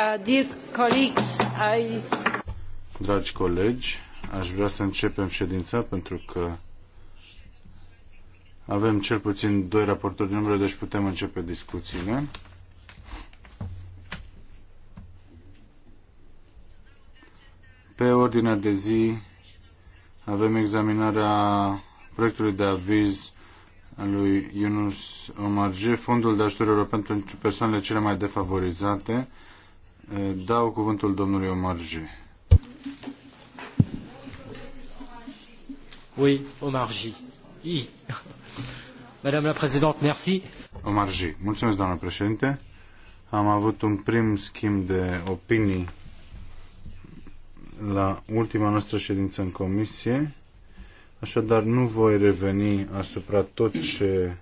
Uh, Dragi colegi, aș vrea să începem ședința pentru că avem cel puțin doi raportori din umbră, deci putem începe discuțiile. Pe ordinea de zi avem examinarea proiectului de aviz al lui Yunus Omarje, Fondul de Ajutor European pentru Persoanele cele mai defavorizate, Dau cuvântul domnului G. Oui, G. I. Madame la Présidente, merci. G. Mulțumesc, doamnă președinte. Am avut un prim schimb de opinii la ultima noastră ședință în comisie. Așadar, nu voi reveni asupra tot ce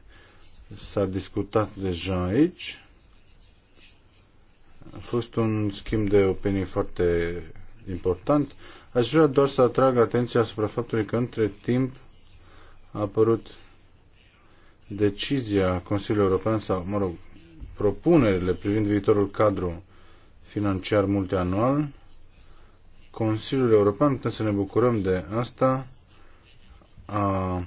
s-a discutat deja aici. A fost un schimb de opinii foarte important. Aș vrea doar să atrag atenția asupra faptului că între timp a apărut decizia Consiliului European sau, mă rog, propunerile privind viitorul cadru financiar multianual. Consiliul European, putem să ne bucurăm de asta, a, a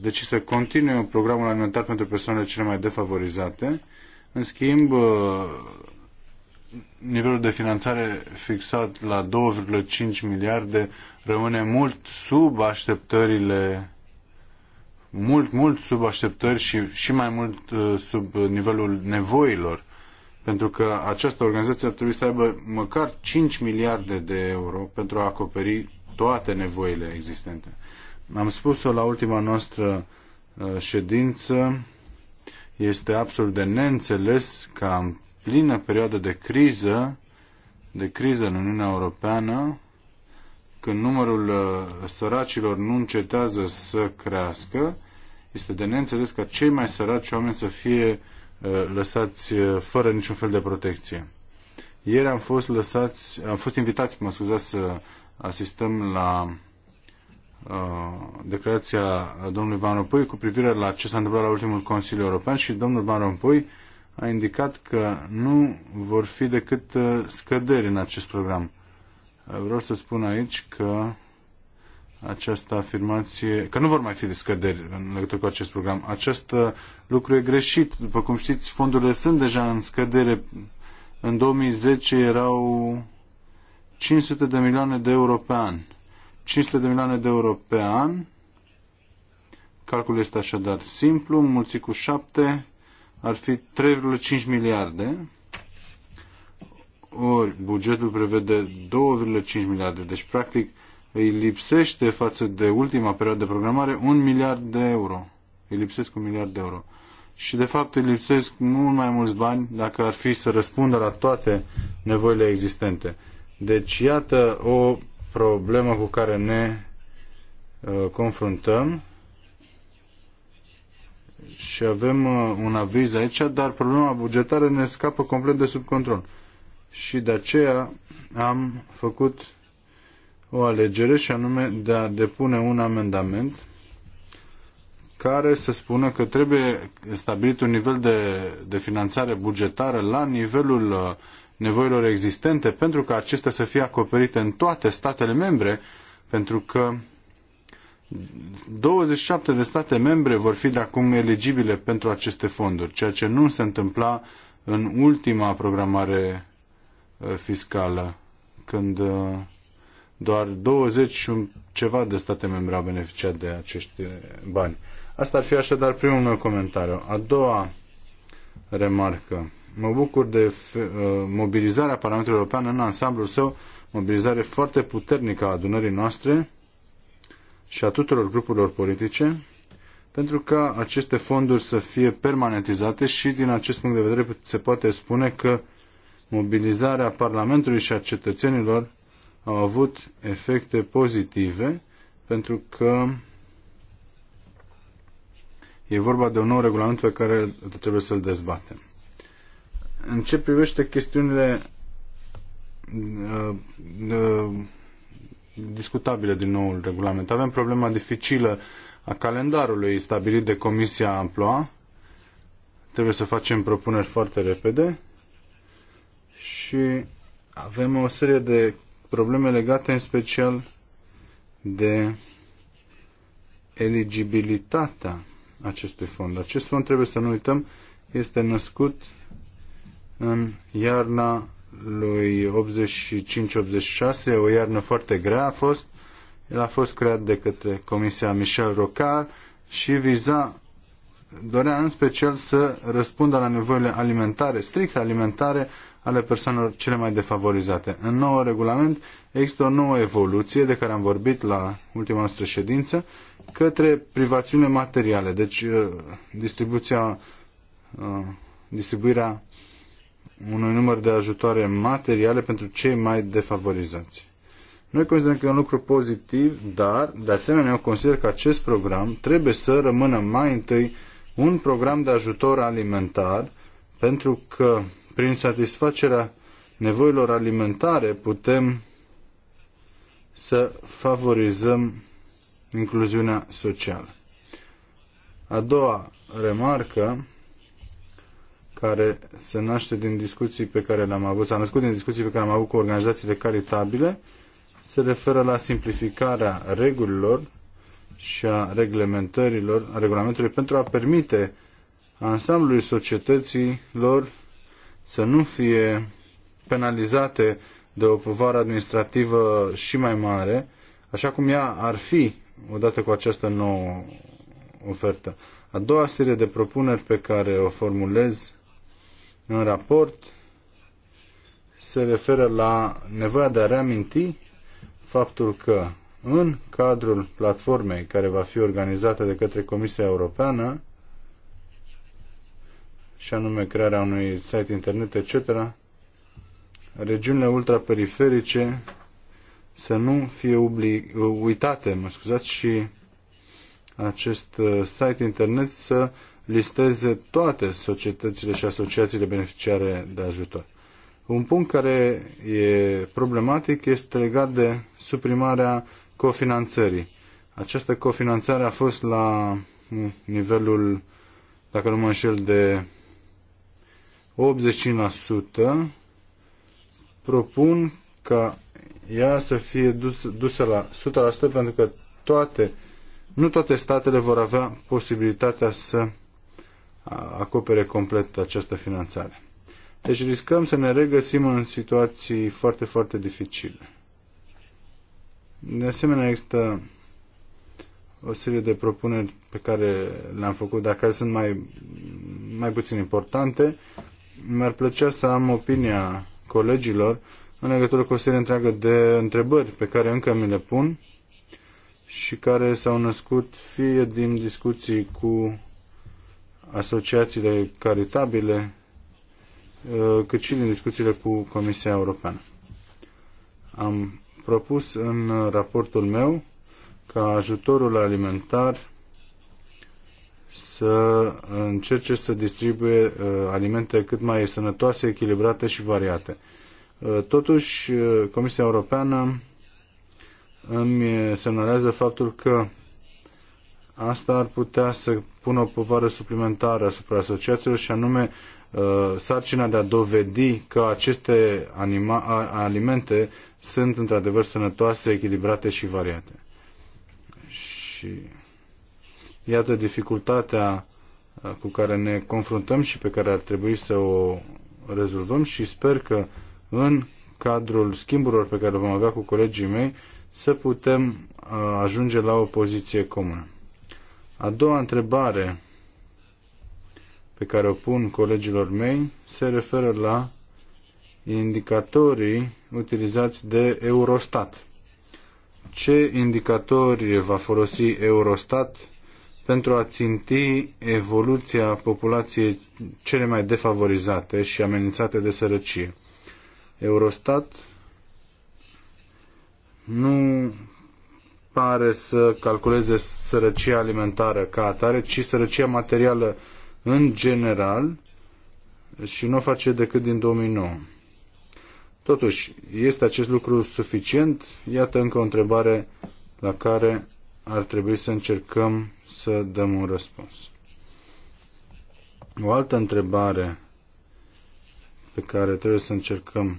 deci să continue programul alimentar pentru persoanele cele mai defavorizate în schimb, uh, nivelul de finanțare fixat la 2,5 miliarde rămâne mult sub așteptările mult, mult sub așteptări și, și mai mult uh, sub nivelul nevoilor. Pentru că această organizație ar trebui să aibă măcar 5 miliarde de euro pentru a acoperi toate nevoile existente. Am spus-o la ultima noastră uh, ședință este absolut de neînțeles ca în plină perioadă de criză, de criză în Uniunea Europeană, când numărul uh, săracilor nu încetează să crească, este de neînțeles ca cei mai săraci oameni să fie uh, lăsați uh, fără niciun fel de protecție. Ieri am fost lăsați, am fost invitați, mă scuzați, să asistăm la Uh, declarația domnului Van Rompuy cu privire la ce s-a întâmplat la ultimul Consiliu European și domnul Van Rompuy a indicat că nu vor fi decât uh, scăderi în acest program. Uh, vreau să spun aici că această afirmație, că nu vor mai fi scăderi în legătură cu acest program. Acest lucru e greșit. După cum știți, fondurile sunt deja în scădere. În 2010 erau 500 de milioane de euro pe an. 500 de milioane de euro pe an. Calculul este așadar simplu, mulțit cu 7 ar fi 3,5 miliarde, ori bugetul prevede 2,5 miliarde, deci practic îi lipsește față de ultima perioadă de programare un miliard de euro. Îi lipsesc un miliard de euro. Și de fapt îi lipsesc mult mai mulți bani dacă ar fi să răspundă la toate nevoile existente. Deci iată o problemă cu care ne uh, confruntăm și avem uh, un aviz aici, dar problema bugetară ne scapă complet de sub control. Și de aceea am făcut o alegere și anume de a depune un amendament care să spună că trebuie stabilit un nivel de, de finanțare bugetară la nivelul uh, nevoilor existente pentru ca acestea să fie acoperite în toate statele membre, pentru că 27 de state membre vor fi de acum eligibile pentru aceste fonduri, ceea ce nu se întâmpla în ultima programare uh, fiscală, când uh, doar 20 și ceva de state membre au beneficiat de acești uh, bani. Asta ar fi așadar primul meu comentariu. A doua remarcă. Mă bucur de uh, mobilizarea Parlamentului European în ansamblul său, mobilizare foarte puternică a adunării noastre și a tuturor grupurilor politice, pentru ca aceste fonduri să fie permanentizate și din acest punct de vedere se poate spune că mobilizarea Parlamentului și a cetățenilor au avut efecte pozitive pentru că e vorba de un nou regulament pe care trebuie să-l dezbatem. În ce privește chestiunile uh, uh, discutabile din noul regulament, avem problema dificilă a calendarului stabilit de Comisia Amploa. Trebuie să facem propuneri foarte repede și avem o serie de probleme legate în special de eligibilitatea acestui fond. Acest fond, trebuie să nu uităm, este născut în iarna lui 85-86, o iarnă foarte grea a fost. El a fost creat de către Comisia Michel Rocard și viza, dorea în special să răspundă la nevoile alimentare, strict alimentare, ale persoanelor cele mai defavorizate. În nou regulament există o nouă evoluție de care am vorbit la ultima noastră ședință către privațiune materiale, deci uh, distribuția, uh, distribuirea unui număr de ajutoare materiale pentru cei mai defavorizați. Noi considerăm că e un lucru pozitiv, dar, de asemenea, eu consider că acest program trebuie să rămână mai întâi un program de ajutor alimentar, pentru că, prin satisfacerea nevoilor alimentare, putem să favorizăm incluziunea socială. A doua remarcă care se naște din discuții pe care le-am avut, s-a născut din discuții pe care am avut cu organizațiile caritabile, se referă la simplificarea regulilor și a reglementărilor, a regulamentului pentru a permite ansamblului societății lor să nu fie penalizate de o povară administrativă și mai mare, așa cum ea ar fi odată cu această nouă ofertă. A doua serie de propuneri pe care o formulez în raport se referă la nevoia de a reaminti faptul că în cadrul platformei care va fi organizată de către Comisia Europeană, și anume crearea unui site internet, etc., regiunile ultraperiferice să nu fie obli- uh, uitate, mă scuzați, și acest uh, site internet să listeze toate societățile și asociațiile beneficiare de ajutor. Un punct care e problematic este legat de suprimarea cofinanțării. Această cofinanțare a fost la nivelul, dacă nu mă înșel, de 85%. Propun ca ea să fie dusă la 100% pentru că toate, nu toate statele vor avea posibilitatea să acopere complet această finanțare. Deci riscăm să ne regăsim în situații foarte, foarte dificile. De asemenea, există o serie de propuneri pe care le-am făcut, dar care sunt mai, mai puțin importante. Mi-ar plăcea să am opinia colegilor în legătură cu o serie întreagă de întrebări pe care încă mi le pun și care s-au născut fie din discuții cu asociațiile caritabile, uh, cât și din discuțiile cu Comisia Europeană. Am propus în raportul meu ca ajutorul alimentar să încerce să distribuie uh, alimente cât mai sănătoase, echilibrate și variate. Uh, totuși, Comisia Europeană îmi semnalează faptul că asta ar putea să pună o povară suplimentară asupra asociațiilor și anume uh, sarcina de a dovedi că aceste anima, alimente sunt într-adevăr sănătoase, echilibrate și variate. Și iată dificultatea uh, cu care ne confruntăm și pe care ar trebui să o rezolvăm și sper că în cadrul schimburilor pe care le vom avea cu colegii mei să putem uh, ajunge la o poziție comună. A doua întrebare pe care o pun colegilor mei se referă la indicatorii utilizați de Eurostat. Ce indicatori va folosi Eurostat pentru a ținti evoluția populației cele mai defavorizate și amenințate de sărăcie? Eurostat nu pare să calculeze sărăcia alimentară ca atare, ci sărăcia materială în general și nu o face decât din 2009. Totuși, este acest lucru suficient? Iată încă o întrebare la care ar trebui să încercăm să dăm un răspuns. O altă întrebare pe care trebuie să încercăm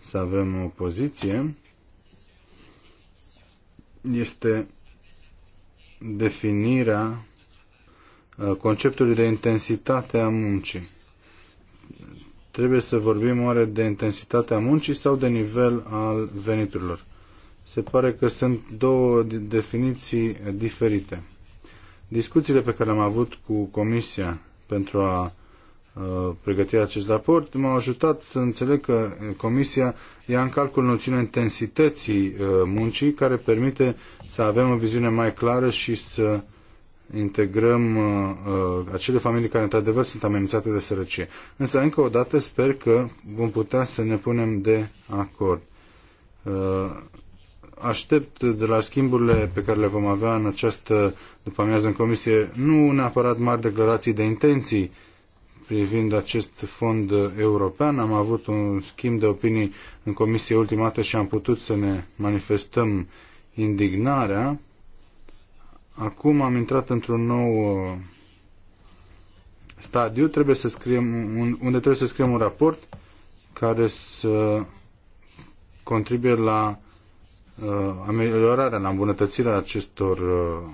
să avem o poziție este definirea uh, conceptului de intensitate a muncii. Trebuie să vorbim oare de intensitatea muncii sau de nivel al veniturilor. Se pare că sunt două definiții diferite. Discuțiile pe care am avut cu Comisia pentru a uh, pregăti acest raport m-au ajutat să înțeleg că Comisia ia în calcul noțiunea intensității uh, muncii, care permite să avem o viziune mai clară și să integrăm uh, uh, acele familii care într-adevăr sunt amenințate de sărăcie. Însă, încă o dată, sper că vom putea să ne punem de acord. Aștept de la schimburile pe care le vom avea în această după amiază în comisie, nu neapărat mari declarații de intenții, privind acest fond european. Am avut un schimb de opinii în comisie ultimată și am putut să ne manifestăm indignarea. Acum am intrat într-un nou uh, stadiu, trebuie să scriem, unde trebuie să scriem un raport care să contribuie la uh, ameliorarea, la îmbunătățirea acestor, uh,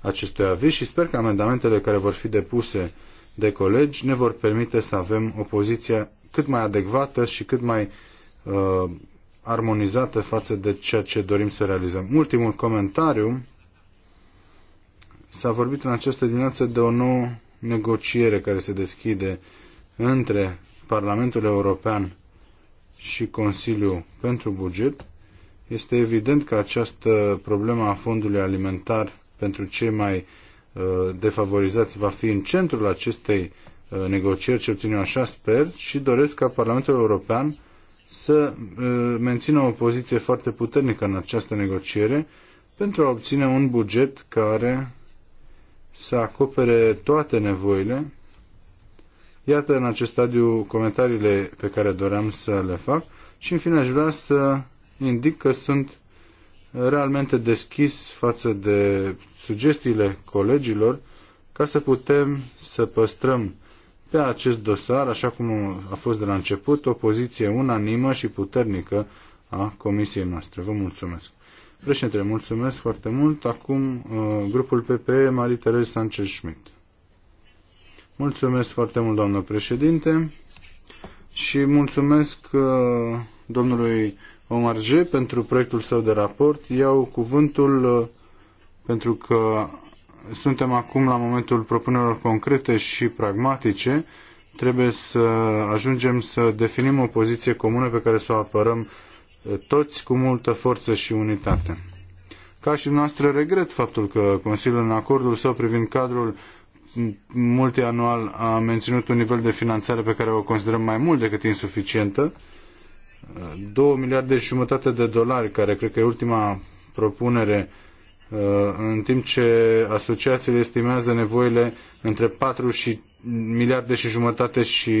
acestui aviz și sper că amendamentele care vor fi depuse de colegi ne vor permite să avem o poziție cât mai adecvată și cât mai uh, armonizată față de ceea ce dorim să realizăm. Ultimul comentariu. S-a vorbit în această dimineață de o nouă negociere care se deschide între Parlamentul European și Consiliul pentru buget. Este evident că această problemă a fondului alimentar pentru cei mai uh, defavorizați va fi în centrul acestei uh, negocieri, cel puțin eu așa sper, și doresc ca Parlamentul European să uh, mențină o poziție foarte puternică în această negociere pentru a obține un buget care să acopere toate nevoile. Iată în acest stadiu comentariile pe care doream să le fac și în fine aș vrea să indic că sunt realmente deschis față de sugestiile colegilor ca să putem să păstrăm pe acest dosar, așa cum a fost de la început, o poziție unanimă și puternică a comisiei noastre. Vă mulțumesc. Președinte, mulțumesc foarte mult. Acum, uh, grupul PPE, Marie-Therese Sanchez Schmidt. Mulțumesc foarte mult, doamnă președinte, și mulțumesc uh, domnului G. pentru proiectul său de raport. Iau cuvântul uh, pentru că suntem acum la momentul propunerilor concrete și pragmatice. Trebuie să ajungem să definim o poziție comună pe care să o apărăm uh, toți cu multă forță și unitate. Ca și noastră regret faptul că Consiliul în acordul său privind cadrul multianual a menținut un nivel de finanțare pe care o considerăm mai mult decât insuficientă 2 miliarde și jumătate de dolari, care cred că e ultima propunere, uh, în timp ce asociațiile estimează nevoile între 4 și miliarde și jumătate și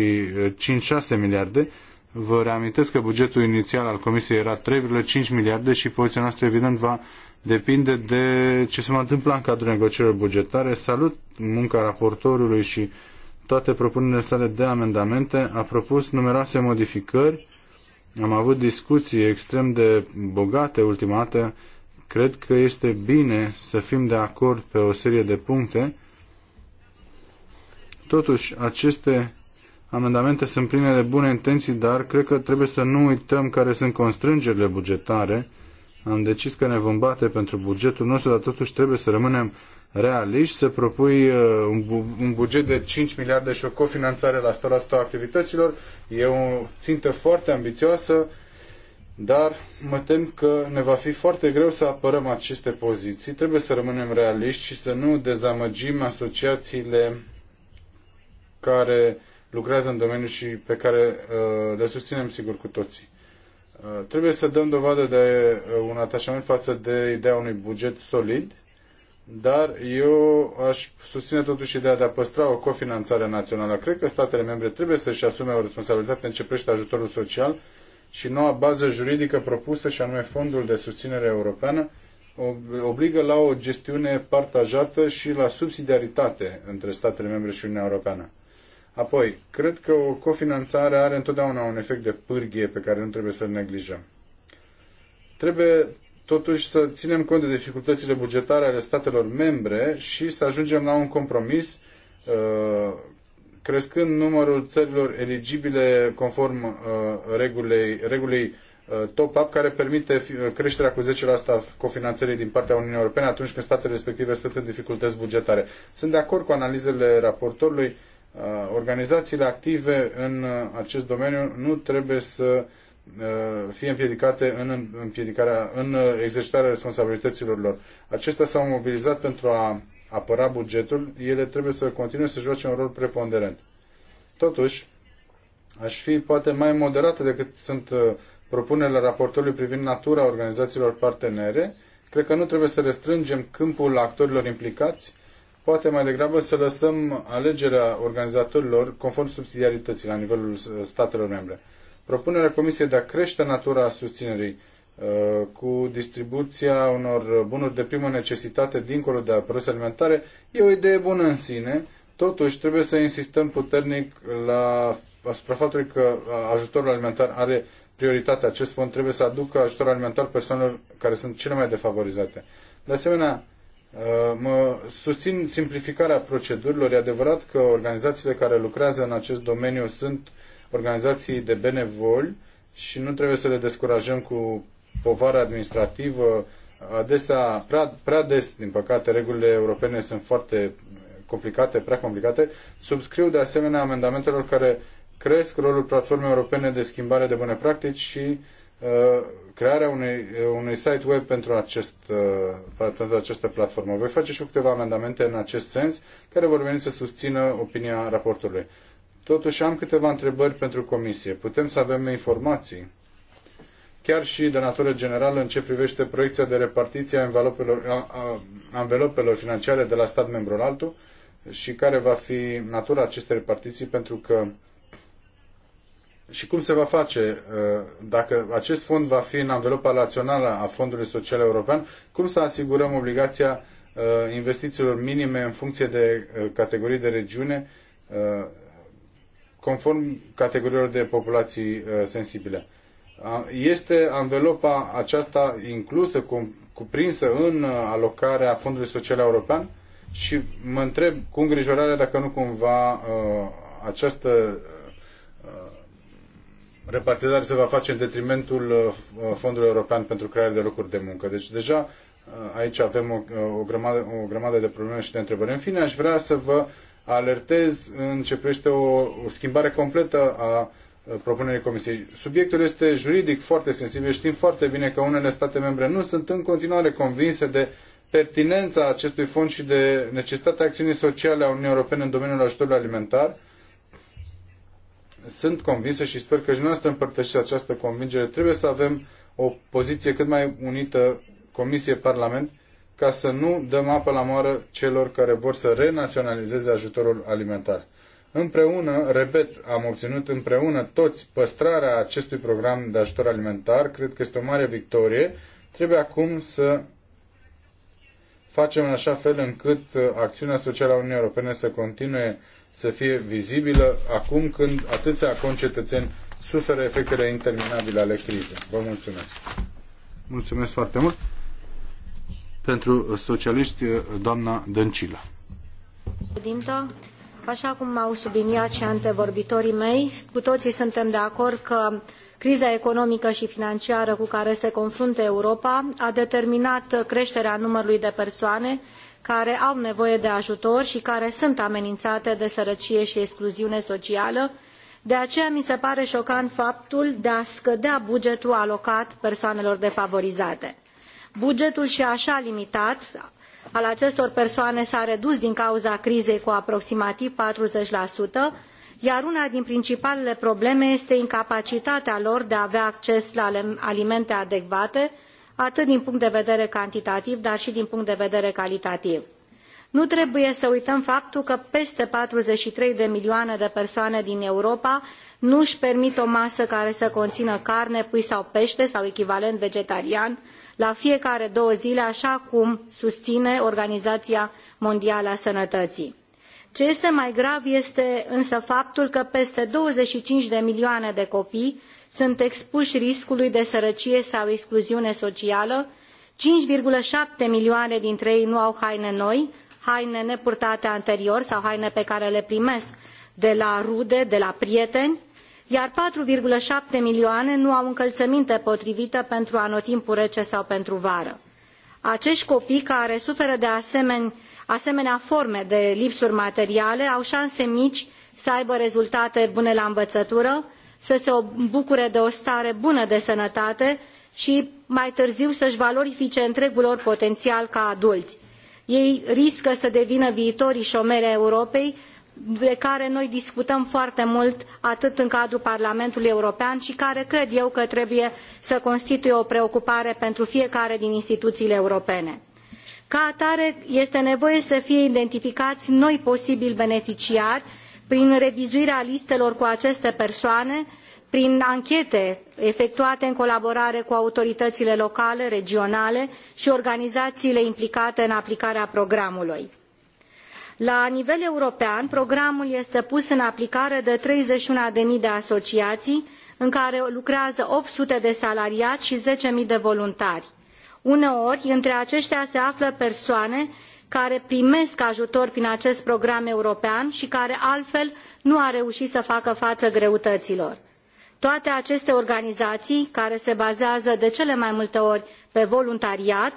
5-6 uh, miliarde. Vă reamintesc că bugetul inițial al Comisiei era 3,5 miliarde și poziția noastră evident va depinde de ce se va întâmpla în cadrul negocierilor bugetare. Salut munca raportorului și toate propunerile sale de amendamente. A propus numeroase modificări am avut discuții extrem de bogate ultima dată. Cred că este bine să fim de acord pe o serie de puncte. Totuși, aceste amendamente sunt pline de bune intenții, dar cred că trebuie să nu uităm care sunt constrângerile bugetare. Am decis că ne vom bate pentru bugetul nostru, dar totuși trebuie să rămânem realiști, să propui uh, un, bu un buget de 5 miliarde și o cofinanțare la 100% a activităților. E o țintă foarte ambițioasă, dar mă tem că ne va fi foarte greu să apărăm aceste poziții. Trebuie să rămânem realiști și să nu dezamăgim asociațiile care lucrează în domeniu și pe care uh, le susținem sigur cu toții. Uh, trebuie să dăm dovadă de uh, un atașament față de ideea unui buget solid dar eu aș susține totuși ideea de a păstra o cofinanțare națională. Cred că statele membre trebuie să-și asume o responsabilitate în ce privește ajutorul social și noua bază juridică propusă, și anume Fondul de Susținere Europeană, obligă la o gestiune partajată și la subsidiaritate între statele membre și Uniunea Europeană. Apoi, cred că o cofinanțare are întotdeauna un efect de pârghie pe care nu trebuie să-l neglijăm. Trebuie totuși să ținem cont de dificultățile bugetare ale statelor membre și să ajungem la un compromis uh, crescând numărul țărilor eligibile conform uh, regulei, regulii uh, top-up care permite creșterea cu 10% a cofinanțării din partea Uniunii Europene atunci când statele respective sunt în dificultăți bugetare. Sunt de acord cu analizele raportorului. Organizațiile active în acest domeniu nu trebuie să Uh, fie împiedicate în, împiedicarea, în uh, exercitarea responsabilităților lor. Acestea s-au mobilizat pentru a apăra bugetul, ele trebuie să continue să joace un rol preponderent. Totuși, aș fi poate mai moderată decât sunt uh, propunerile raportorului privind natura organizațiilor partenere. Cred că nu trebuie să restrângem câmpul actorilor implicați, poate mai degrabă să lăsăm alegerea organizatorilor conform subsidiarității la nivelul statelor membre propunerea Comisiei de a crește natura susținerii uh, cu distribuția unor bunuri de primă necesitate dincolo de produse alimentare e o idee bună în sine. Totuși, trebuie să insistăm puternic la, asupra faptului că ajutorul alimentar are prioritate. Acest fond trebuie să aducă ajutor alimentar persoanelor care sunt cele mai defavorizate. De asemenea, uh, mă susțin simplificarea procedurilor. E adevărat că organizațiile care lucrează în acest domeniu sunt uh, organizații de benevoli și nu trebuie să le descurajăm cu povară administrativă. Adesea, prea, prea des, din păcate, regulile europene sunt foarte complicate, prea complicate. Subscriu de asemenea amendamentelor care cresc rolul platformei europene de schimbare de bune practici și uh, crearea unei, unui site web pentru, acest, uh, pentru această platformă. Voi face și câteva amendamente în acest sens care vor veni să susțină opinia raportului. Totuși am câteva întrebări pentru Comisie. Putem să avem informații? Chiar și de natură generală în ce privește proiecția de repartiție a envelopelor, a, a, envelopelor financiare de la stat membru la altul și care va fi natura acestei repartiții pentru că și cum se va face uh, dacă acest fond va fi în anvelopa națională a Fondului Social European, cum să asigurăm obligația uh, investițiilor minime în funcție de uh, categorii de regiune conform categoriilor de populații uh, sensibile. Este anvelopa aceasta inclusă, cuprinsă în uh, alocarea Fondului Social European și mă întreb cu îngrijorare dacă nu cumva uh, această repartizare se va face în detrimentul Fondului European pentru crearea de locuri de muncă. Deci deja aici avem o, o, grămadă, o grămadă de probleme și de întrebări. În fine, aș vrea să vă alertez începește o, o schimbare completă a propunerii Comisiei. Subiectul este juridic foarte sensibil. Știm foarte bine că unele state membre nu sunt în continuare convinse de pertinența acestui fond și de necesitatea acțiunii sociale a Uniunii Europene în domeniul ajutorului alimentar. Sunt convinsă și sper că și dumneavoastră împărtășiți această convingere. Trebuie să avem o poziție cât mai unită Comisie-Parlament ca să nu dăm apă la moară celor care vor să renaționalizeze ajutorul alimentar. Împreună, repet, am obținut împreună toți păstrarea acestui program de ajutor alimentar. Cred că este o mare victorie. Trebuie acum să facem în așa fel încât uh, acțiunea socială a Uniunii Europene să continue să fie vizibilă acum când atâția concetățeni suferă efectele interminabile ale crizei. Vă mulțumesc! Mulțumesc foarte mult! Pentru socialiști, doamna Dăncilă. Dintă, așa cum au subliniat și antevorbitorii mei, cu toții suntem de acord că criza economică și financiară cu care se confruntă Europa a determinat creșterea numărului de persoane care au nevoie de ajutor și care sunt amenințate de sărăcie și excluziune socială, de aceea mi se pare șocant faptul de a scădea bugetul alocat persoanelor defavorizate Bugetul și așa limitat al acestor persoane s-a redus din cauza crizei cu aproximativ 40%, iar una din principalele probleme este incapacitatea lor de a avea acces la alimente adecvate, atât din punct de vedere cantitativ, dar și din punct de vedere calitativ. Nu trebuie să uităm faptul că peste 43 de milioane de persoane din Europa nu își permit o masă care să conțină carne, pui sau pește sau echivalent vegetarian, la fiecare două zile, așa cum susține Organizația Mondială a Sănătății. Ce este mai grav este însă faptul că peste 25 de milioane de copii sunt expuși riscului de sărăcie sau excluziune socială, 5,7 milioane dintre ei nu au haine noi, haine nepurtate anterior sau haine pe care le primesc de la rude, de la prieteni, iar patru șapte milioane nu au încălțăminte potrivită pentru anotimpul rece sau pentru vară. Acești copii care suferă de asemenea, asemenea forme de lipsuri materiale au șanse mici să aibă rezultate bune la învățătură, să se bucure de o stare bună de sănătate și mai târziu să-și valorifice întregul lor potențial ca adulți. Ei riscă să devină viitorii șomeri ai Europei de care noi discutăm foarte mult atât în cadrul Parlamentului European și care cred eu că trebuie să constituie o preocupare pentru fiecare din instituțiile europene. Ca atare, este nevoie să fie identificați noi posibili beneficiari prin revizuirea listelor cu aceste persoane, prin anchete efectuate în colaborare cu autoritățile locale, regionale și organizațiile implicate în aplicarea programului la nivel european, programul este pus în aplicare de zero de asociații, în care lucrează 800 de salariați și zero de voluntari. Uneori, între acetia se află persoane care primesc ajutor prin acest program european și care altfel nu a reușit să facă față greutăților. Toate aceste organizații, care se bazează de cele mai multe ori pe voluntariat,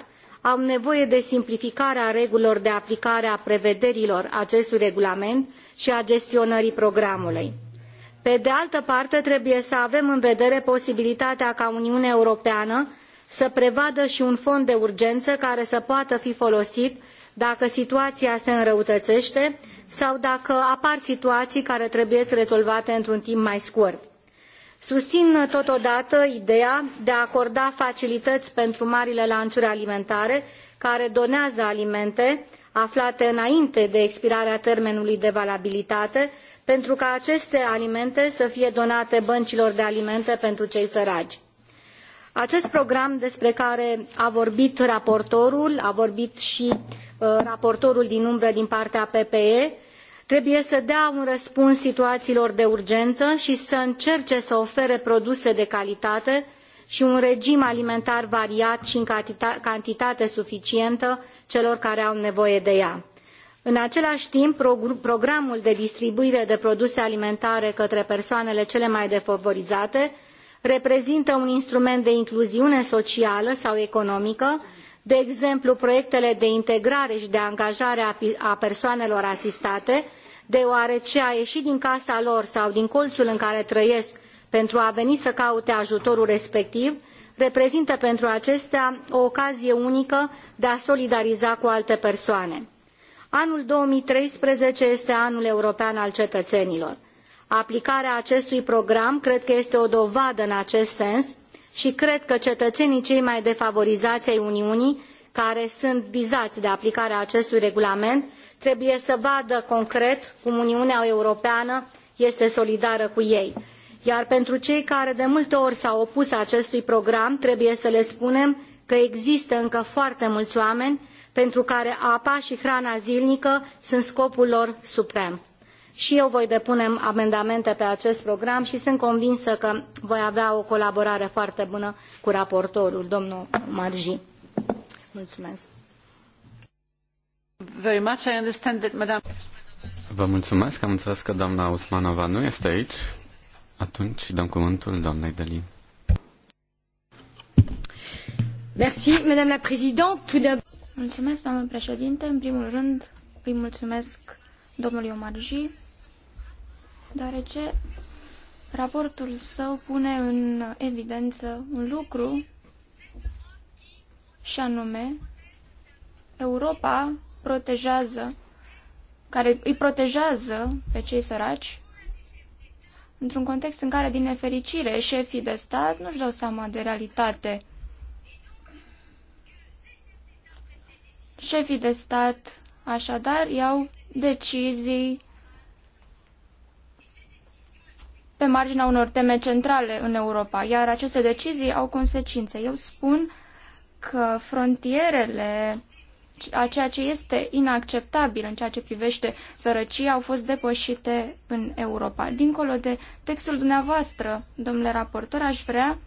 au nevoie de simplificarea regulilor de aplicare a prevederilor acestui regulament și a gestionării programului. Pe de altă parte, trebuie să avem în vedere posibilitatea ca Uniunea Europeană să prevadă și un fond de urgență care să poată fi folosit dacă situația se înrăutăete sau dacă apar situații care trebuie rezolvate într-un timp mai scurt Susțin totodată ideea de a acorda facilități pentru marile lanțuri alimentare care donează alimente aflate înainte de expirarea termenului de valabilitate pentru ca aceste alimente să fie donate băncilor de alimente pentru cei săraci. Acest program despre care a vorbit raportorul, a vorbit și uh, raportorul din umbră din partea PPE, Trebuie să dea un răspuns situațiilor de urgență și să încerce să ofere produse de calitate și un regim alimentar variat și în cantitate suficientă celor care au nevoie de ea. În același timp, programul de distribuire de produse alimentare către persoanele cele mai defavorizate reprezintă un instrument de incluziune socială sau economică de exemplu proiectele de integrare și de angajare a persoanelor asistate, deoarece a ieșit din casa lor sau din colțul în care trăiesc pentru a veni să caute ajutorul respectiv, reprezintă pentru acestea o ocazie unică de a solidariza cu alte persoane. Anul 2013 este anul european al cetățenilor. Aplicarea acestui program cred că este o dovadă în acest sens și cred că cetățenii cei mai defavorizați ai Uniunii, care sunt vizați de aplicarea acestui regulament, trebuie să vadă concret cum Uniunea Europeană este solidară cu ei. Iar pentru cei care de multe ori s-au opus acestui program, trebuie să le spunem că există încă foarte mulți oameni pentru care apa și hrana zilnică sunt scopul lor suprem și eu voi depune amendamente pe acest program și sunt convinsă că voi avea o colaborare foarte bună cu raportorul, domnul Marji. Mulțumesc. Very much. I understand that, Vă mulțumesc. Am înțeles că doamna Usmanova nu este aici. Atunci dăm cuvântul doamnei Deli. Merci, madame la présidente. Mulțumesc, doamnă președinte. În primul rând, îi mulțumesc domnului Omarji deoarece raportul său pune în evidență un lucru și anume Europa protejează care îi protejează pe cei săraci într-un context în care, din nefericire, șefii de stat nu-și dau seama de realitate. Șefii de stat, așadar, iau decizii pe marginea unor teme centrale în Europa, iar aceste decizii au consecințe. Eu spun că frontierele a ceea ce este inacceptabil în ceea ce privește sărăcia au fost depășite în Europa. Dincolo de textul dumneavoastră, domnule raportor, aș vrea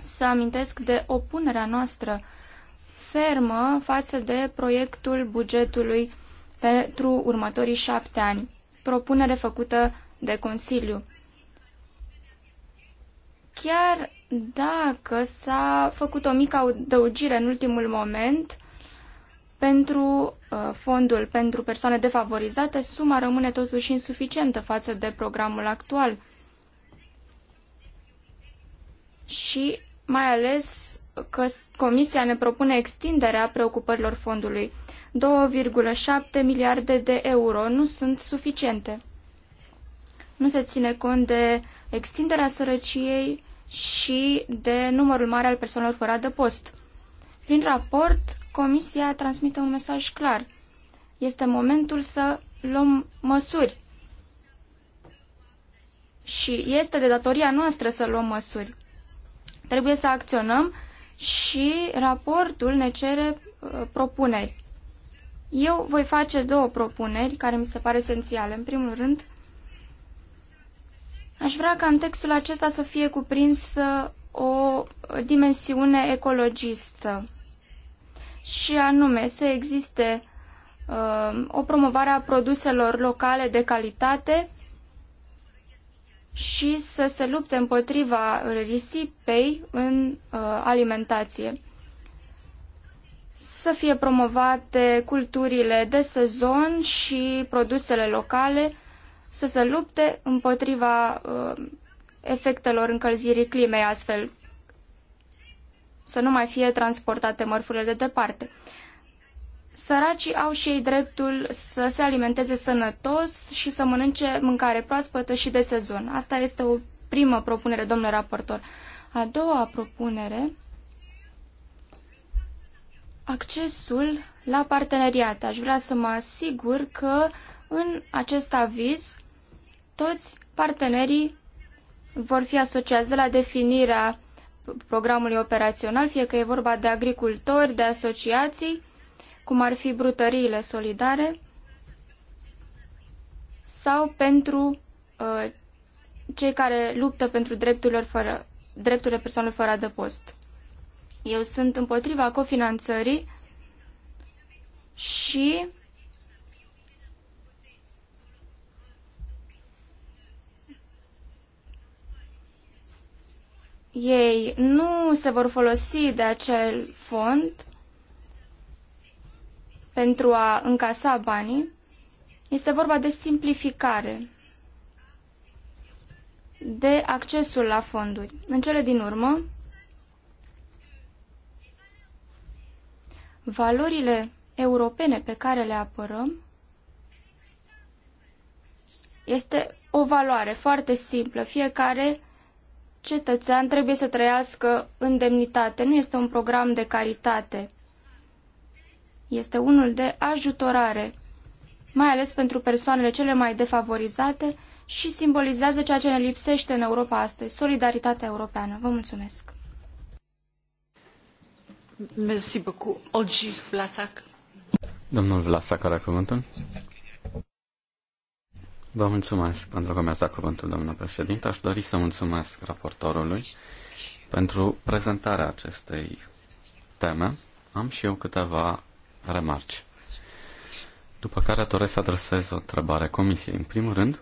să amintesc de opunerea noastră fermă față de proiectul bugetului pentru următorii șapte ani, propunere făcută de Consiliu chiar dacă s-a făcut o mică adăugire în ultimul moment pentru uh, fondul pentru persoane defavorizate, suma rămâne totuși insuficientă față de programul actual. Și mai ales că Comisia ne propune extinderea preocupărilor fondului. 2,7 miliarde de euro nu sunt suficiente. Nu se ține cont de extinderea sărăciei, și de numărul mare al persoanelor fără adăpost. Prin raport, Comisia transmite un mesaj clar. Este momentul să luăm măsuri. Și este de datoria noastră să luăm măsuri. Trebuie să acționăm și raportul ne cere uh, propuneri. Eu voi face două propuneri care mi se pare esențiale. În primul rând, Aș vrea ca în textul acesta să fie cuprinsă o dimensiune ecologistă și anume să existe uh, o promovare a produselor locale de calitate și să se lupte împotriva risipei în uh, alimentație. Să fie promovate culturile de sezon și produsele locale să se lupte împotriva uh, efectelor încălzirii climei, astfel să nu mai fie transportate mărfurile de departe. Săracii au și ei dreptul să se alimenteze sănătos și să mănânce mâncare proaspătă și de sezon. Asta este o primă propunere, domnule raportor. A doua propunere, accesul la parteneriate. Aș vrea să mă asigur că în acest aviz toți partenerii vor fi asociați de la definirea programului operațional, fie că e vorba de agricultori, de asociații, cum ar fi brutăriile solidare, sau pentru uh, cei care luptă pentru drepturile, fără, drepturile persoanelor fără adăpost. Eu sunt împotriva cofinanțării și ei nu se vor folosi de acel fond pentru a încasa banii, este vorba de simplificare, de accesul la fonduri. În cele din urmă, valorile europene pe care le apărăm este o valoare foarte simplă. Fiecare cetățean trebuie să trăiască în demnitate. Nu este un program de caritate. Este unul de ajutorare, mai ales pentru persoanele cele mai defavorizate și simbolizează ceea ce ne lipsește în Europa astăzi, solidaritatea europeană. Vă mulțumesc! Mulțumesc Olgi Vlasac. Domnul Vlasac are cuvântul. Vă mulțumesc pentru că mi-ați dat cuvântul, domnule președinte. Aș dori să mulțumesc raportorului pentru prezentarea acestei teme. Am și eu câteva remarci. După care doresc să adresez o întrebare comisiei. În primul rând,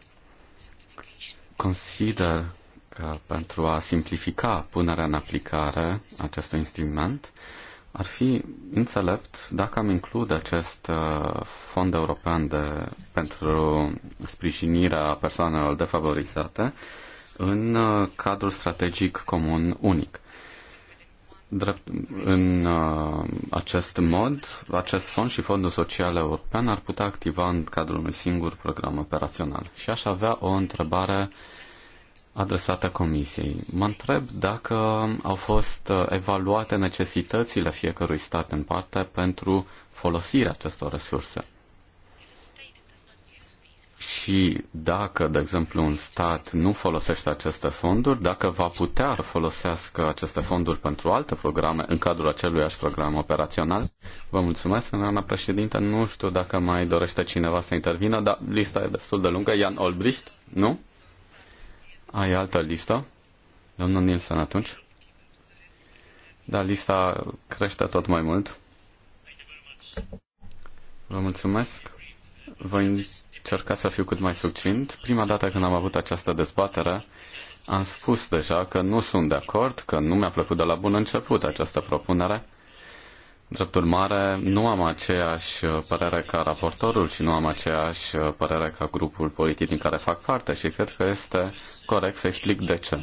consider că pentru a simplifica punerea în aplicare acestui instrument, ar fi înțelept dacă am include acest uh, fond european de, pentru sprijinirea persoanelor defavorizate în uh, cadrul strategic comun unic. Drept, în uh, acest mod, acest fond și fondul social european ar putea activa în cadrul unui singur program operațional. Și aș avea o întrebare uh, adresată Comisiei. Mă întreb dacă au fost uh, evaluate necesitățile fiecărui stat în parte pentru folosirea acestor resurse. Și dacă, de exemplu, un stat nu folosește aceste fonduri, dacă va putea folosească aceste fonduri pentru alte programe în cadrul aceluiași program operațional. Vă mulțumesc, doamna președinte. Nu știu dacă mai dorește cineva să intervină, dar lista e destul de lungă. Jan Olbricht, nu? Ai altă listă? Domnul Nielsen atunci? Da, lista crește tot mai mult. Vă mulțumesc. Voi încerca să fiu cât mai succint. Prima dată când am avut această dezbatere, am spus deja că nu sunt de acord, că nu mi-a plăcut de la bun început această propunere Drept urmare, nu am aceeași uh, părere ca raportorul și nu am aceeași uh, părere ca grupul politic din care fac parte și cred că este corect să explic de ce.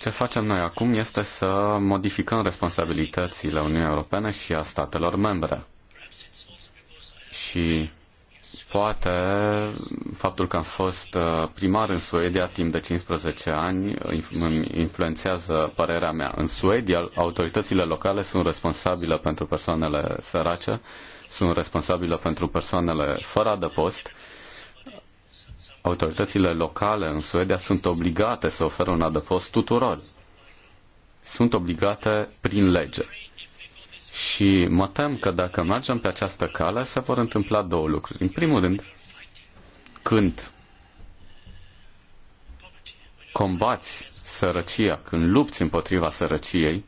Ce facem noi acum este să modificăm responsabilitățile Uniunii Europene și a statelor membre. Și Poate faptul că am fost uh, primar în Suedia timp de 15 ani uh, influențează părerea mea. În Suedia, autoritățile locale sunt responsabile pentru persoanele sărace, sunt responsabile pentru persoanele fără adăpost. Autoritățile locale în Suedia sunt obligate să oferă un adăpost tuturor. Sunt obligate prin lege. Și mă tem că dacă mergem pe această cale, se vor întâmpla două lucruri. În primul rând, când combați sărăcia, când lupți împotriva sărăciei,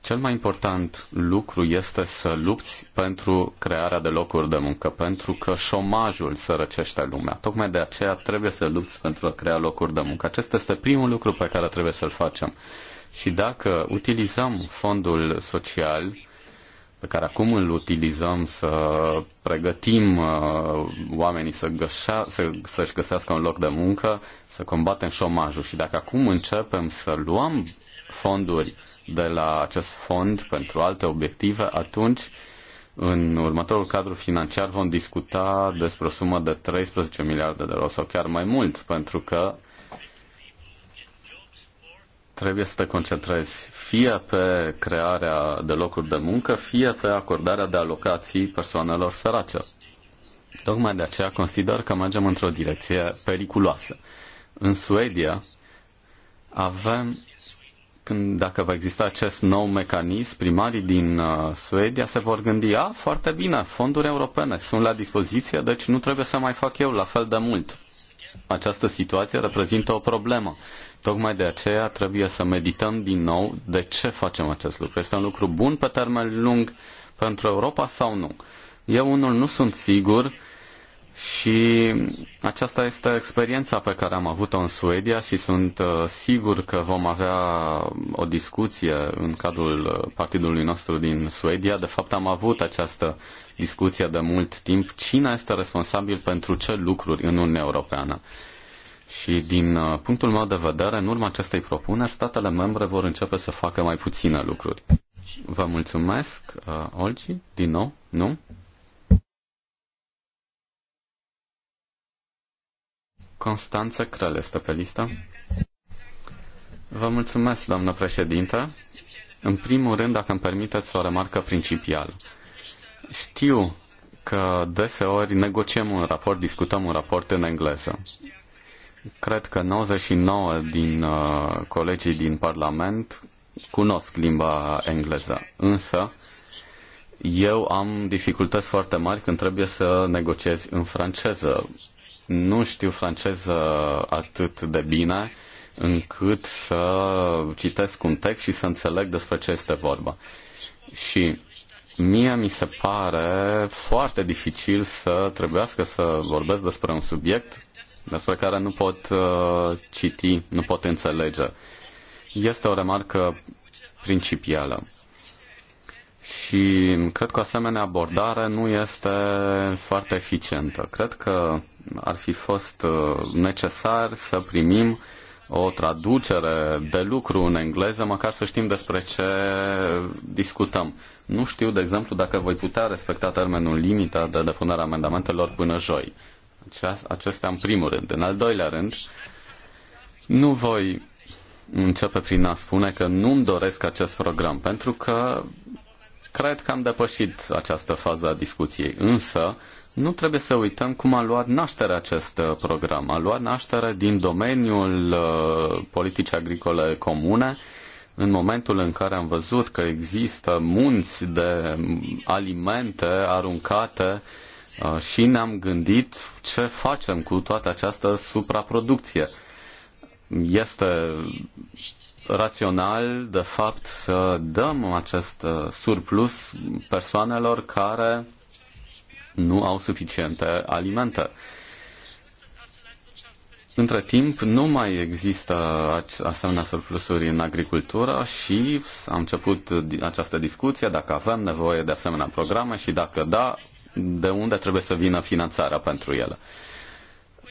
cel mai important lucru este să lupți pentru crearea de locuri de muncă, pentru că șomajul sărăcește lumea. Tocmai de aceea trebuie să lupți pentru a crea locuri de muncă. Acesta este primul lucru pe care trebuie să-l facem. Și dacă utilizăm fondul social pe care acum îl utilizăm să pregătim uh, oamenii să, gășea, să, să-și găsească un loc de muncă, să combatem șomajul. Și dacă acum începem să luăm fonduri de la acest fond pentru alte obiective, atunci în următorul cadru financiar vom discuta despre o sumă de 13 miliarde de euro sau chiar mai mult, pentru că trebuie să te concentrezi fie pe crearea de locuri de muncă, fie pe acordarea de alocații persoanelor sărace. Tocmai de aceea consider că mergem într-o direcție periculoasă. În Suedia avem, când, dacă va exista acest nou mecanism, primarii din uh, Suedia se vor gândi, a, foarte bine, fonduri europene sunt la dispoziție, deci nu trebuie să mai fac eu la fel de mult. Această situație reprezintă o problemă Tocmai de aceea trebuie să medităm din nou de ce facem acest lucru. Este un lucru bun pe termen lung pentru Europa sau nu? Eu unul nu sunt sigur și aceasta este experiența pe care am avut-o în Suedia și sunt uh, sigur că vom avea o discuție în cadrul uh, partidului nostru din Suedia. De fapt, am avut această discuție de mult timp. Cine este responsabil pentru ce lucruri în Uniunea Europeană? Și din uh, punctul meu de vedere, în urma acestei propuneri, statele membre vor începe să facă mai puține lucruri. Vă mulțumesc, uh, Olgi, din nou, nu? Constanță Crăl este pe listă. Vă mulțumesc, doamnă președinte. În primul rând, dacă îmi permiteți o remarcă principială. Știu că deseori negociem un raport, discutăm un raport în engleză. Cred că 99 din uh, colegii din Parlament cunosc limba engleză, însă eu am dificultăți foarte mari când trebuie să negociez în franceză. Nu știu franceză atât de bine încât să citesc un text și să înțeleg despre ce este vorba. Și mie mi se pare foarte dificil să trebuiască să vorbesc despre un subiect despre care nu pot uh, citi, nu pot înțelege. Este o remarcă principială. Și cred că o asemenea abordare nu este foarte eficientă. Cred că ar fi fost uh, necesar să primim o traducere de lucru în engleză, măcar să știm despre ce discutăm. Nu știu, de exemplu, dacă voi putea respecta termenul limită de depunere a amendamentelor până joi. Acestea în primul rând. În al doilea rând, nu voi începe prin a spune că nu-mi doresc acest program, pentru că cred că am depășit această fază a discuției. Însă, nu trebuie să uităm cum a luat naștere acest uh, program. A luat naștere din domeniul uh, politicii agricole comune, în momentul în care am văzut că există munți de alimente aruncate uh, Uh, și ne-am gândit ce facem cu toată această supraproducție. Este rațional, de fapt, să dăm acest uh, surplus persoanelor care nu au suficiente alimente. Între timp, nu mai există asemenea surplusuri în agricultură și am început această discuție dacă avem nevoie de asemenea programe și dacă da, de unde trebuie să vină finanțarea pentru ele.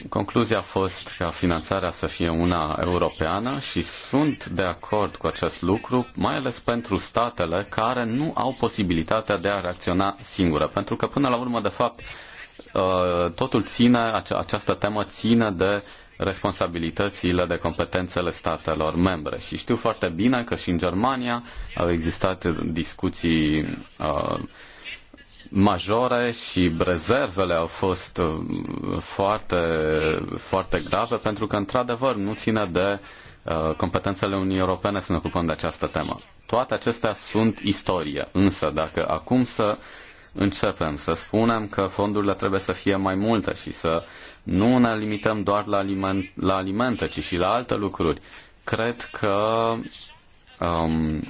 Concluzia a fost ca finanțarea să fie una europeană și sunt de acord cu acest lucru, mai ales pentru statele care nu au posibilitatea de a reacționa singură. Pentru că până la urmă, de fapt, ă, totul ține, această temă ține de responsabilitățile de competențele statelor membre. Și știu foarte bine că și în Germania au existat discuții uh, majore și rezervele au fost uh, foarte, foarte grave pentru că, într-adevăr, nu ține de uh, competențele Uniunii Europene să ne ocupăm de această temă. Toate acestea sunt istorie, însă dacă acum să începem să spunem că fondurile trebuie să fie mai multe și să nu ne limităm doar la, aliment, la alimente, ci și la alte lucruri, cred că um,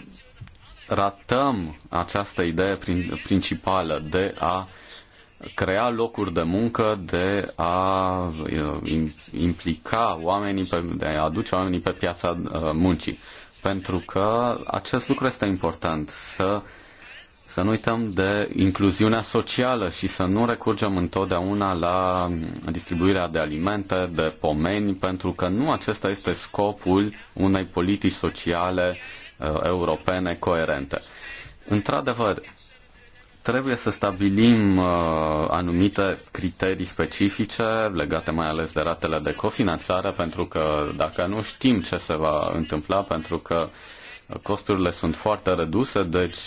ratăm această idee principală de a crea locuri de muncă, de a uh, implica oamenii, pe, de a aduce oamenii pe piața uh, muncii. Pentru că acest lucru este important, să, să nu uităm de incluziunea socială și să nu recurgem întotdeauna la distribuirea de alimente, de pomeni, pentru că nu acesta este scopul unei politici sociale uh, Uh, europene coerente. Într-adevăr, trebuie să stabilim uh, anumite criterii specifice legate mai ales de ratele de cofinanțare, pentru că dacă nu știm ce se va întâmpla, pentru că costurile sunt foarte reduse, deci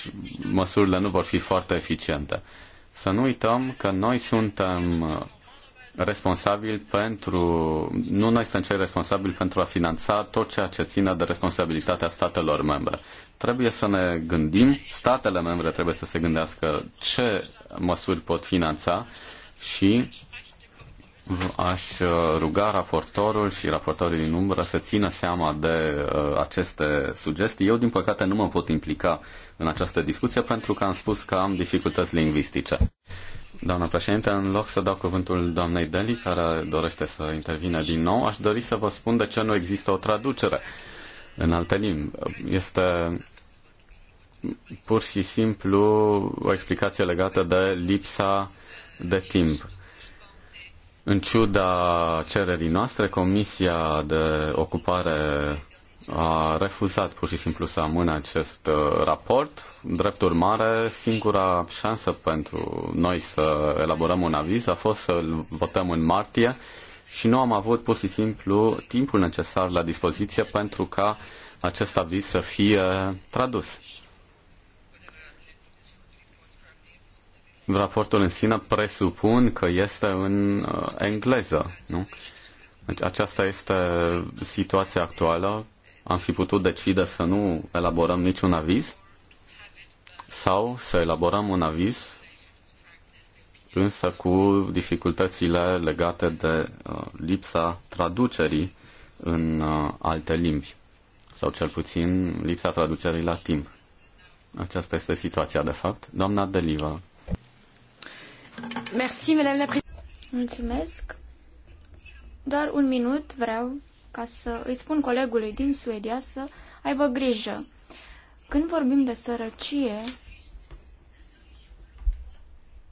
măsurile nu vor fi foarte eficiente. Să nu uităm că noi suntem Responsabil pentru, nu noi suntem cei responsabili pentru a finanța tot ceea ce ține de responsabilitatea statelor membre. Trebuie să ne gândim, statele membre trebuie să se gândească ce măsuri pot finanța și aș uh, ruga raportorul și raportorii din umbră să țină seama de uh, aceste sugestii. Eu, din păcate, nu mă pot implica în această discuție pentru că am spus că am dificultăți lingvistice. Doamna președinte, în loc să dau cuvântul doamnei Deli, care dorește să intervină din nou, aș dori să vă spun de ce nu există o traducere în alte limbi. Este pur și simplu o explicație legată de lipsa de timp. În ciuda cererii noastre, Comisia de Ocupare a refuzat pur și simplu să amână acest uh, raport. Drept urmare, singura șansă pentru noi să elaborăm un aviz a fost să-l votăm în martie și nu am avut pur și simplu timpul necesar la dispoziție pentru ca acest aviz să fie tradus. Raportul în sine presupun că este în uh, engleză, nu? Deci aceasta este situația actuală am fi putut decide să nu elaborăm niciun aviz sau să elaborăm un aviz însă cu dificultățile legate de uh, lipsa traducerii în uh, alte limbi sau cel puțin lipsa traducerii la timp. Aceasta este situația de fapt. Doamna Deliva. Merci, Mulțumesc. Doar un minut vreau ca să îi spun colegului din Suedia să aibă grijă. Când vorbim de sărăcie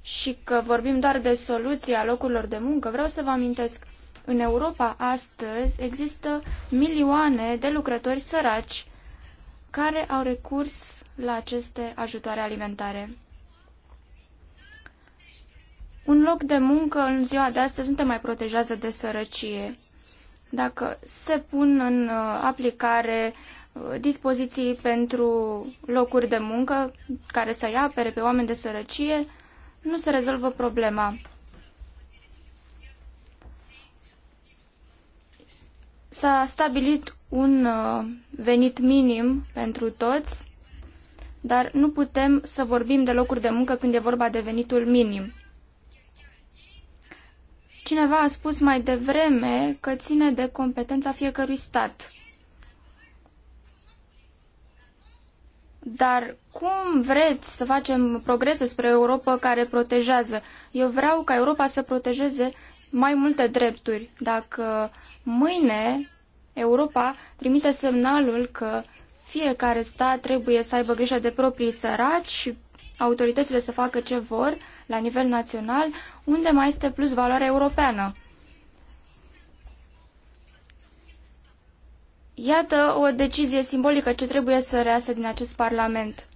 și că vorbim doar de soluția locurilor de muncă, vreau să vă amintesc, în Europa astăzi există milioane de lucrători săraci care au recurs la aceste ajutoare alimentare. Un loc de muncă în ziua de astăzi nu te mai protejează de sărăcie dacă se pun în uh, aplicare uh, dispoziții pentru locuri de muncă care să-i apere pe oameni de sărăcie, nu se rezolvă problema. S-a stabilit un uh, venit minim pentru toți, dar nu putem să vorbim de locuri de muncă când e vorba de venitul minim. Cineva a spus mai devreme că ține de competența fiecărui stat. Dar cum vreți să facem progrese spre Europa care protejează? Eu vreau ca Europa să protejeze mai multe drepturi. Dacă mâine Europa trimite semnalul că fiecare stat trebuie să aibă grijă de proprii săraci și autoritățile să facă ce vor, la nivel național, unde mai este plus valoare europeană. Iată o decizie simbolică ce trebuie să reasă din acest Parlament.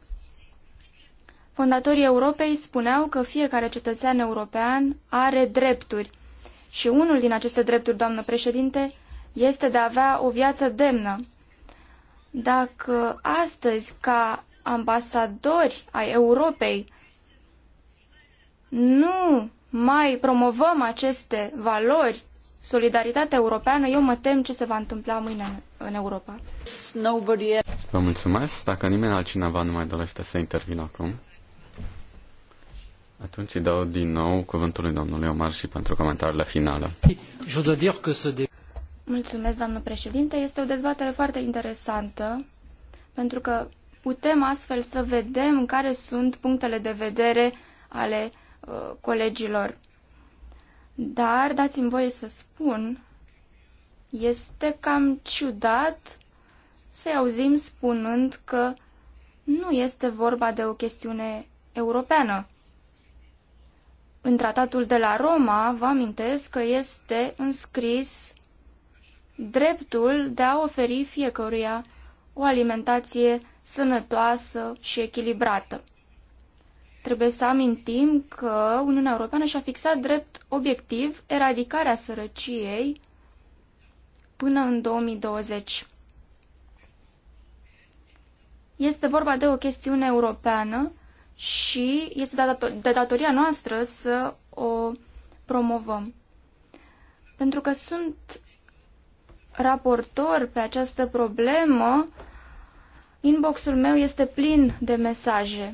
Fondatorii Europei spuneau că fiecare cetățean european are drepturi și unul din aceste drepturi, doamnă președinte, este de a avea o viață demnă. Dacă astăzi, ca ambasadori ai Europei, nu mai promovăm aceste valori, solidaritatea europeană, eu mă tem ce se va întâmpla mâine în Europa. Vă mulțumesc. Dacă nimeni altcineva nu mai dorește să intervină acum, atunci dau din nou cuvântul lui domnului Omar și pentru comentariile finale. Mulțumesc, doamnă președinte. Este o dezbatere foarte interesantă, pentru că putem astfel să vedem care sunt punctele de vedere ale Uh, colegilor. Dar dați-mi voie să spun, este cam ciudat să-i auzim spunând că nu este vorba de o chestiune europeană. În tratatul de la Roma, vă amintesc că este înscris dreptul de a oferi fiecăruia o alimentație sănătoasă și echilibrată. Trebuie să amintim că Uniunea Europeană și-a fixat drept obiectiv eradicarea sărăciei până în 2020. Este vorba de o chestiune europeană și este de datoria noastră să o promovăm. Pentru că sunt raportor pe această problemă, inboxul meu este plin de mesaje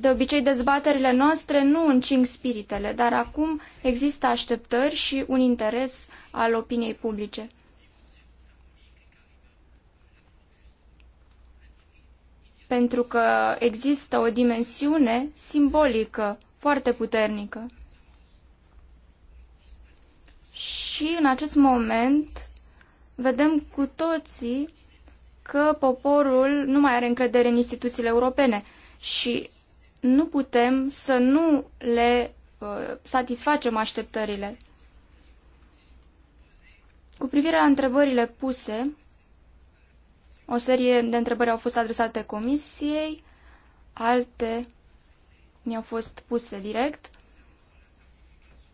de obicei, dezbaterile noastre nu încing spiritele, dar acum există așteptări și un interes al opiniei publice. Pentru că există o dimensiune simbolică foarte puternică. Și în acest moment vedem cu toții că poporul nu mai are încredere în instituțiile europene și nu putem să nu le uh, satisfacem așteptările. Cu privire la întrebările puse, o serie de întrebări au fost adresate comisiei, alte mi-au fost puse direct.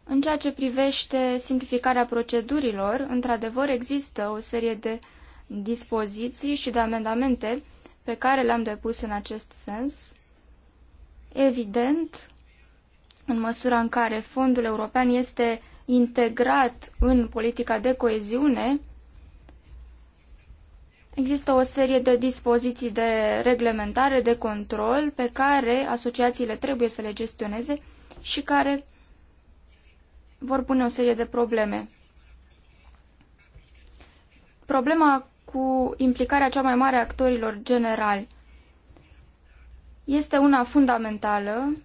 În ceea ce privește simplificarea procedurilor, într-adevăr există o serie de dispoziții și de amendamente pe care le-am depus în acest sens. Evident, în măsura în care fondul european este integrat în politica de coeziune, există o serie de dispoziții de reglementare, de control, pe care asociațiile trebuie să le gestioneze și care vor pune o serie de probleme. Problema cu implicarea cea mai mare a actorilor generali este una fundamentală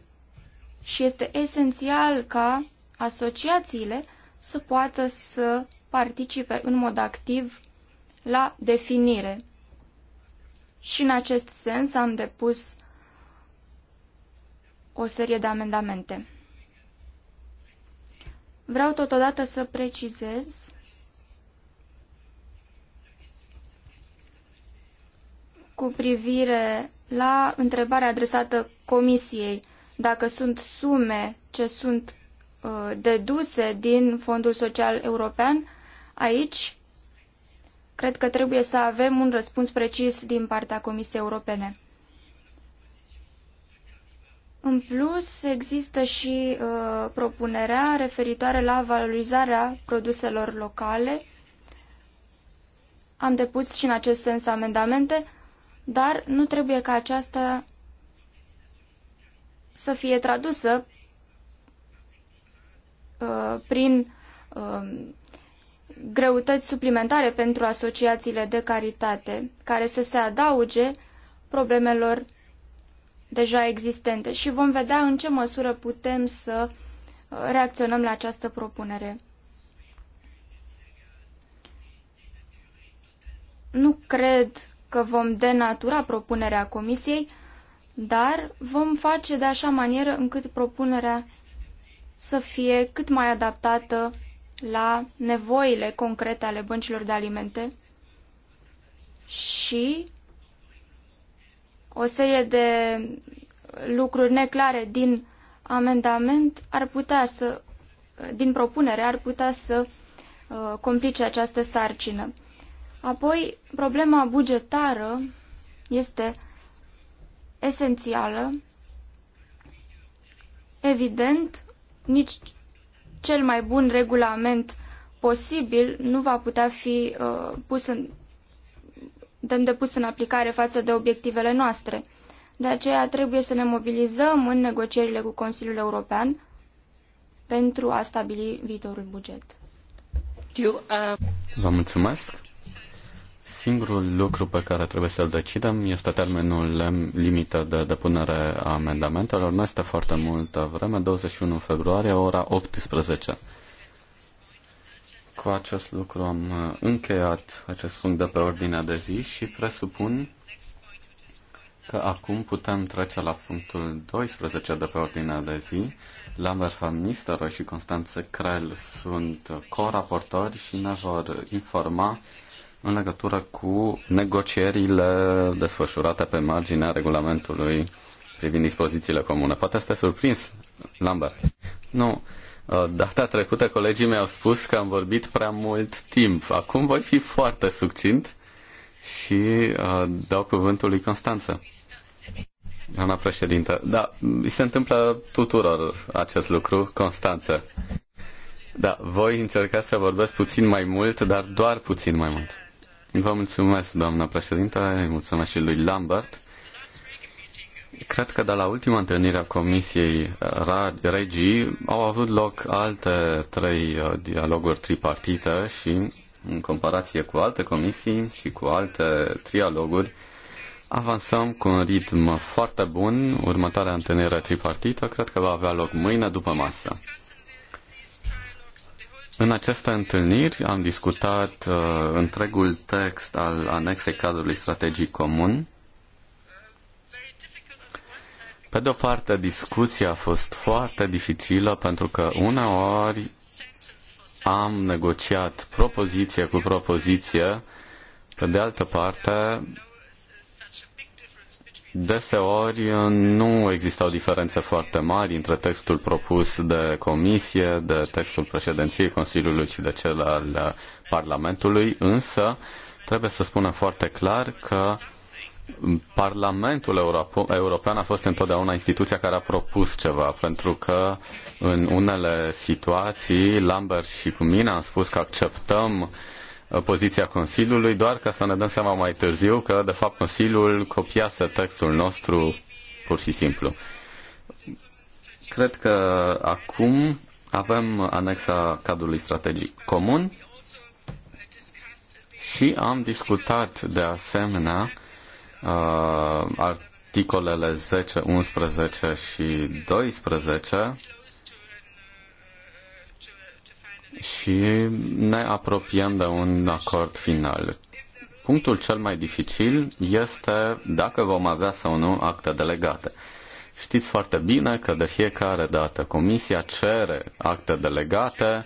și este esențial ca asociațiile să poată să participe în mod activ la definire. Și în acest sens am depus o serie de amendamente. Vreau totodată să precizez cu privire la întrebarea adresată Comisiei dacă sunt sume ce sunt uh, deduse din Fondul Social European, aici cred că trebuie să avem un răspuns precis din partea Comisiei Europene. În plus, există și uh, propunerea referitoare la valorizarea produselor locale. Am depus și în acest sens amendamente dar nu trebuie ca aceasta să fie tradusă uh, prin uh, greutăți suplimentare pentru asociațiile de caritate, care să se adauge problemelor deja existente și vom vedea în ce măsură putem să uh, reacționăm la această propunere. Nu cred că vom denatura propunerea Comisiei, dar vom face de așa manieră încât propunerea să fie cât mai adaptată la nevoile concrete ale băncilor de alimente și o serie de lucruri neclare din amendament ar putea să, din propunere, ar putea să uh, complice această sarcină. Apoi, problema bugetară este esențială. Evident, nici cel mai bun regulament posibil nu va putea fi uh, pus în, de îndepus în aplicare față de obiectivele noastre. De aceea trebuie să ne mobilizăm în negocierile cu Consiliul European pentru a stabili viitorul buget. Uh, Vă mulțumesc. Singurul lucru pe care trebuie să-l decidem este termenul limită de depunere a amendamentelor. Nu este foarte multă vreme, 21 februarie, ora 18. Cu acest lucru am încheiat acest punct de pe ordinea de zi și presupun că acum putem trece la punctul 12 de pe ordinea de zi. Lambert van Nistelrooy și Constanțe Crel sunt co-raportori și ne vor informa în legătură cu negocierile desfășurate pe marginea regulamentului privind dispozițiile comune. Poate este surprins, Lambert. Nu. Uh, data trecută colegii mei au spus că am vorbit prea mult timp. Acum voi fi foarte succint și uh, dau cuvântul lui Constanță. Doamna președintă, da, se întâmplă tuturor acest lucru, Constanță. Da, voi încerca să vorbesc puțin mai mult, dar doar puțin mai mult. Vă mulțumesc, doamnă președinte, mulțumesc și lui Lambert. Cred că de la ultima întâlnire a Comisiei Regii au avut loc alte trei uh, dialoguri tripartite și în comparație cu alte comisii și cu alte trialoguri, avansăm cu un ritm foarte bun. Următoarea întâlnire tripartită cred că va avea loc mâine după masă. În aceste întâlniri am discutat uh, întregul text al anexei cadrului strategic comun. Pe de o parte, discuția a fost foarte dificilă pentru că uneori am negociat propoziție cu propoziție, pe de altă parte Deseori uh, nu existau diferențe foarte mari între textul propus de comisie, de textul președinției Consiliului și de cel al uh, Parlamentului, însă trebuie să spunem foarte clar că Parlamentul European a fost întotdeauna instituția care a propus ceva, pentru că în unele situații Lambert și cu mine am spus că acceptăm uh, Uh, poziția Consiliului, doar ca să ne dăm seama mai târziu că, de fapt, Consiliul copiază textul nostru pur și simplu. Cred că acum avem anexa cadrului strategic comun și am discutat de asemenea uh, articolele 10, 11 și 12 și ne apropiem de un acord final. Punctul cel mai dificil este dacă vom avea sau nu acte delegate. Știți foarte bine că de fiecare dată Comisia cere acte delegate,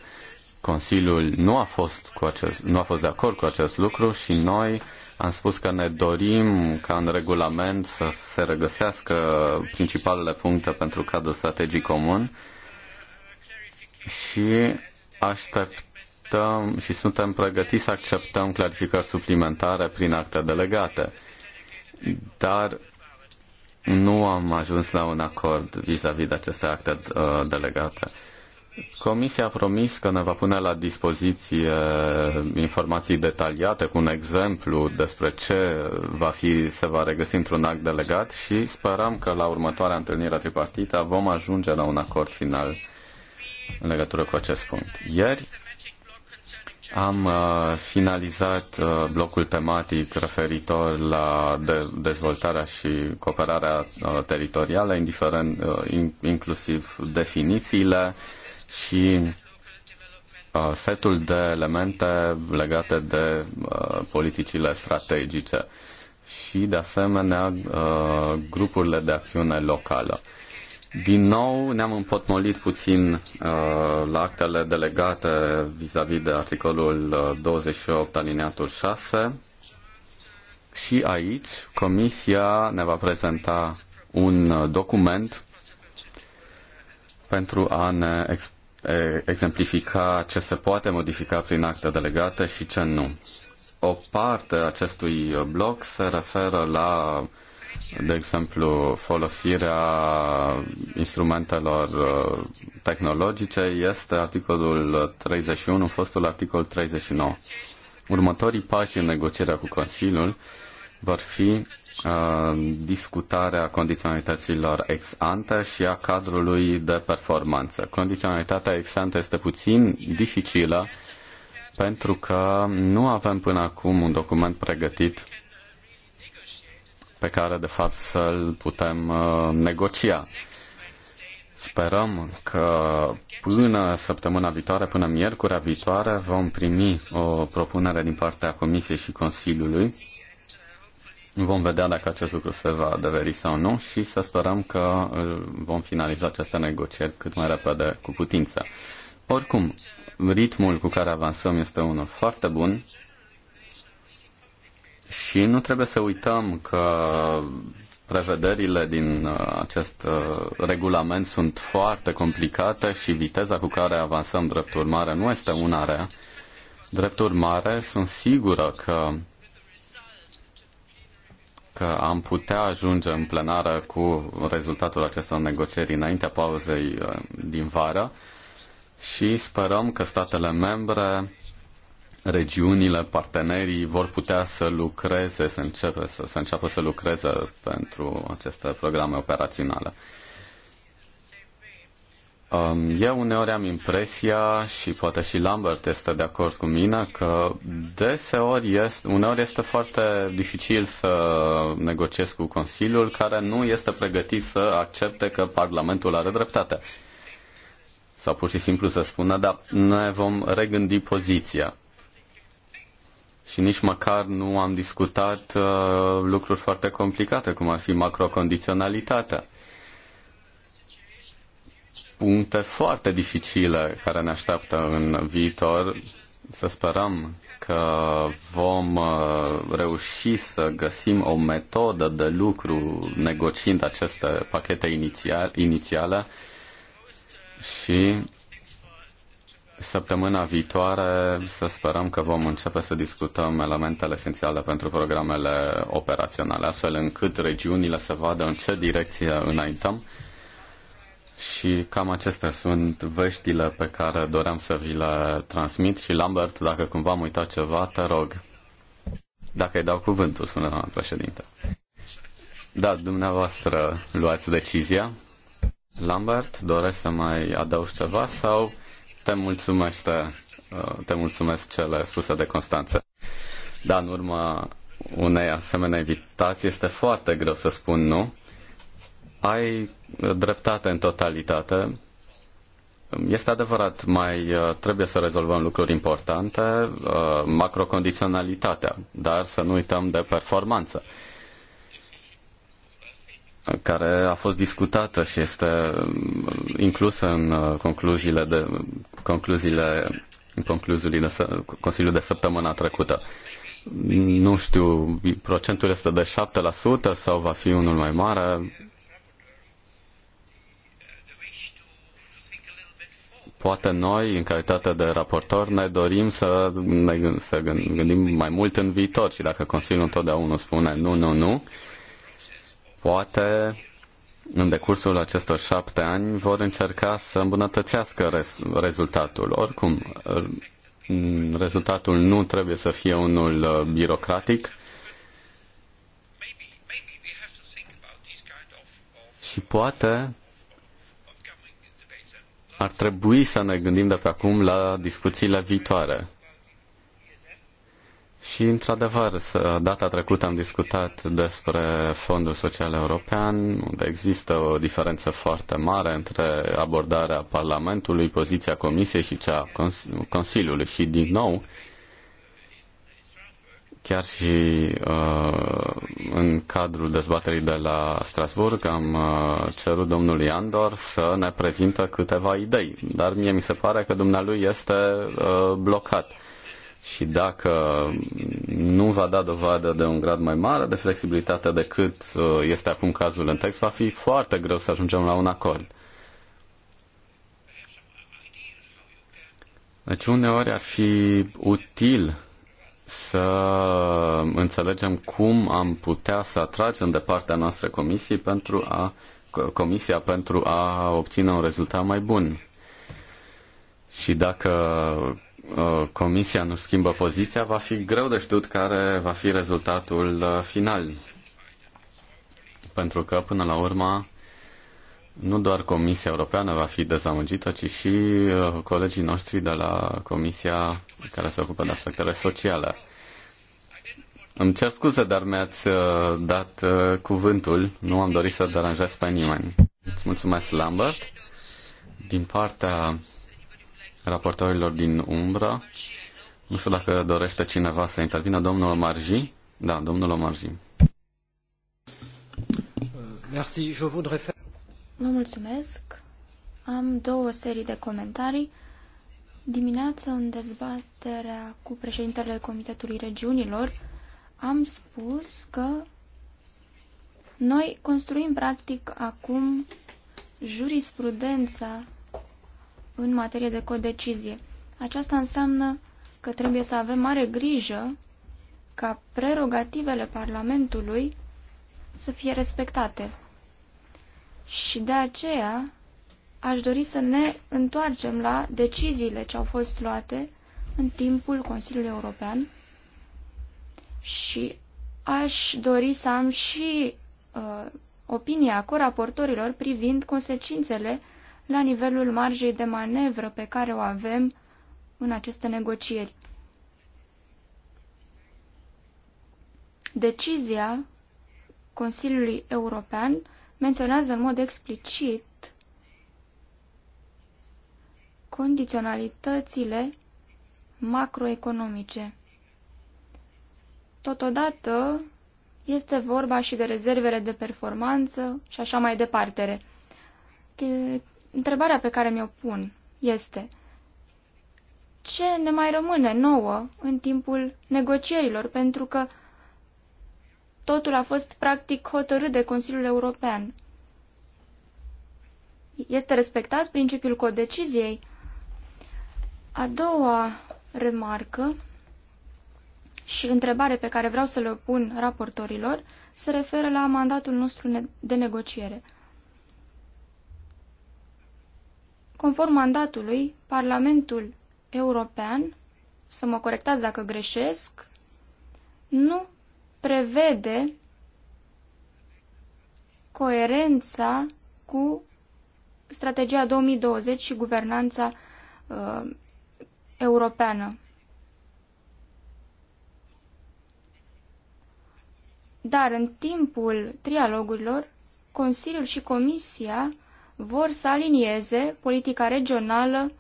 Consiliul nu a fost, cu acest, nu a fost de acord cu acest lucru și noi am spus că ne dorim ca în regulament să se regăsească principalele puncte pentru cadrul strategic comun și așteptăm și suntem pregătiți să acceptăm clarificări suplimentare prin acte delegate. Dar nu am ajuns la un acord vis-a-vis -vis de aceste acte uh, delegate. Comisia a promis că ne va pune la dispoziție informații detaliate cu un exemplu despre ce va fi, se va regăsi într-un act delegat și sperăm că la următoarea întâlnire tripartită vom ajunge la un acord final în legătură cu acest punct. Ieri am uh, finalizat uh, blocul tematic referitor la dezvoltarea și cooperarea uh, teritorială, indiferent, inclusiv definițiile și setul de elemente legate de politicile strategice și, de asemenea, grupurile de acțiune locală. Din nou ne-am împotmolit puțin uh, la actele delegate vis-a-vis -vis de articolul 28 uh, alineatul 6 și aici Comisia ne va prezenta un uh, document pentru a ne ex- exemplifica ce se poate modifica prin acte delegate și ce nu. O parte a acestui uh, bloc se referă la uh, de exemplu, folosirea instrumentelor uh, tehnologice este articolul 31, fostul articol 39. Următorii pași în negocierea cu Consiliul vor fi uh, discutarea condiționalităților ex ante și a cadrului de performanță. Condiționalitatea ex ante este puțin dificilă pentru că nu avem până acum un document pregătit pe care de fapt să-l putem uh, negocia. Sperăm că până săptămâna viitoare, până miercurea viitoare, vom primi o propunere din partea Comisiei și Consiliului. Vom vedea dacă acest lucru se va adeveri sau nu și să sperăm că uh, vom finaliza aceste negocieri cât mai repede cu putință. Oricum, ritmul cu care avansăm este unul foarte bun și nu trebuie să uităm că prevederile din uh, acest uh, regulament sunt foarte complicate și viteza cu care avansăm drept urmare nu este una rea. Drept urmare, sunt sigură că că am putea ajunge în plenară cu rezultatul acestor negocieri înaintea pauzei uh, din vară și sperăm că statele membre regiunile, partenerii vor putea să lucreze, să, începe, să, să înceapă să lucreze pentru aceste programe operaționale. Um, eu uneori am impresia și poate și Lambert este de acord cu mine că deseori este, uneori este foarte dificil să negociez cu Consiliul care nu este pregătit să accepte că Parlamentul are dreptate. Sau pur și simplu să spună, dar ne vom regândi poziția și nici măcar nu am discutat uh, lucruri foarte complicate, cum ar fi macrocondiționalitatea. Puncte foarte dificile care ne așteaptă în viitor. Să sperăm că vom uh, reuși să găsim o metodă de lucru negociind aceste pachete inițial, inițiale și Săptămâna viitoare să sperăm că vom începe să discutăm elementele esențiale pentru programele operaționale, astfel încât regiunile să vadă în ce direcție înaintăm. Și cam acestea sunt veștile pe care doream să vi le transmit. Și Lambert, dacă cumva am uitat ceva, te rog. Dacă îi dau cuvântul, spune doamna președinte. Da, dumneavoastră luați decizia. Lambert, doresc să mai adaug ceva sau te mulțumesc, uh, te mulțumesc cele spuse de Constanță. Da, în urma unei asemenea invitații este foarte greu să spun nu. Ai uh, dreptate în totalitate. Este adevărat, mai uh, trebuie să rezolvăm lucruri importante, macrocondiționalitatea, dar să nu uităm de performanță care a fost discutată și este um, inclusă uh, în concluziile, de, concluziile concluziile de, Consiliului de săptămâna trecută. Nu știu, procentul este de 7% sau va fi unul mai mare? Poate noi, în calitate de raportor, ne dorim să ne să gândim mai mult în viitor și dacă Consiliul întotdeauna spune nu, nu, nu, Poate în decursul acestor șapte ani vor încerca să îmbunătățească res- rezultatul. Oricum, rezultatul nu trebuie să fie unul uh, birocratic. Și poate ar trebui să ne gândim de pe acum la discuțiile viitoare. Și, într-adevăr, data trecută am discutat despre Fondul Social European, unde există o diferență foarte mare între abordarea Parlamentului, poziția Comisiei și cea Cons- Consiliului. Și, din nou, chiar și uh, în cadrul dezbaterii de la Strasburg am uh, cerut domnului Andor să ne prezintă câteva idei, dar mie mi se pare că dumnealui este uh, blocat și dacă nu va da dovadă de un grad mai mare de flexibilitate decât uh, este acum cazul în text, va fi foarte greu să ajungem la un acord. Deci uneori ar fi util să înțelegem cum am putea să atragem de partea noastră comisii pentru a, comisia pentru a obține un rezultat mai bun. Și dacă Uh, comisia nu schimbă poziția, va fi greu de știut care va fi rezultatul uh, final. Pentru că, până la urmă, nu doar Comisia Europeană va fi dezamăgită, ci și uh, colegii noștri de la Comisia care se ocupă de aspectele sociale. Îmi cer scuze, dar mi-ați dat cuvântul. Nu am dorit să deranjez pe nimeni. Îți mulțumesc, Lambert. Din partea raportorilor din umbra. Nu știu dacă dorește cineva să intervină. Domnul Omarji? Da, domnul Omarji. Vă mulțumesc. Am două serii de comentarii. Dimineața, în dezbaterea cu președintele Comitetului Regiunilor, am spus că noi construim practic acum jurisprudența în materie de codecizie. Aceasta înseamnă că trebuie să avem mare grijă ca prerogativele Parlamentului să fie respectate. Și de aceea aș dori să ne întoarcem la deciziile ce au fost luate în timpul Consiliului European și aș dori să am și uh, opinia coraportorilor privind consecințele la nivelul marjei de manevră pe care o avem în aceste negocieri. Decizia Consiliului European menționează în mod explicit condiționalitățile macroeconomice. Totodată este vorba și de rezervele de performanță și așa mai departe întrebarea pe care mi-o pun este ce ne mai rămâne nouă în timpul negocierilor, pentru că totul a fost practic hotărât de Consiliul European. Este respectat principiul codeciziei? A doua remarcă și întrebare pe care vreau să le pun raportorilor se referă la mandatul nostru de negociere. Conform mandatului, Parlamentul European, să mă corectați dacă greșesc, nu prevede coerența cu strategia 2020 și guvernanța uh, europeană. Dar în timpul trialogurilor, Consiliul și Comisia vor să alinieze politica regională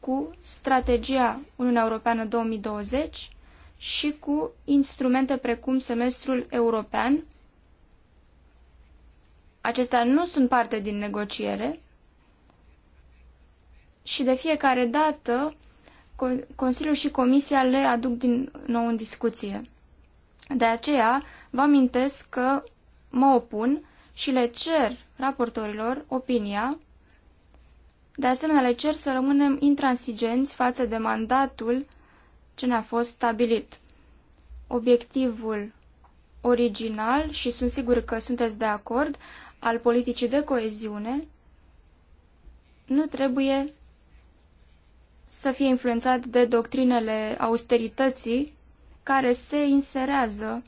cu strategia Uniunea Europeană 2020 și cu instrumente precum semestrul european. Acestea nu sunt parte din negociere și de fiecare dată Consiliul și Comisia le aduc din nou în discuție. De aceea vă amintesc că mă opun și le cer raportorilor opinia. De asemenea, le cer să rămânem intransigenți față de mandatul ce ne-a fost stabilit. Obiectivul original, și sunt sigur că sunteți de acord, al politicii de coeziune nu trebuie să fie influențat de doctrinele austerității care se inserează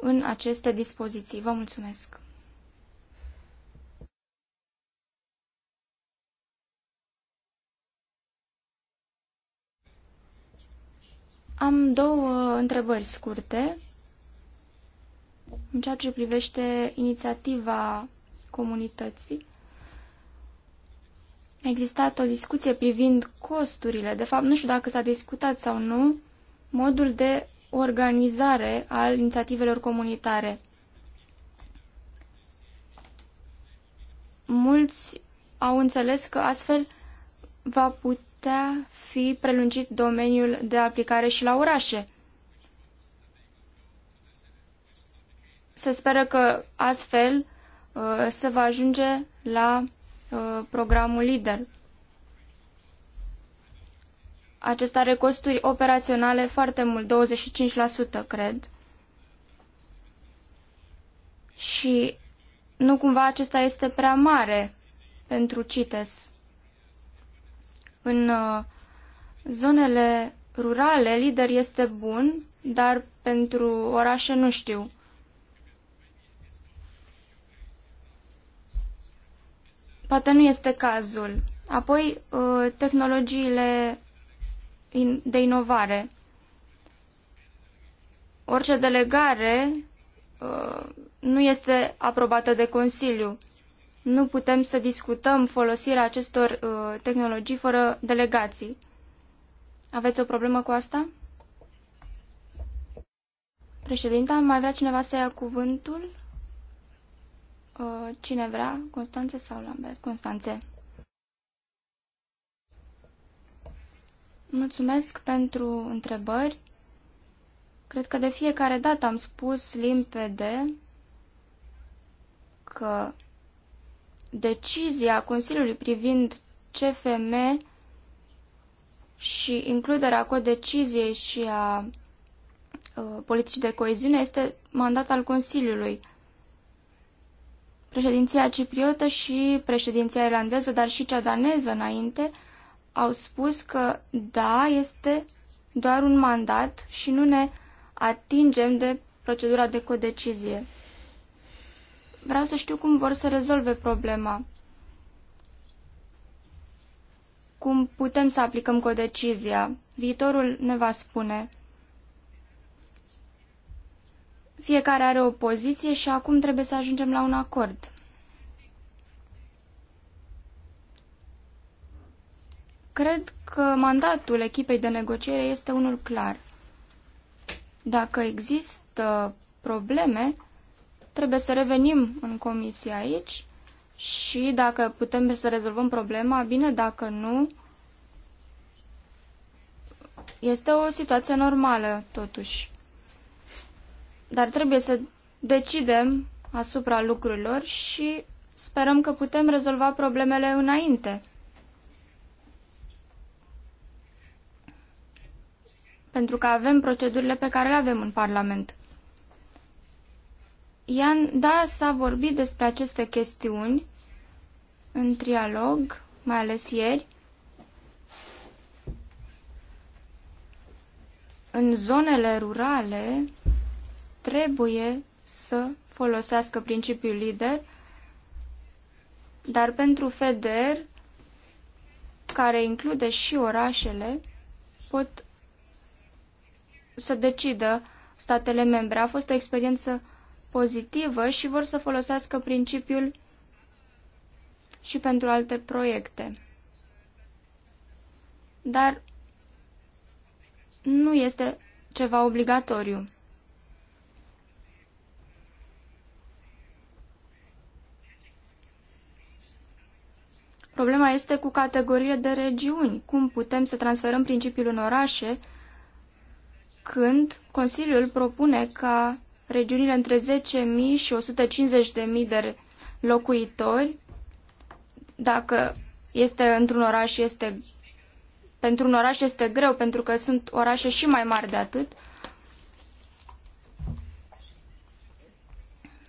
în aceste dispoziții. Vă mulțumesc! Am două întrebări scurte. În ceea ce privește inițiativa comunității, a existat o discuție privind costurile. De fapt, nu știu dacă s-a discutat sau nu modul de organizare al inițiativelor comunitare. Mulți au înțeles că astfel va putea fi prelungit domeniul de aplicare și la orașe. Se speră că astfel uh, se va ajunge la uh, programul LIDER. Acesta are costuri operaționale foarte mult, 25% cred. Și nu cumva acesta este prea mare pentru CITES. În uh, zonele rurale, lider este bun, dar pentru orașe nu știu. Poate nu este cazul. Apoi, uh, tehnologiile de inovare. Orice delegare uh, nu este aprobată de Consiliu. Nu putem să discutăm folosirea acestor uh, tehnologii fără delegații. Aveți o problemă cu asta? Președinta, mai vrea cineva să ia cuvântul? Uh, cine vrea? Constanțe sau Lambert? Constanțe. Mulțumesc pentru întrebări. Cred că de fiecare dată am spus limpede că decizia Consiliului privind CFM și includerea codeciziei și a politicii de coeziune este mandat al Consiliului. Președinția cipriotă și președinția irlandeză, dar și cea daneză înainte, au spus că da, este doar un mandat și nu ne atingem de procedura de codecizie. Vreau să știu cum vor să rezolve problema. Cum putem să aplicăm decizia. Viitorul ne va spune. Fiecare are o poziție și acum trebuie să ajungem la un acord. Cred că mandatul echipei de negociere este unul clar. Dacă există probleme, Trebuie să revenim în comisie aici și dacă putem să rezolvăm problema, bine, dacă nu, este o situație normală, totuși. Dar trebuie să decidem asupra lucrurilor și sperăm că putem rezolva problemele înainte. Pentru că avem procedurile pe care le avem în Parlament. Ian, da, s-a vorbit despre aceste chestiuni în trialog, mai ales ieri. În zonele rurale trebuie să folosească principiul lider, dar pentru FEDER, care include și orașele, pot să decidă statele membre. A fost o experiență pozitivă și vor să folosească principiul și pentru alte proiecte. Dar nu este ceva obligatoriu. Problema este cu categoriile de regiuni. Cum putem să transferăm principiul în orașe când Consiliul propune ca regiunile între 10.000 și 150.000 de locuitori, dacă este într-un oraș, este, pentru un oraș este greu, pentru că sunt orașe și mai mari de atât.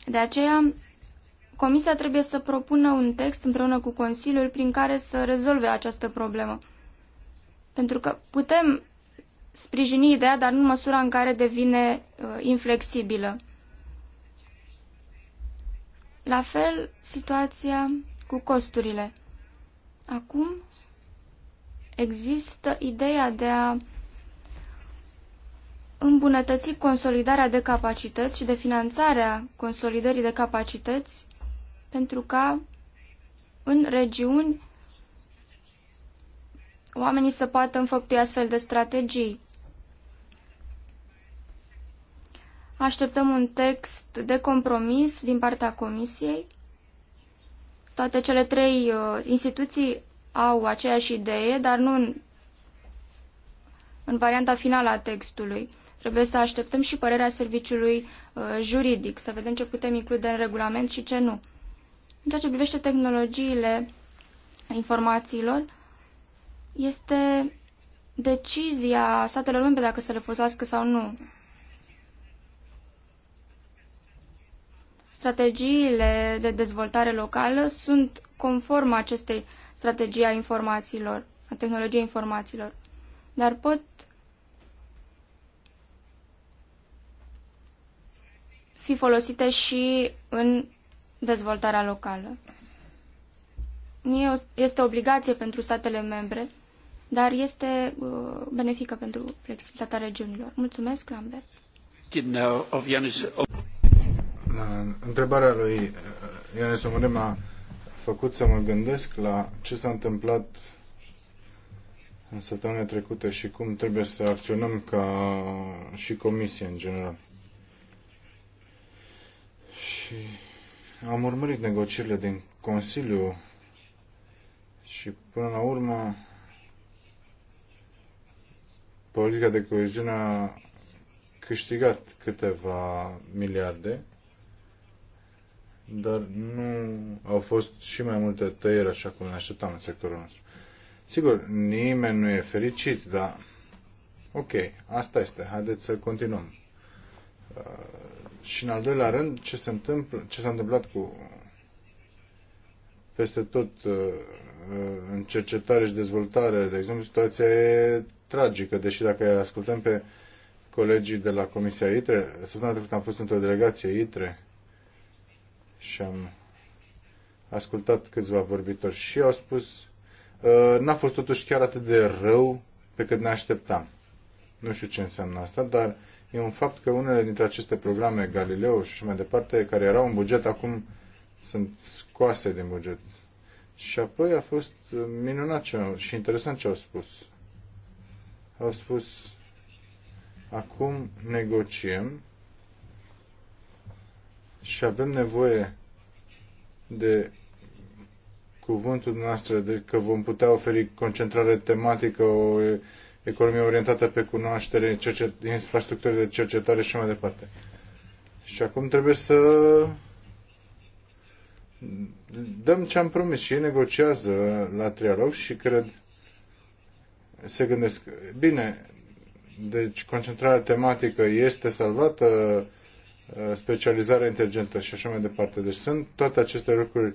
De aceea, Comisia trebuie să propună un text împreună cu Consiliul prin care să rezolve această problemă. Pentru că putem sprijini ideea, dar nu în măsura în care devine uh, inflexibilă. La fel, situația cu costurile. Acum există ideea de a îmbunătăți consolidarea de capacități și de finanțarea consolidării de capacități pentru ca în regiuni oamenii să poată înfăptui astfel de strategii. Așteptăm un text de compromis din partea Comisiei. Toate cele trei uh, instituții au aceeași idee, dar nu în, în varianta finală a textului. Trebuie să așteptăm și părerea serviciului uh, juridic, să vedem ce putem include în regulament și ce nu. În ceea ce privește tehnologiile informațiilor, este decizia statelor membre dacă să le folosească sau nu. Strategiile de dezvoltare locală sunt conform acestei strategii a informațiilor, a tehnologiei informațiilor, dar pot fi folosite și în dezvoltarea locală. Este obligație pentru statele membre dar este uh, benefică pentru flexibilitatea regiunilor. Mulțumesc, Lambert. Întrebarea lui uh, Ionis Omure m-a făcut să mă gândesc la ce s-a întâmplat în săptămâna trecută și cum trebuie să acționăm ca și comisie în general. Și am urmărit negocierile din Consiliu și până la urmă politica de coeziune a câștigat câteva miliarde, dar nu au fost și mai multe tăieri așa cum ne așteptam în sectorul nostru. Sigur, nimeni nu e fericit, dar ok, asta este, haideți să continuăm. Și în al doilea rând, ce, se întâmplă, ce s-a întâmplat cu peste tot uh, în cercetare și dezvoltare, de exemplu, situația e tragică, deși dacă ascultăm pe colegii de la Comisia ITRE, săptămâna trecută am fost într-o delegație ITRE și am ascultat câțiva vorbitori și au spus uh, n-a fost totuși chiar atât de rău pe cât ne așteptam. Nu știu ce înseamnă asta, dar e un fapt că unele dintre aceste programe, Galileo și așa mai departe, care erau în buget, acum sunt scoase din buget. Și apoi a fost minunat ce, și interesant ce au spus au spus acum negociem și avem nevoie de cuvântul noastră de că vom putea oferi concentrare tematică, o economie orientată pe cunoaștere, cercet, infrastructuri de cercetare și mai departe. Și acum trebuie să dăm ce am promis și ei negociază la trialog și cred se gândesc, bine, deci concentrarea tematică este salvată, uh, specializarea inteligentă și așa mai departe. Deci sunt toate aceste lucruri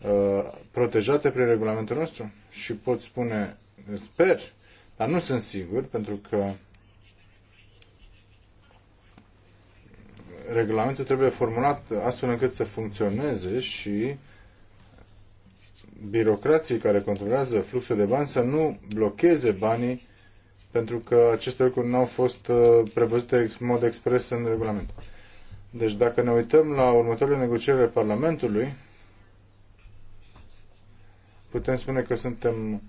uh, protejate prin regulamentul nostru și pot spune, sper, dar nu sunt sigur, pentru că regulamentul trebuie formulat astfel încât să funcționeze și birocrații care controlează fluxul de bani să nu blocheze banii pentru că aceste lucruri nu au fost uh, prevăzute în mod expres în regulament. Deci dacă ne uităm la următoarele negocieri ale Parlamentului, putem spune că suntem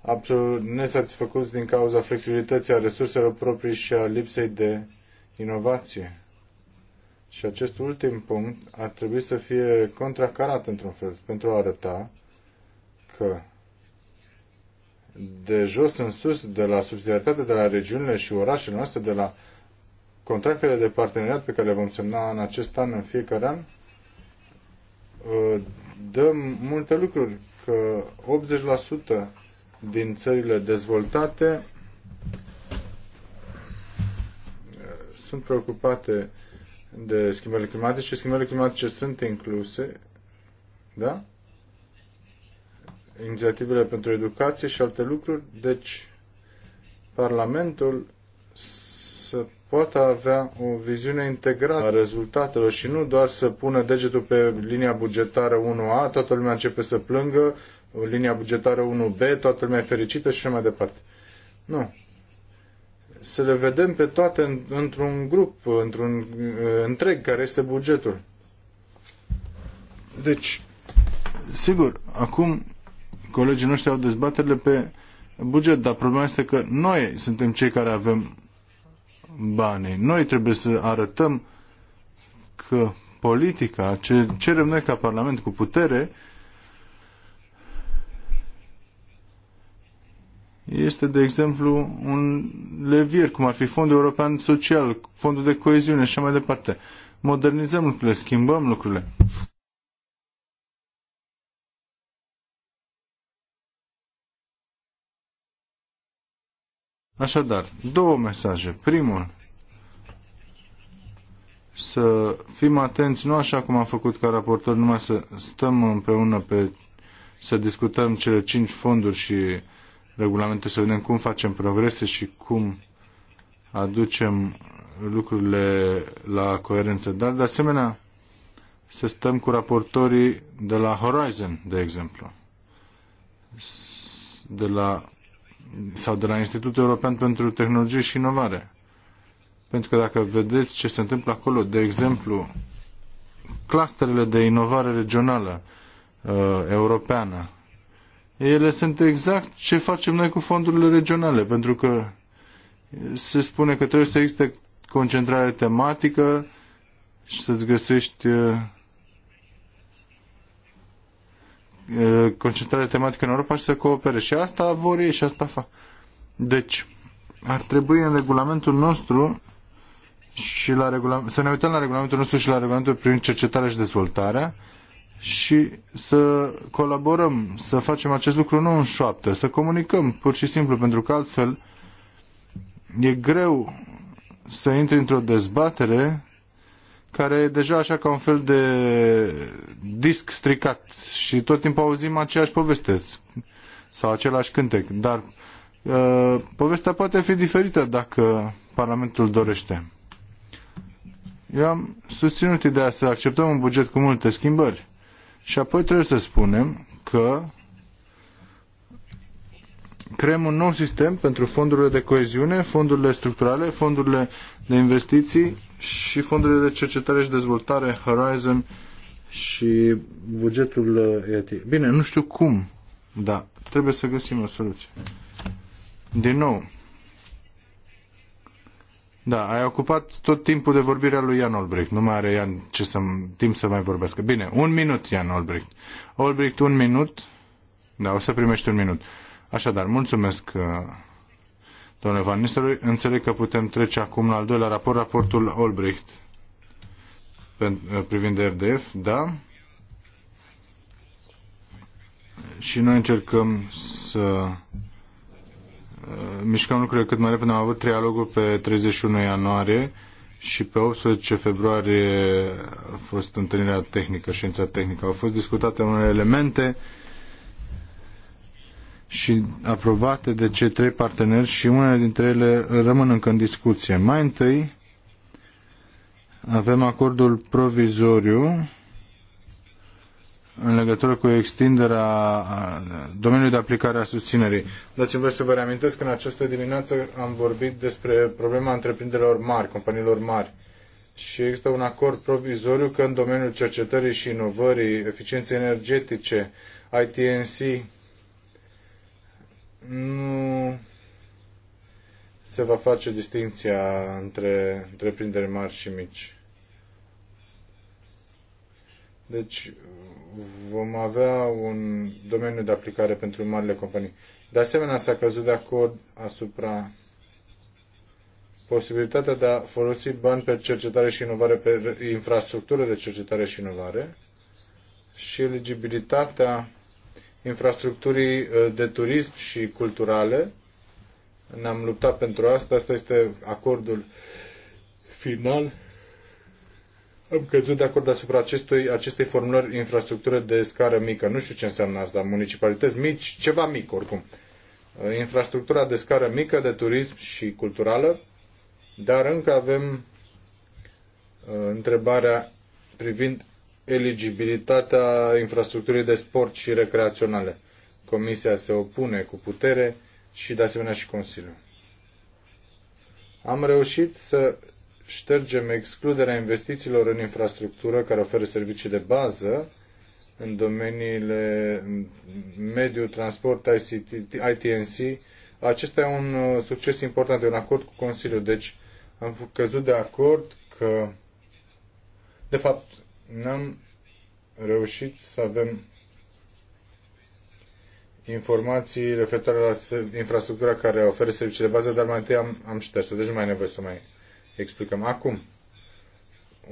absolut nesatisfăcuți din cauza flexibilității a resurselor proprii și a lipsei de inovație. Și acest ultim punct ar trebui să fie contracarat într-un fel, pentru a arăta că de jos în sus, de la subsidiaritate, de la regiunile și orașele noastre, de la contractele de parteneriat pe care le vom semna în acest an, în fiecare an, uh, dăm multe lucruri, că 80% din țările dezvoltate uh, sunt preocupate de schimbările climatice. Schimbările climatice sunt incluse, da? inițiativele pentru educație și alte lucruri, deci Parlamentul să poată avea o viziune integrată a rezultatelor și nu doar să pună degetul pe linia bugetară 1A, toată lumea începe să plângă, linia bugetară 1B, toată lumea e fericită și așa mai departe. Nu. Să le vedem pe toate într-un grup, într-un uh, întreg care este bugetul. Deci, sigur, acum colegii noștri au dezbaterile pe buget, dar problema este că noi suntem cei care avem banii. Noi trebuie să arătăm că politica, ce cerem noi ca Parlament cu putere, este, de exemplu, un levier, cum ar fi Fondul European Social, Fondul de Coeziune și așa mai departe. Modernizăm lucrurile, schimbăm lucrurile. Așadar, două mesaje. Primul, să fim atenți, nu așa cum am făcut ca raportor, numai să stăm împreună pe, să discutăm cele cinci fonduri și regulamente, să vedem cum facem progrese și cum aducem lucrurile la coerență. Dar, de asemenea, să stăm cu raportorii de la Horizon, de exemplu, de la sau de la Institutul European pentru Tehnologie și Inovare. Pentru că dacă vedeți ce se întâmplă acolo, de exemplu, clusterele de inovare regională uh, europeană, ele sunt exact ce facem noi cu fondurile regionale, pentru că se spune că trebuie să existe concentrare tematică și să-ți găsești uh, Uh, concentrare tematică în Europa și să coopere. Și asta vor ei și asta fac. Deci, ar trebui în regulamentul nostru și la regulament, să ne uităm la regulamentul nostru și la regulamentul prin cercetare și dezvoltare și să colaborăm, să facem acest lucru nu în șoaptă, să comunicăm pur și simplu, pentru că altfel e greu să intri într-o dezbatere care e deja așa ca un fel de disc stricat și tot timpul auzim aceeași poveste sau același cântec. Dar uh, povestea poate fi diferită dacă Parlamentul dorește. Eu am susținut ideea să acceptăm un buget cu multe schimbări și apoi trebuie să spunem că creăm un nou sistem pentru fondurile de coeziune, fondurile structurale, fondurile de investiții și fondurile de cercetare și dezvoltare Horizon și bugetul uh, ETI. Bine, nu știu cum, dar trebuie să găsim o soluție. Din nou, da, ai ocupat tot timpul de vorbire a lui Ian Olbricht. Nu mai are Ian ce să, timp să mai vorbească. Bine, un minut, Ian Olbricht. Olbricht, un minut. Da, o să primești un minut. Așadar, mulțumesc uh, domnule Van Nistelrooy. Înțeleg că putem trece acum la al doilea raport, raportul Olbricht privind RDF, da? Și noi încercăm să uh, mișcăm lucrurile cât mai repede. Am avut trialogul pe 31 ianuarie și pe 18 februarie a fost întâlnirea tehnică, știința tehnică. Au fost discutate unele elemente uh, și aprobate de cei trei parteneri și unele dintre ele rămân încă în discuție. Mai întâi avem acordul provizoriu în legătură cu extinderea domeniului de aplicare a susținerii. Dați-mi voi să vă reamintesc că în această dimineață am vorbit despre problema întreprinderilor mari, companiilor mari. Și există un acord provizoriu că în domeniul cercetării și inovării, eficienței energetice, ITNC, nu se va face distinția între întreprinderi mari și mici. Deci vom avea un domeniu de aplicare pentru marile companii. De asemenea, s-a căzut de acord asupra posibilitatea de a folosi bani pe cercetare și inovare, pe infrastructură de cercetare și inovare și eligibilitatea infrastructurii uh, de turism și culturale. Ne-am luptat pentru asta, asta este acordul final. Am căzut de acord asupra acestui, acestei formulări infrastructură de scară mică. Nu știu ce înseamnă asta, municipalități mici, ceva mic oricum. Uh, infrastructura de scară mică de turism și culturală, dar încă avem uh, întrebarea privind eligibilitatea infrastructurii de sport și recreaționale. Comisia se opune cu putere și de asemenea și Consiliul. Am reușit să ștergem excluderea investițiilor în infrastructură care oferă servicii de bază în domeniile mediu, transport, ICT, ITNC. Acesta e un uh, succes important, e un acord cu Consiliul. Deci am căzut de acord că, de fapt, n-am reușit să avem informații referitoare la infrastructura care oferă servicii de bază, dar mai întâi am, am șters-o, deci nu mai e nevoie să mai explicăm. Acum,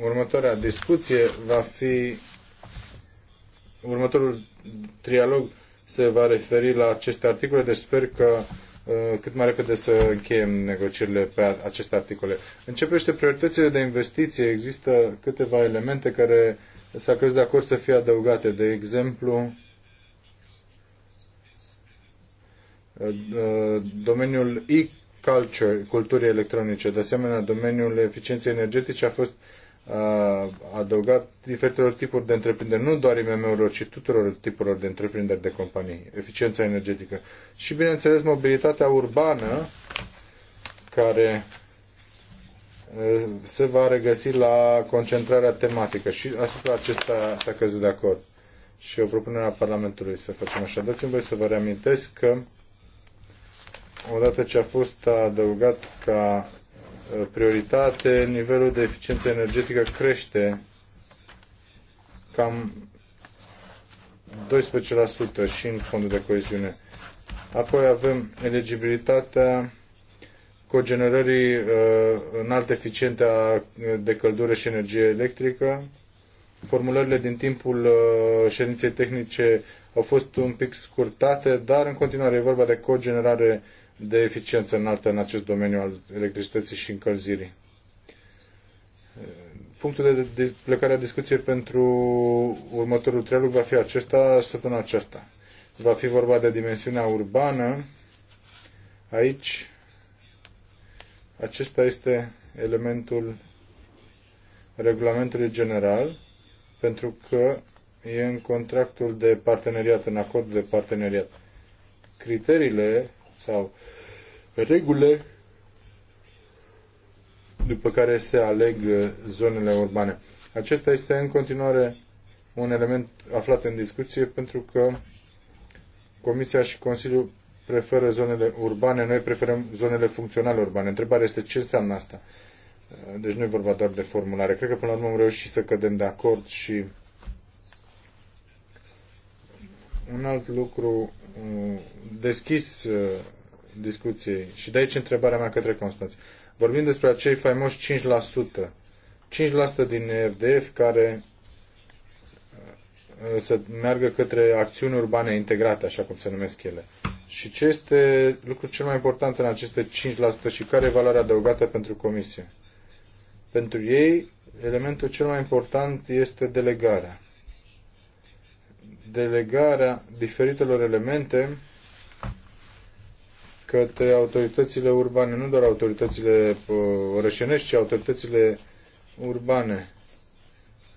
următoarea discuție va fi următorul trialog se va referi la aceste articole, deci sper că Uh, cât mai repede să încheiem negocierile pe aceste articole. În ce privește prioritățile de investiție, există câteva elemente care s-a căzut de acord să fie adăugate. De exemplu, uh, uh, domeniul e-culture, culturii electronice, de asemenea domeniul eficienței energetice a fost uh, adăugat diferitelor tipuri de întreprinderi, nu doar IMM-urilor, ci tuturor tipurilor de întreprinderi de companii, eficiența energetică. Și, bineînțeles, mobilitatea urbană, care se va regăsi la concentrarea tematică și asupra acesta s-a căzut de acord. Și o propunere a Parlamentului să facem așa. Dați-mi voi să vă reamintesc că odată ce a fost adăugat ca Uh, prioritate, nivelul de eficiență energetică crește cam 12% și în fondul de coeziune. Apoi avem eligibilitatea cogenerării uh, înalt eficiente a, uh, de căldură și energie electrică. Formulările din timpul uh, ședinței tehnice au fost un pic scurtate, dar în continuare e vorba de cogenerare de eficiență înaltă în acest domeniu al electricității și încălzirii. Punctul de plecare a discuției pentru următorul trialog va fi acesta săptămâna aceasta. Va fi vorba de dimensiunea urbană. Aici, acesta este elementul regulamentului general, pentru că e în contractul de parteneriat, în acordul de parteneriat. Criteriile sau regulile după care se aleg uh, zonele urbane. Acesta este în continuare un element aflat în discuție pentru că Comisia și Consiliul preferă zonele urbane, noi preferăm zonele funcționale urbane. Întrebarea este ce înseamnă asta. Uh, deci nu e vorba doar de formulare. Cred că până la urmă am reușit să cădem de acord și un alt lucru Mm, deschis uh, discuției și de aici întrebarea mea către Constanț. Vorbim despre acei faimoși 5%. 5% din FDF care uh, să meargă către acțiuni urbane integrate, așa cum se numesc ele. Și ce este lucrul cel mai important în aceste 5% și care e valoarea adăugată pentru comisie? Pentru ei, elementul cel mai important este delegarea delegarea diferitelor elemente către autoritățile urbane, nu doar autoritățile uh, orășenești, ci autoritățile urbane.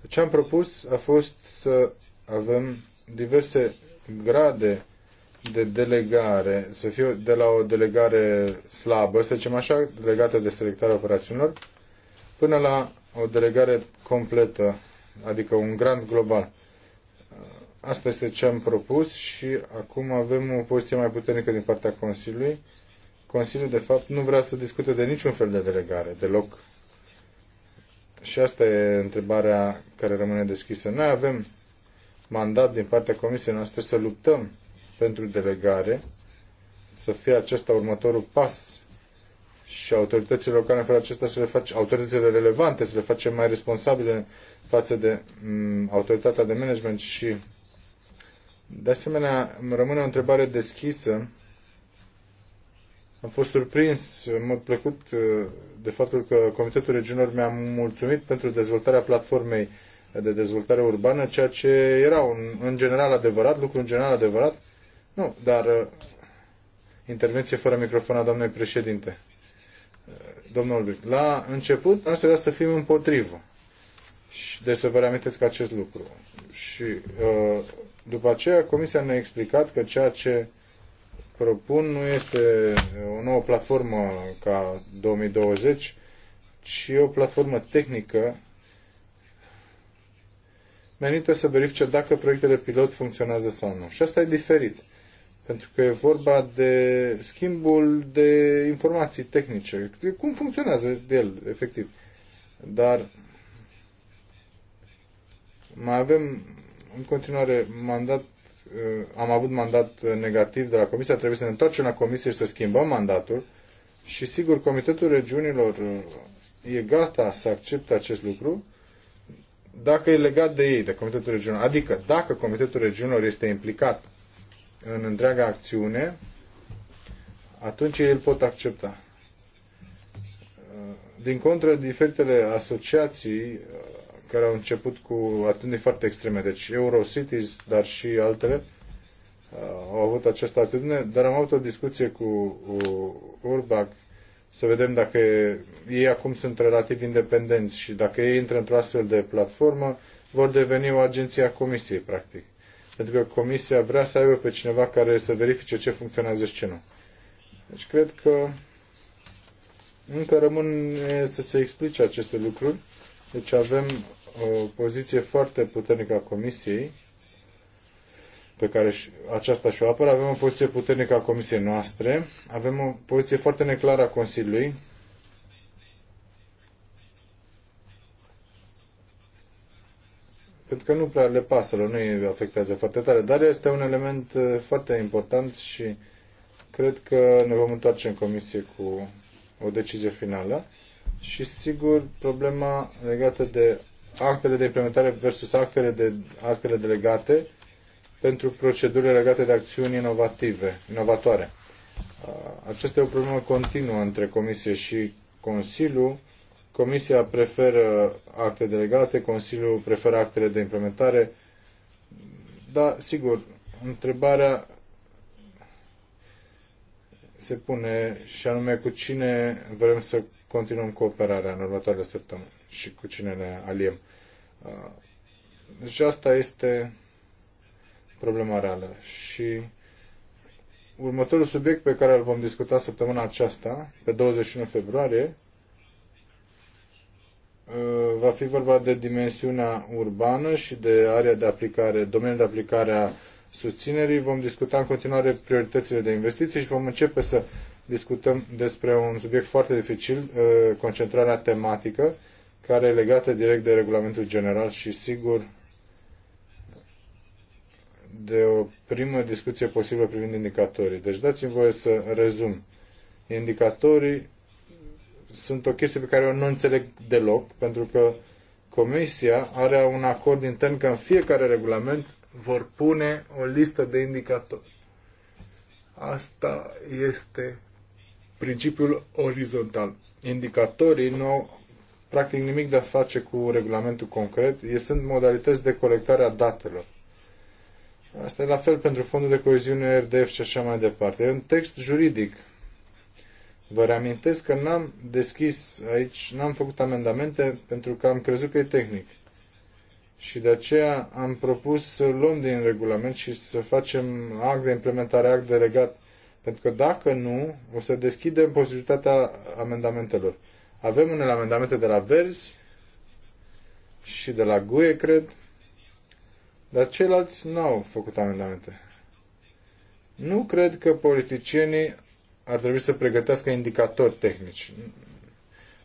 Ce am propus a fost să avem diverse grade de delegare, să fie de la o delegare slabă, să zicem așa, legată de selectarea operațiunilor, până la o delegare completă, adică un grant global. Asta este ce am propus și acum avem o poziție mai puternică din partea Consiliului. Consiliul, de fapt, nu vrea să discute de niciun fel de delegare, deloc. Și asta e întrebarea care rămâne deschisă. Noi avem mandat din partea Comisiei noastre să luptăm pentru delegare, să fie acesta următorul pas și autoritățile locale fără acesta să le face, autoritățile relevante să le facem mai responsabile față de m, mm, autoritatea de management și de asemenea, rămâne o întrebare deschisă. Am fost surprins, mă plăcut uh, de faptul că Comitetul Regiunilor mi-a mulțumit pentru dezvoltarea platformei de dezvoltare urbană, ceea ce era un, în general adevărat, lucru în general adevărat. Nu, dar uh, intervenție fără microfon a doamnei președinte. Uh, domnul Bic, la început asta era să fim împotrivă. Și de să vă reamintesc acest lucru. Și uh, după aceea, Comisia ne-a explicat că ceea ce propun nu este o nouă platformă ca 2020, ci o platformă tehnică menită să verifice dacă proiectele pilot funcționează sau nu. Și asta e diferit, pentru că e vorba de schimbul de informații tehnice, de cum funcționează el, efectiv. Dar mai avem în continuare, mandat, uh, am avut mandat uh, negativ de la Comisie, trebuie să ne întoarcem la Comisie și să schimbăm mandatul și sigur, Comitetul Regiunilor uh, e gata să accepte acest lucru dacă e legat de ei, de Comitetul Regiunilor. Adică, dacă Comitetul Regiunilor este implicat în întreaga acțiune, atunci el pot accepta. Din contră, diferitele asociații care au început cu atitudini foarte extreme, deci Eurocities, dar și altele, uh, au avut această atitudine, dar am avut o discuție cu Urbac să vedem dacă ei acum sunt relativ independenți și dacă ei intră într-o astfel de platformă, vor deveni o agenție a Comisiei, practic. Pentru că Comisia vrea să aibă pe cineva care să verifice ce funcționează și ce nu. Deci cred că încă rămâne să se explice aceste lucruri. Deci avem o poziție foarte puternică a Comisiei, pe care aceasta și-o apără, avem o poziție puternică a Comisiei noastre, avem o poziție foarte neclară a Consiliului, pentru că nu prea le pasă, nu îi afectează foarte tare, dar este un element uh, foarte important și cred că ne vom întoarce în comisie cu o decizie finală și sigur problema legată de actele de implementare versus actele, de, actele delegate pentru procedurile legate de acțiuni inovative, inovatoare. Aceasta e o problemă continuă între Comisie și Consiliu. Comisia preferă acte delegate, Consiliul preferă actele de implementare. Da, sigur, întrebarea se pune și anume cu cine vrem să continuăm cooperarea în următoarele săptămâni și cu cine ne aliem. Uh, deci asta este problema reală. Și următorul subiect pe care îl vom discuta săptămâna aceasta, pe 21 februarie, uh, va fi vorba de dimensiunea urbană și de area de aplicare, domeniul de aplicare a susținerii. Vom discuta în continuare prioritățile de investiții și vom începe să discutăm despre un subiect foarte dificil, uh, concentrarea tematică care e legată direct de regulamentul general și sigur de o primă discuție posibilă privind indicatorii. Deci dați-mi voie să rezum. Indicatorii sunt o chestie pe care eu nu înțeleg deloc, pentru că Comisia are un acord intern că în fiecare regulament vor pune o listă de indicatori. Asta este principiul orizontal. Indicatorii nu au practic nimic de a face cu regulamentul concret, e, sunt modalități de colectare a datelor. Asta e la fel pentru fondul de coeziune RDF și așa mai departe. E un text juridic. Vă reamintesc că n-am deschis aici, n-am făcut amendamente pentru că am crezut că e tehnic. Și de aceea am propus să luăm din regulament și să facem act de implementare, act delegat. Pentru că dacă nu, o să deschidem posibilitatea amendamentelor. Avem unele amendamente de la Verzi și de la Guie cred, dar ceilalți nu au făcut amendamente. Nu cred că politicienii ar trebui să pregătească indicatori tehnici.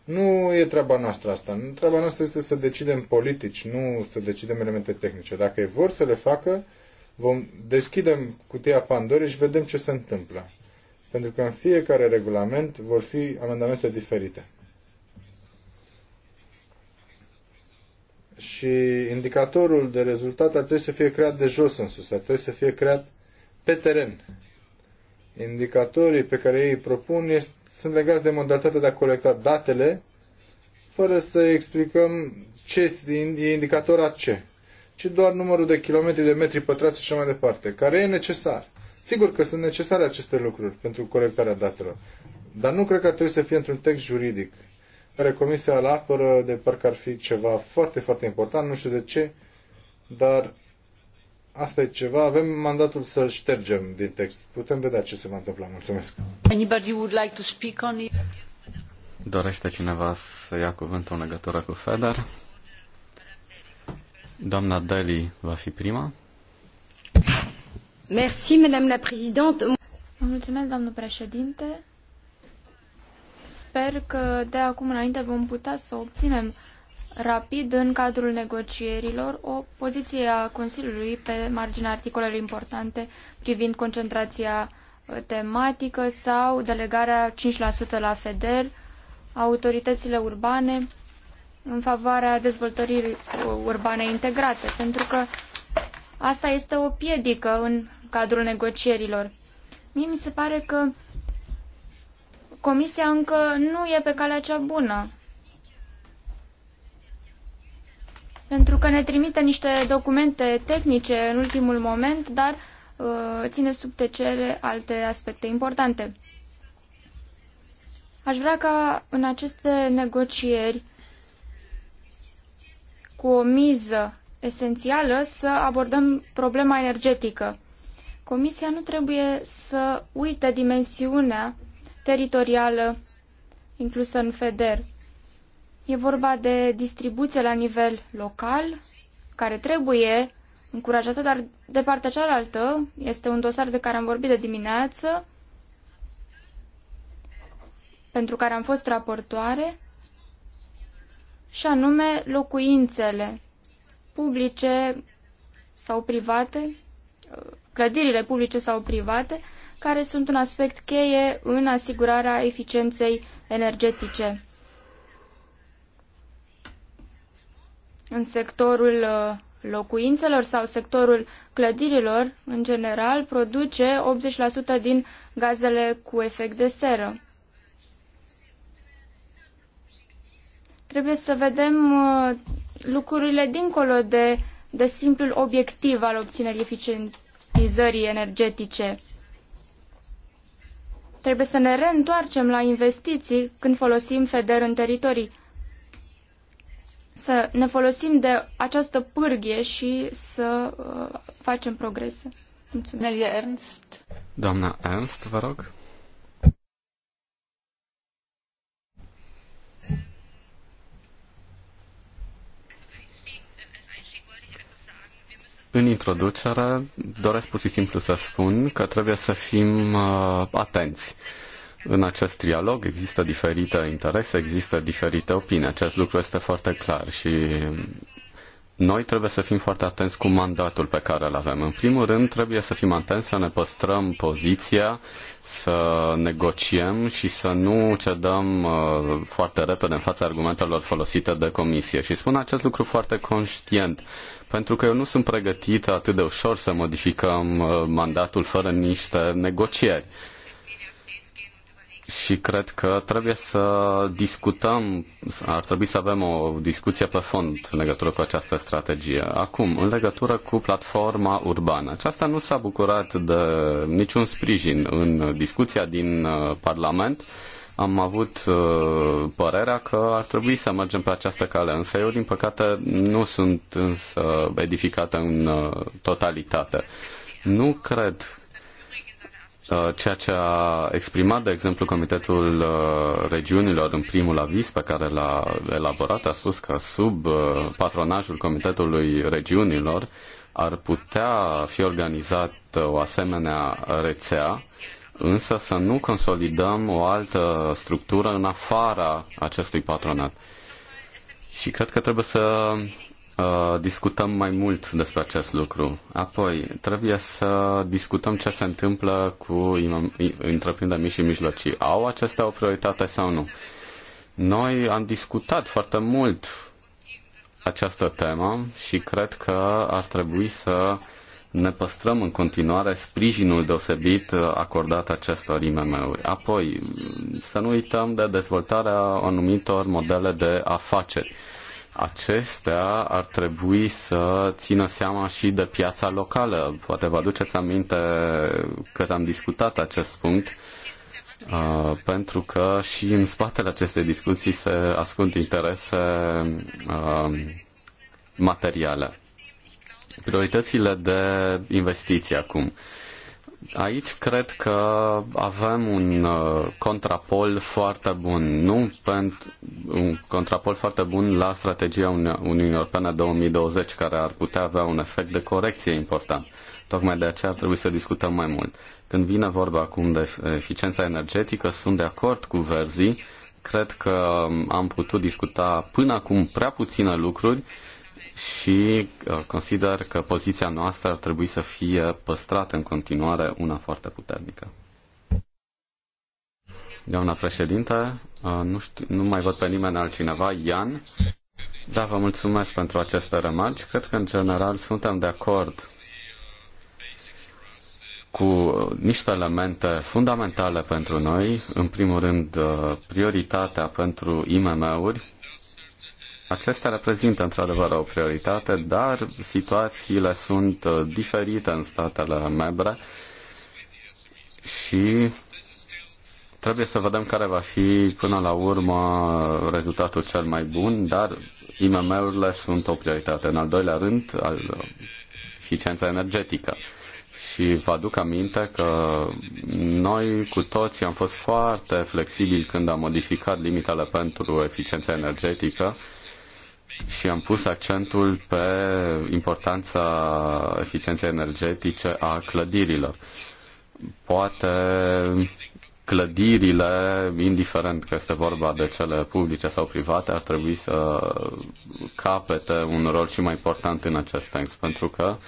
Nu e treaba noastră asta. Treaba noastră este să decidem politici, nu să decidem elemente tehnice. Dacă e vor să le facă, vom deschidem cutia Pandorii și vedem ce se întâmplă. Pentru că în fiecare regulament vor fi amendamente diferite. și indicatorul de rezultat ar trebui să fie creat de jos în sus, ar trebui să fie creat pe teren. Indicatorii pe care ei propun este, sunt legați de modalitatea de a colecta datele, fără să explicăm ce este indicator a ce, ci doar numărul de kilometri, de metri pătrați și așa mai departe, care e necesar. Sigur că sunt necesare aceste lucruri pentru colectarea datelor, dar nu cred că ar trebui să fie într-un text juridic care Comisia îl apără de parcă ar fi ceva foarte, foarte important, nu știu de ce, dar asta e ceva, avem mandatul să ștergem din text. Putem vedea ce se va întâmpla. Mulțumesc. Anybody would like to speak on it? Dorește cineva să ia cuvântul în legătură cu FEDER? Doamna Deli va fi prima. Merci, Madame la Présidente. Mulțumesc, doamnă președinte. Sper că de acum înainte vom putea să obținem rapid în cadrul negocierilor o poziție a Consiliului pe marginea articolelor importante privind concentrația uh, tematică sau delegarea 5% la FEDER, autoritățile urbane în favoarea dezvoltării uh, urbane integrate, pentru că asta este o piedică în cadrul negocierilor. Mie mi se pare că Comisia încă nu e pe calea cea bună. Pentru că ne trimite niște documente tehnice în ultimul moment, dar uh, ține sub tăcere alte aspecte importante. Aș vrea ca în aceste negocieri cu o miză esențială să abordăm problema energetică. Comisia nu trebuie să uite dimensiunea teritorială inclusă în FEDER. E vorba de distribuție la nivel local, care trebuie încurajată, dar de partea cealaltă este un dosar de care am vorbit de dimineață, pentru care am fost raportoare, și anume locuințele publice sau private, clădirile publice sau private, care sunt un aspect cheie în asigurarea eficienței energetice. În sectorul uh, locuințelor sau sectorul clădirilor, în general, produce 80% din gazele cu efect de seră. Trebuie să vedem uh, lucrurile dincolo de, de simplul obiectiv al obținerii eficientizării energetice. Trebuie să ne reîntoarcem la investiții când folosim FEDER în teritorii. Să ne folosim de această pârghie și să uh, facem progrese. Mulțumesc. Ernst. Doamna Ernst, vă rog. În introducere, doresc pur și simplu să spun că trebuie să fim uh, atenți. În acest dialog există diferite interese, există diferite opinii. Acest lucru este foarte clar și noi trebuie să fim foarte atenți cu mandatul pe care îl avem. În primul rând, trebuie să fim atenți să ne păstrăm poziția, să negociem și să nu cedăm uh, foarte repede în fața argumentelor folosite de comisie. Și spun acest lucru foarte conștient, pentru că eu nu sunt pregătit atât de ușor să modificăm uh, mandatul fără niște negocieri și cred că trebuie să discutăm, ar trebui să avem o discuție pe fond în legătură cu această strategie. Acum, în legătură cu platforma urbană. Aceasta nu s-a bucurat de niciun sprijin în discuția din uh, Parlament. Am avut uh, părerea că ar trebui să mergem pe această cale, însă eu, din păcate, nu sunt însă edificată în uh, totalitate. Nu cred Uh, ceea ce a exprimat, de exemplu, Comitetul uh, Regiunilor în primul aviz pe care l-a elaborat, a spus că sub uh, patronajul Comitetului Regiunilor ar putea fi organizat o asemenea rețea, însă să nu consolidăm o altă structură în afara acestui patronat. Și cred că trebuie să Uh, discutăm mai mult despre acest lucru. Apoi, trebuie să discutăm ce se întâmplă cu întreprinderi mici și mijlocii. Au acestea o prioritate sau nu? Noi am discutat foarte mult această temă și cred că ar trebui să ne păstrăm în continuare sprijinul deosebit acordat acestor IMM-uri. Apoi, să nu uităm de dezvoltarea anumitor modele de afaceri acestea ar trebui să țină seama și de piața locală. Poate vă aduceți aminte că am discutat acest punct, uh, pentru că și în spatele acestei discuții se ascund interese uh, materiale. Prioritățile de investiții acum. Aici cred că avem un uh, contrapol foarte bun, nu pentru un contrapol foarte bun la strategia Uniunii Europene 2020, care ar putea avea un efect de corecție important. Tocmai de aceea ar trebui să discutăm mai mult. Când vine vorba acum de eficiența energetică, sunt de acord cu verzii. Cred că am putut discuta până acum prea puține lucruri și uh, consider că poziția noastră ar trebui să fie păstrată în continuare una foarte puternică. Doamna președinte, uh, nu, știu, nu mai văd pe nimeni altcineva. Ian? Da, vă mulțumesc pentru aceste remarci. Cred că, în general, suntem de acord cu niște elemente fundamentale pentru noi. În primul rând, uh, prioritatea pentru IMM-uri, Acestea reprezintă într-adevăr o prioritate, dar situațiile sunt uh, diferite în statele membre și trebuie să vedem care va fi până la urmă rezultatul cel mai bun, dar IMM-urile sunt o prioritate. În al doilea rând, al, uh, eficiența energetică. Și vă aduc aminte că noi cu toții am fost foarte flexibili când am modificat limitele pentru eficiența energetică și am pus accentul pe importanța eficienței energetice a clădirilor. Poate clădirile, indiferent că este vorba de cele publice sau private, ar trebui să capete un rol și mai important în acest sens, pentru că uh,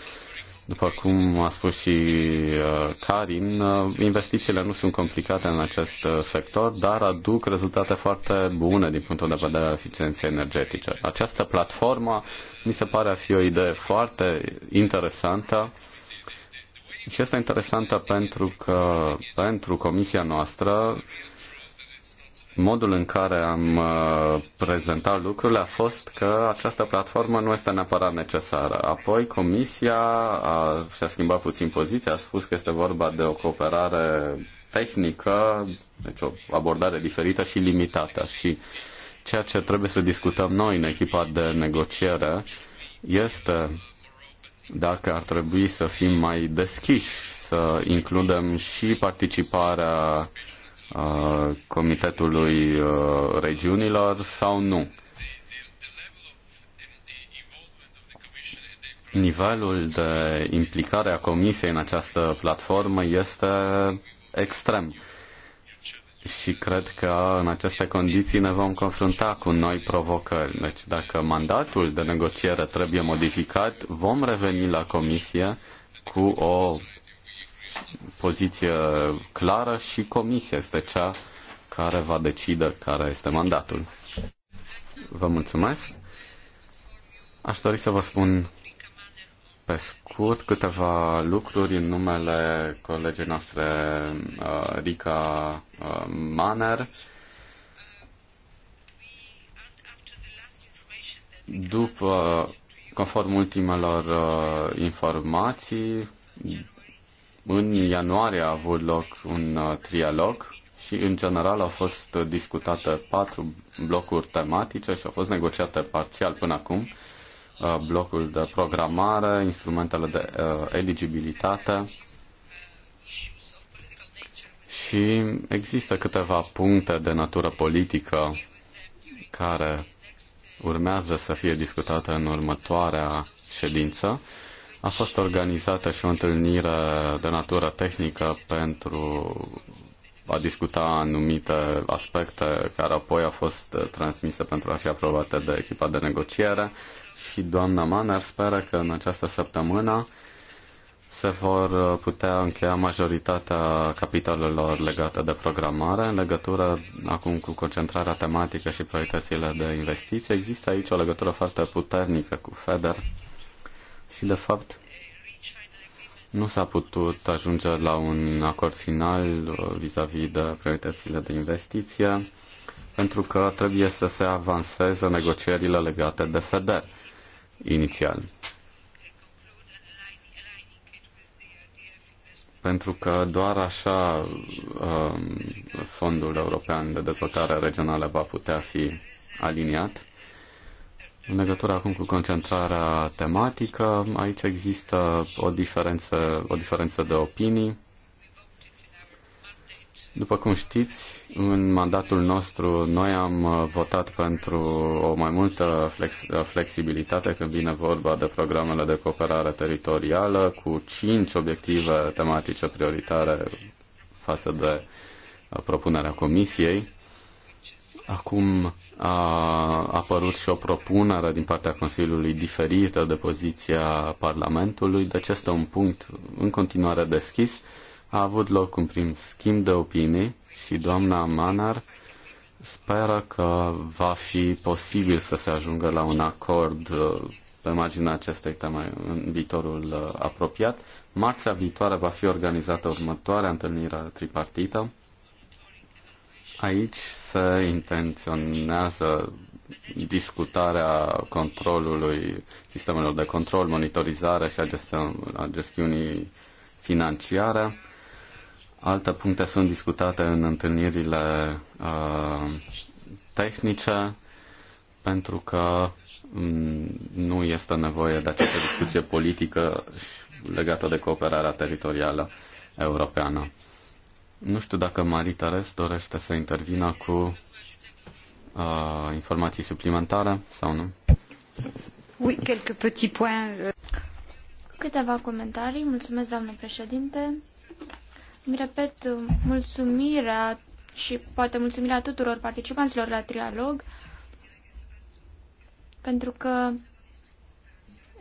după cum a spus și uh, Karin, uh, investițiile nu sunt complicate în acest uh, sector, dar aduc rezultate foarte bune din punctul de vedere al eficienței energetice. Această platformă mi se pare a fi o idee foarte interesantă și este interesantă pentru că pentru comisia noastră modul în care am uh, prezentat lucrurile a fost că această platformă nu este neapărat necesară. Apoi Comisia a, și-a schimbat puțin poziția, a spus că este vorba de o cooperare tehnică, deci o abordare diferită și limitată. Și ceea ce trebuie să discutăm noi în echipa de negociere este dacă ar trebui să fim mai deschiși, să includem și participarea Uh, Comitetului uh, Regiunilor sau nu. Nivelul de implicare a Comisiei în această platformă este extrem și cred că în aceste condiții ne vom confrunta cu noi provocări. Deci dacă mandatul de negociere trebuie modificat, vom reveni la Comisie cu o poziție clară și comisia este cea care va decide care este mandatul. Vă mulțumesc. Aș dori să vă spun pe scurt câteva lucruri în numele colegii noastre uh, Rica uh, Manner. După, conform ultimelor uh, informații, în ianuarie a avut loc un uh, trialog și, în general, au fost discutate patru blocuri tematice și au fost negociate parțial până acum uh, blocul de programare, instrumentele de uh, eligibilitate și există câteva puncte de natură politică care urmează să fie discutate în următoarea ședință a fost organizată și o întâlnire de natură tehnică pentru a discuta anumite aspecte care apoi au fost transmise pentru a fi aprobate de echipa de negociere și doamna Maner speră că în această săptămână se vor putea încheia majoritatea capitolelor legate de programare în legătură acum cu concentrarea tematică și prioritățile de investiții. Există aici o legătură foarte puternică cu FEDER și, de fapt, nu s-a putut ajunge la un acord final uh, vis-a-vis -vis de prioritățile de investiție, pentru că trebuie să se avanseze negocierile legate de FEDER inițial. Pentru că doar așa um, Fondul European de Dezvoltare Regională va putea fi aliniat în legătură acum cu concentrarea tematică, aici există o diferență, o diferență de opinii. După cum știți, în mandatul nostru noi am votat pentru o mai multă flex- flexibilitate când vine vorba de programele de cooperare teritorială cu cinci obiective tematice prioritare față de uh, propunerea Comisiei. Acum a apărut și o propunere din partea Consiliului diferită de poziția Parlamentului, deci este un punct în continuare deschis. A avut loc un prim schimb de opinii și doamna Manar speră că va fi posibil să se ajungă la un acord uh, pe marginea acestei teme în viitorul uh, apropiat. Marțea viitoare va fi organizată următoarea întâlnire tripartită Aici se intenționează discutarea controlului, sistemelor de control, monitorizare și a, gestiun- a gestiunii financiare. Alte puncte sunt discutate în întâlnirile uh, tehnice, pentru că mm, nu este nevoie de această discuție politică legată de cooperarea teritorială europeană. Nu știu dacă Marita Rez dorește să intervină cu uh, informații suplimentare sau nu. Oui, quelques petits points. Euh. Câteva comentarii. Mulțumesc, doamne președinte. Mi repet uh, mulțumirea și poate mulțumirea tuturor participanților la trialog pentru că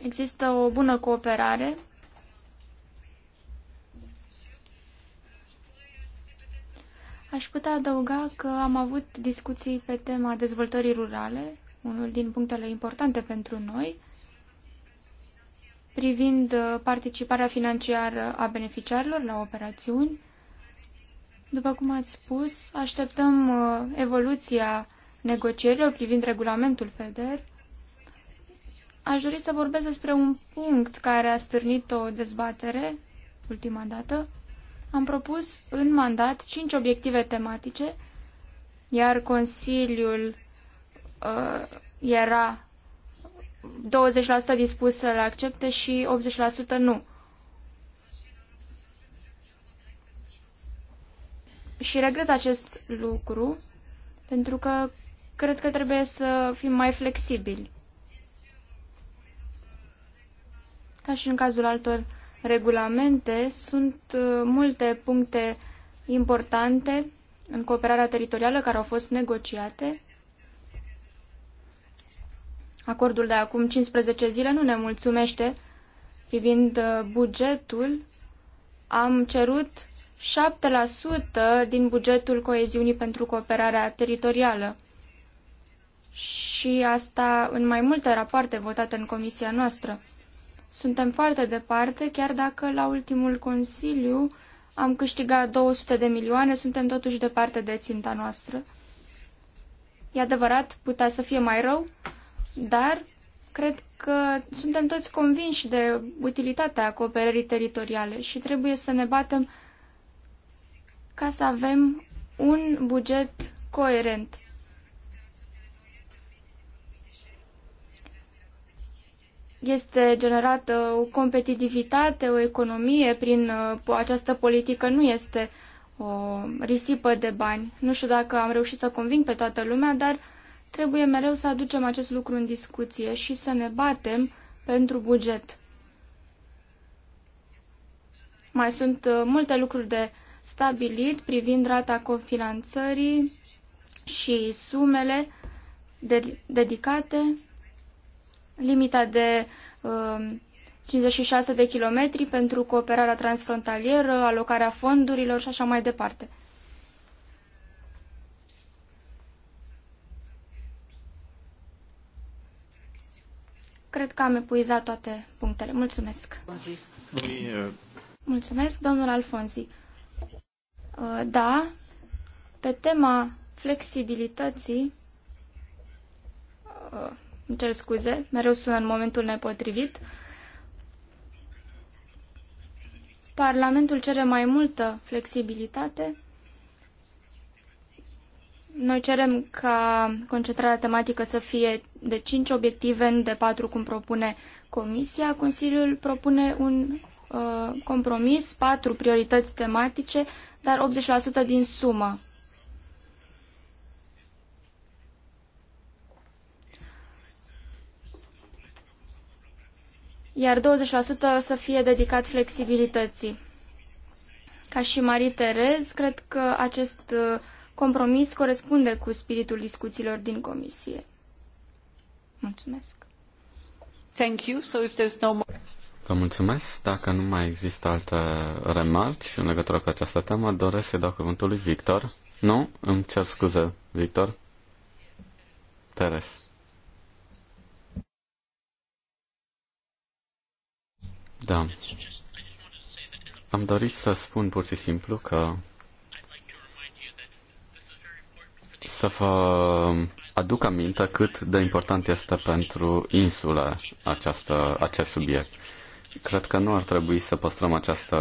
există o bună cooperare Aș putea adăuga că am avut discuții pe tema dezvoltării rurale, unul din punctele importante pentru noi, privind uh, participarea financiară a beneficiarilor la operațiuni. După cum ați spus, așteptăm uh, evoluția negocierilor privind regulamentul FEDER. Aș dori să vorbesc despre un punct care a stârnit o dezbatere ultima dată, am propus în mandat cinci obiective tematice, iar Consiliul uh, era 20% dispus să le accepte și 80% nu. Și regret acest lucru, pentru că cred că trebuie să fim mai flexibili. Ca și în cazul altor regulamente sunt uh, multe puncte importante în cooperarea teritorială care au fost negociate. Acordul de acum 15 zile nu ne mulțumește privind uh, bugetul. Am cerut 7% din bugetul coeziunii pentru cooperarea teritorială. Și asta în mai multe rapoarte votate în comisia noastră. Suntem foarte departe, chiar dacă la ultimul Consiliu am câștigat 200 de milioane, suntem totuși departe de ținta noastră. E adevărat, putea să fie mai rău, dar cred că suntem toți convinși de utilitatea acoperării teritoriale și trebuie să ne batem ca să avem un buget coerent. este generată o competitivitate, o economie prin uh, această politică, nu este o risipă de bani. Nu știu dacă am reușit să conving pe toată lumea, dar trebuie mereu să aducem acest lucru în discuție și să ne batem pentru buget. Mai sunt uh, multe lucruri de stabilit privind rata cofinanțării și sumele dedicate limita de 56 um, de kilometri pentru cooperarea transfrontalieră, alocarea fondurilor și așa mai departe. Cred că am epuizat toate punctele. Mulțumesc. Mulțumesc, domnul Alfonzi. Uh, da, pe tema flexibilității uh, îmi cer scuze, mereu sună în momentul nepotrivit. Parlamentul cere mai multă flexibilitate. Noi cerem ca concentrarea tematică să fie de 5 obiective, nu de 4, cum propune Comisia. Consiliul propune un uh, compromis, 4 priorități tematice, dar 80% din sumă. iar 20% să fie dedicat flexibilității. Ca și Marie Terez, cred că acest uh, compromis corespunde cu spiritul discuțiilor din comisie. Mulțumesc. Thank you. So if there's no more... Vă mulțumesc. Dacă nu mai există alte remarci în legătură cu această temă, doresc să dau cuvântul lui Victor. Nu? Îmi cer scuze, Victor. Teres. Da. Am dorit să spun pur și simplu că să vă aduc aminte cât de important este pentru insula această, acest subiect. Cred că nu ar trebui să păstrăm această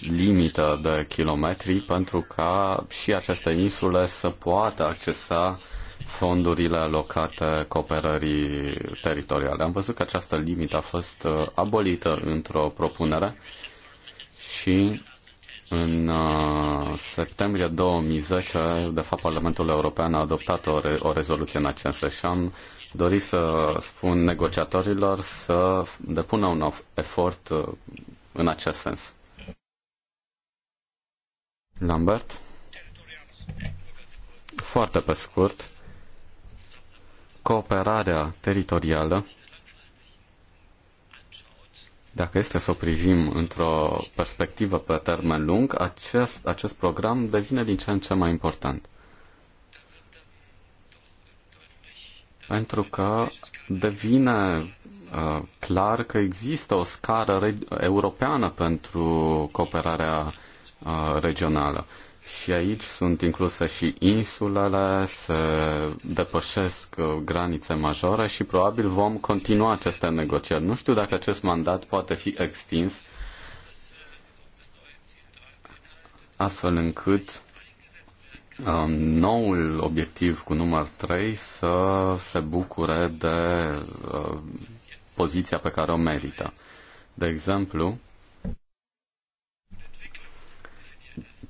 limită de kilometri pentru ca și aceste insule să poată accesa fondurile alocate cooperării teritoriale. Am văzut că această limită a fost uh, abolită într-o propunere și în uh, septembrie 2010, de fapt, Parlamentul European a adoptat o, re- o rezoluție în acest sens și am dorit să spun negociatorilor să depună un efort uh, în acest sens. Lambert? Foarte pe scurt cooperarea teritorială, dacă este să o privim într-o perspectivă pe termen lung, acest, acest program devine din ce în ce mai important. Pentru că devine uh, clar că există o scară europeană pentru cooperarea uh, regională. Uh, și aici sunt incluse și insulele, se depășesc uh, granițe majore și probabil vom continua aceste negocieri. Nu știu dacă acest mandat poate fi extins astfel încât um, noul obiectiv cu număr 3 să se bucure de uh, poziția pe care o merită. De exemplu,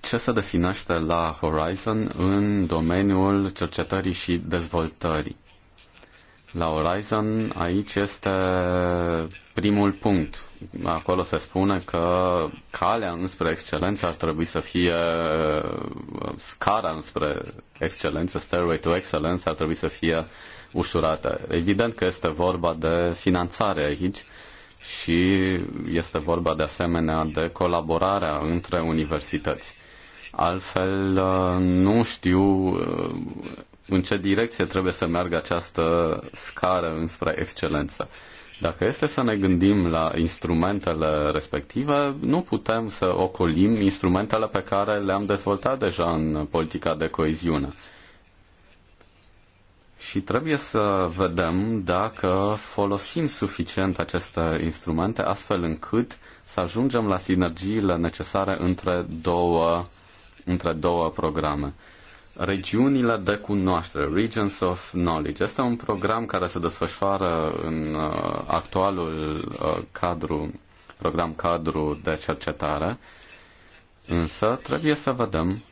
ce se definește la Horizon în domeniul cercetării și dezvoltării. La Horizon aici este primul punct. Acolo se spune că calea înspre excelență ar trebui să fie scara înspre excelență, stairway to excellence ar trebui să fie ușurată. Evident că este vorba de finanțare aici și este vorba de asemenea de colaborarea între universități. Altfel, uh, nu știu uh, în ce direcție trebuie să meargă această scară înspre excelență. Dacă este să ne gândim la instrumentele respective, nu putem să ocolim instrumentele pe care le-am dezvoltat deja în politica de coeziune. Și trebuie să vedem dacă folosim suficient aceste instrumente astfel încât să ajungem la sinergiile necesare între două între două programe. Regiunile de cunoaștere, Regions of Knowledge, este un program care se desfășoară în uh, actualul uh, cadru, program cadru de cercetare, însă trebuie să vedem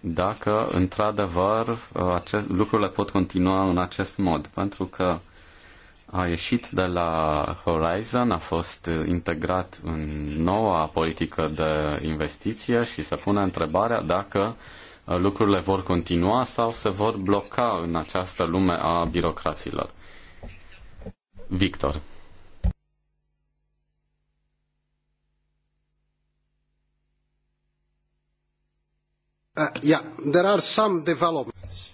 dacă, într-adevăr, uh, acest, lucrurile pot continua în acest mod, pentru că a ieșit de la Horizon, a fost integrat în noua politică de investiție și se pune întrebarea dacă uh, lucrurile vor continua sau se vor bloca în această lume a birocraților. Victor. Uh, yeah, there are some developments.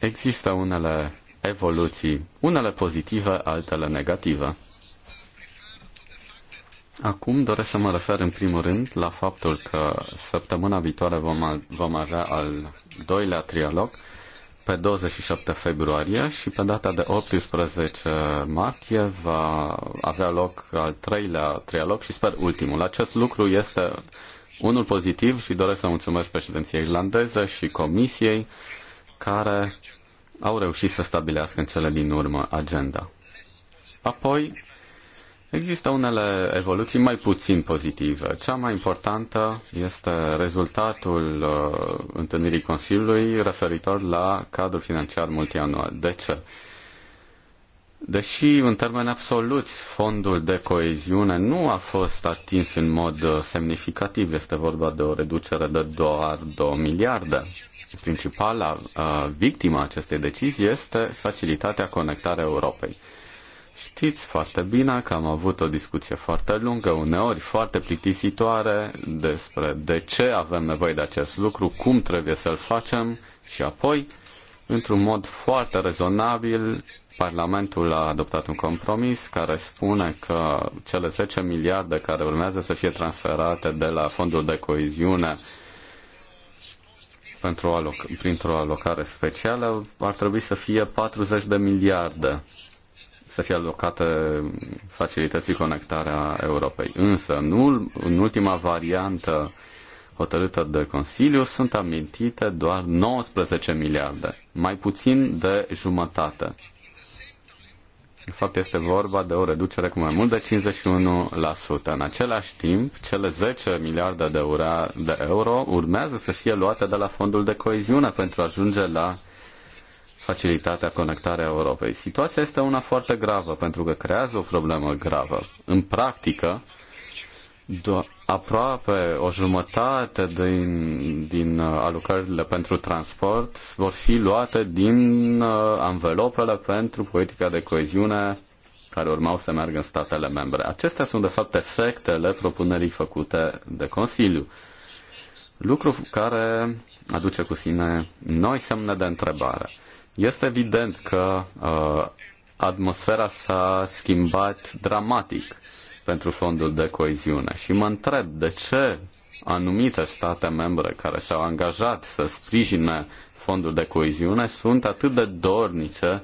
Există unele evoluții, unele pozitive, altele negative. Acum doresc să mă refer în primul rând la faptul că săptămâna viitoare vom, vom avea al doilea trialog pe 27 februarie și pe data de 18 martie va avea loc al treilea trialog și sper ultimul. Acest lucru este unul pozitiv și doresc să mulțumesc președinției irlandeze și comisiei care au reușit să stabilească în cele din urmă agenda. Apoi, există unele evoluții mai puțin pozitive. Cea mai importantă este rezultatul uh, întâlnirii Consiliului referitor la cadrul financiar multianual. De ce? Uh, Deși, în termeni absoluți, fondul de coeziune nu a fost atins în mod uh, semnificativ, este vorba de o reducere de doar 2 miliarde. Principala uh, victima acestei decizii este facilitatea conectarea Europei. Știți foarte bine că am avut o discuție foarte lungă, uneori foarte plictisitoare, despre de ce avem nevoie de acest lucru, cum trebuie să-l facem și apoi Într-un mod foarte rezonabil, Parlamentul a adoptat un compromis care spune că cele 10 miliarde care urmează să fie transferate de la fondul de coeziune pentru aloc- printr-o alocare specială ar trebui să fie 40 de miliarde să fie alocate facilității conectarea Europei. Însă, în, ul- în ultima variantă hotărâtă de Consiliu sunt amintite doar 19 miliarde, mai puțin de jumătate. În fapt, este vorba de o reducere cu mai mult de 51%. În același timp, cele 10 miliarde de, ura, de euro urmează să fie luate de la fondul de coeziune pentru a ajunge la facilitatea conectarea Europei. Situația este una foarte gravă pentru că creează o problemă gravă. În practică, Do- aproape o jumătate din, din uh, alocările pentru transport vor fi luate din uh, anvelopele pentru politica de coeziune care urmau să meargă în statele membre. Acestea sunt, de fapt, efectele propunerii făcute de Consiliu. Lucru care aduce cu sine noi semne de întrebare. Este evident că uh, atmosfera s-a schimbat dramatic. Uh, pentru fondul de coeziune. Și mă întreb de ce anumite state membre care s-au angajat să sprijine fondul de coeziune sunt atât de dornice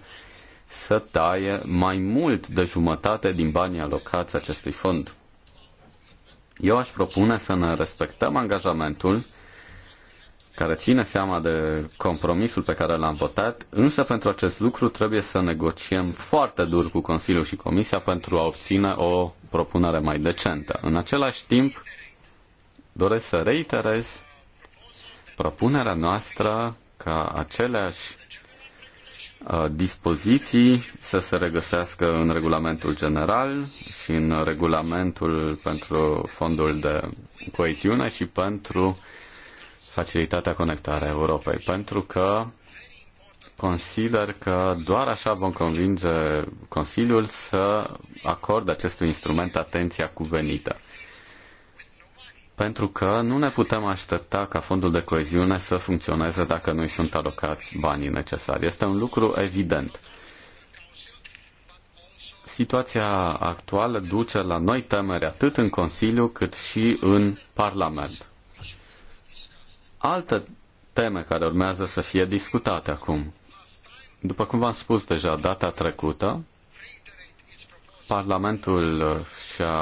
să taie mai mult de jumătate din banii alocați acestui fond. Eu aș propune să ne respectăm angajamentul care ține seama de compromisul pe care l-am votat, însă pentru acest lucru trebuie să negociem foarte dur cu Consiliul și Comisia pentru a obține o propunere mai decentă. În același timp, doresc să reiterez propunerea noastră ca aceleași uh, dispoziții să se regăsească în regulamentul general și în regulamentul pentru fondul de coeziune și pentru uh, facilitatea conectarea Europei, pentru că consider că doar așa vom convinge Consiliul să acorde acestui instrument atenția cuvenită. Pentru că nu ne putem aștepta ca fondul de coeziune să funcționeze dacă nu sunt alocați banii necesari. Este un lucru evident. Situația actuală duce la noi temeri atât în Consiliu cât și în Parlament alte teme care urmează să fie discutate acum. După cum v-am spus deja data trecută, Parlamentul și-a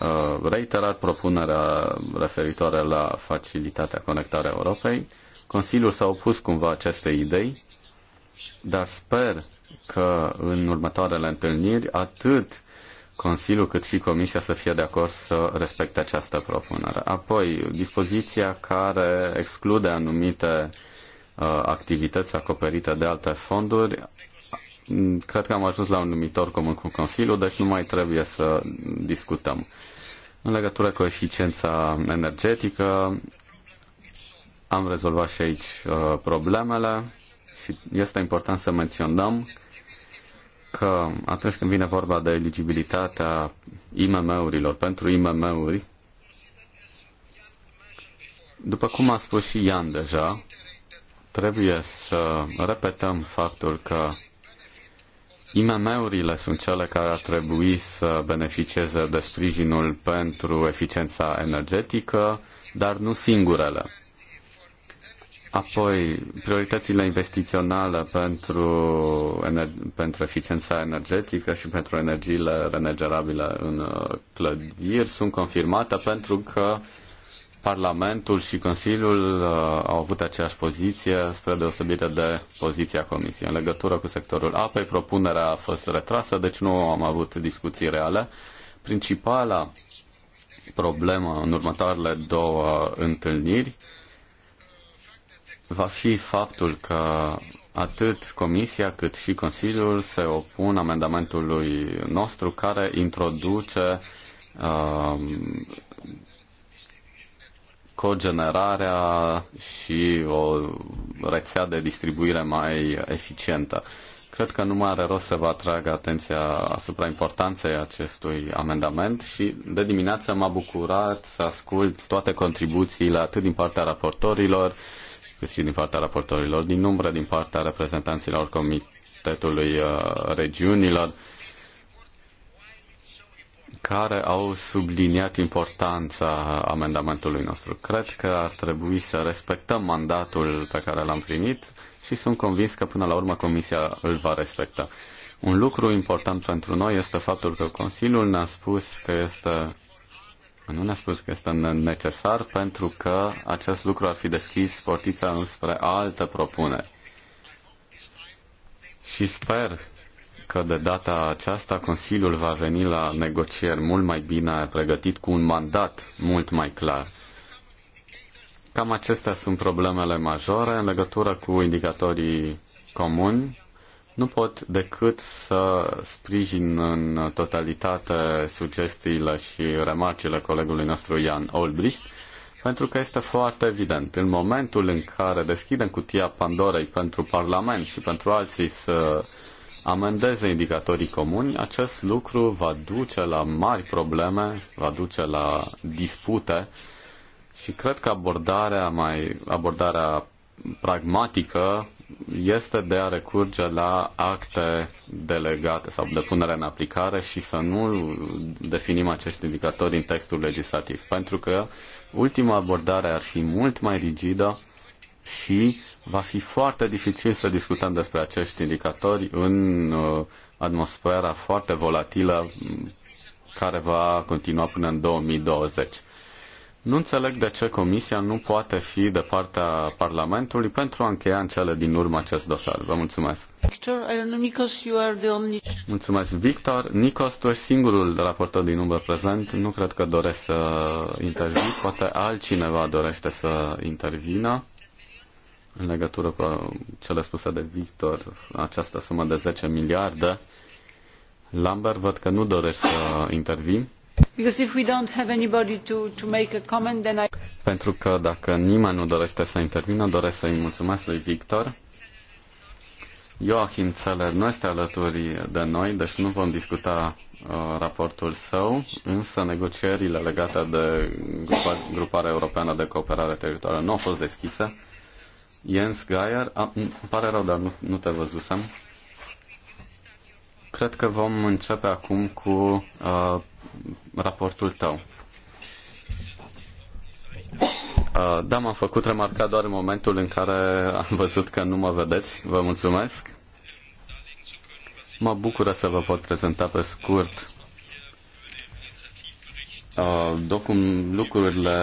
uh, reiterat propunerea referitoare la facilitatea conectarea Europei. Consiliul s-a opus cumva acestei idei, dar sper că în următoarele întâlniri atât Consiliul cât și Comisia să fie de acord să respecte această propunere. Apoi, dispoziția care exclude anumite uh, activități acoperite de alte fonduri, cred că am ajuns la un numitor comun cu Consiliul, deci nu mai trebuie să discutăm. În legătură cu eficiența energetică, am rezolvat și aici uh, problemele și este important să menționăm că atunci când vine vorba de eligibilitatea IMM-urilor pentru IMM-uri, după cum a spus și Ian deja, trebuie să repetăm faptul că IMM-urile sunt cele care ar trebui să beneficieze de sprijinul pentru eficiența energetică, dar nu singurele. Apoi, prioritățile investiționale pentru, ener- pentru eficiența energetică și pentru energiile regenerabile în uh, clădiri sunt confirmate pentru că Parlamentul și Consiliul uh, au avut aceeași poziție spre deosebire de poziția Comisiei. În legătură cu sectorul apei, propunerea a fost retrasă, deci nu am avut discuții reale. Principala problemă în următoarele două uh, întâlniri va fi faptul că atât Comisia cât și Consiliul se opun amendamentului nostru care introduce uh, cogenerarea și o rețea de distribuire mai eficientă. Cred că nu mai are rost să vă atragă atenția asupra importanței acestui amendament și de dimineață m-a bucurat să ascult toate contribuțiile atât din partea raportorilor, cât și din partea raportorilor din umbră, din partea reprezentanților Comitetului uh, Regiunilor, care au subliniat importanța amendamentului nostru. Cred că ar trebui să respectăm mandatul pe care l-am primit și sunt convins că până la urmă Comisia îl va respecta. Un lucru important pentru noi este faptul că Consiliul ne-a spus că este nu ne-a spus că este necesar pentru că acest lucru ar fi deschis portița înspre alte propuneri. Și sper că de data aceasta Consiliul va veni la negocieri mult mai bine pregătit, cu un mandat mult mai clar. Cam acestea sunt problemele majore în legătură cu indicatorii comuni. Nu pot decât să sprijin în totalitate sugestiile și remarcile colegului nostru Ian Olbricht, pentru că este foarte evident, în momentul în care deschidem cutia Pandorei pentru Parlament și pentru alții să amendeze indicatorii comuni, acest lucru va duce la mari probleme, va duce la dispute și cred că abordarea, mai, abordarea pragmatică este de a recurge la acte delegate sau de punere în aplicare și să nu definim acești indicatori în textul legislativ, pentru că ultima abordare ar fi mult mai rigidă și va fi foarte dificil să discutăm despre acești indicatori în uh, atmosfera foarte volatilă care va continua până în 2020. Nu înțeleg de ce Comisia nu poate fi de partea Parlamentului pentru a încheia în cele din urmă acest dosar. Vă mulțumesc. Victor, Nikos, you are the only... Mulțumesc, Victor. Nikos, tu ești singurul raportor din umbră prezent. Nu cred că doresc să intervii. Poate altcineva dorește să intervină în legătură cu cele spuse de Victor, această sumă de 10 miliarde. Lambert, văd că nu dorești să intervii. Pentru că dacă nimeni nu dorește să intervină, doresc să-i mulțumesc lui Victor. Joachim Zeller nu este alături de noi, deci nu vom discuta uh, raportul său, însă negocierile legate de grupa, Gruparea Europeană de Cooperare Teritorială nu au fost deschise. Jens Geier, a, îmi pare rău, dar nu, nu te văzusem. Cred că vom începe acum cu uh, raportul tău. Da, m-am făcut remarca doar în momentul în care am văzut că nu mă vedeți. Vă mulțumesc. Mă bucură să vă pot prezenta pe scurt Uh, Docum, lucrurile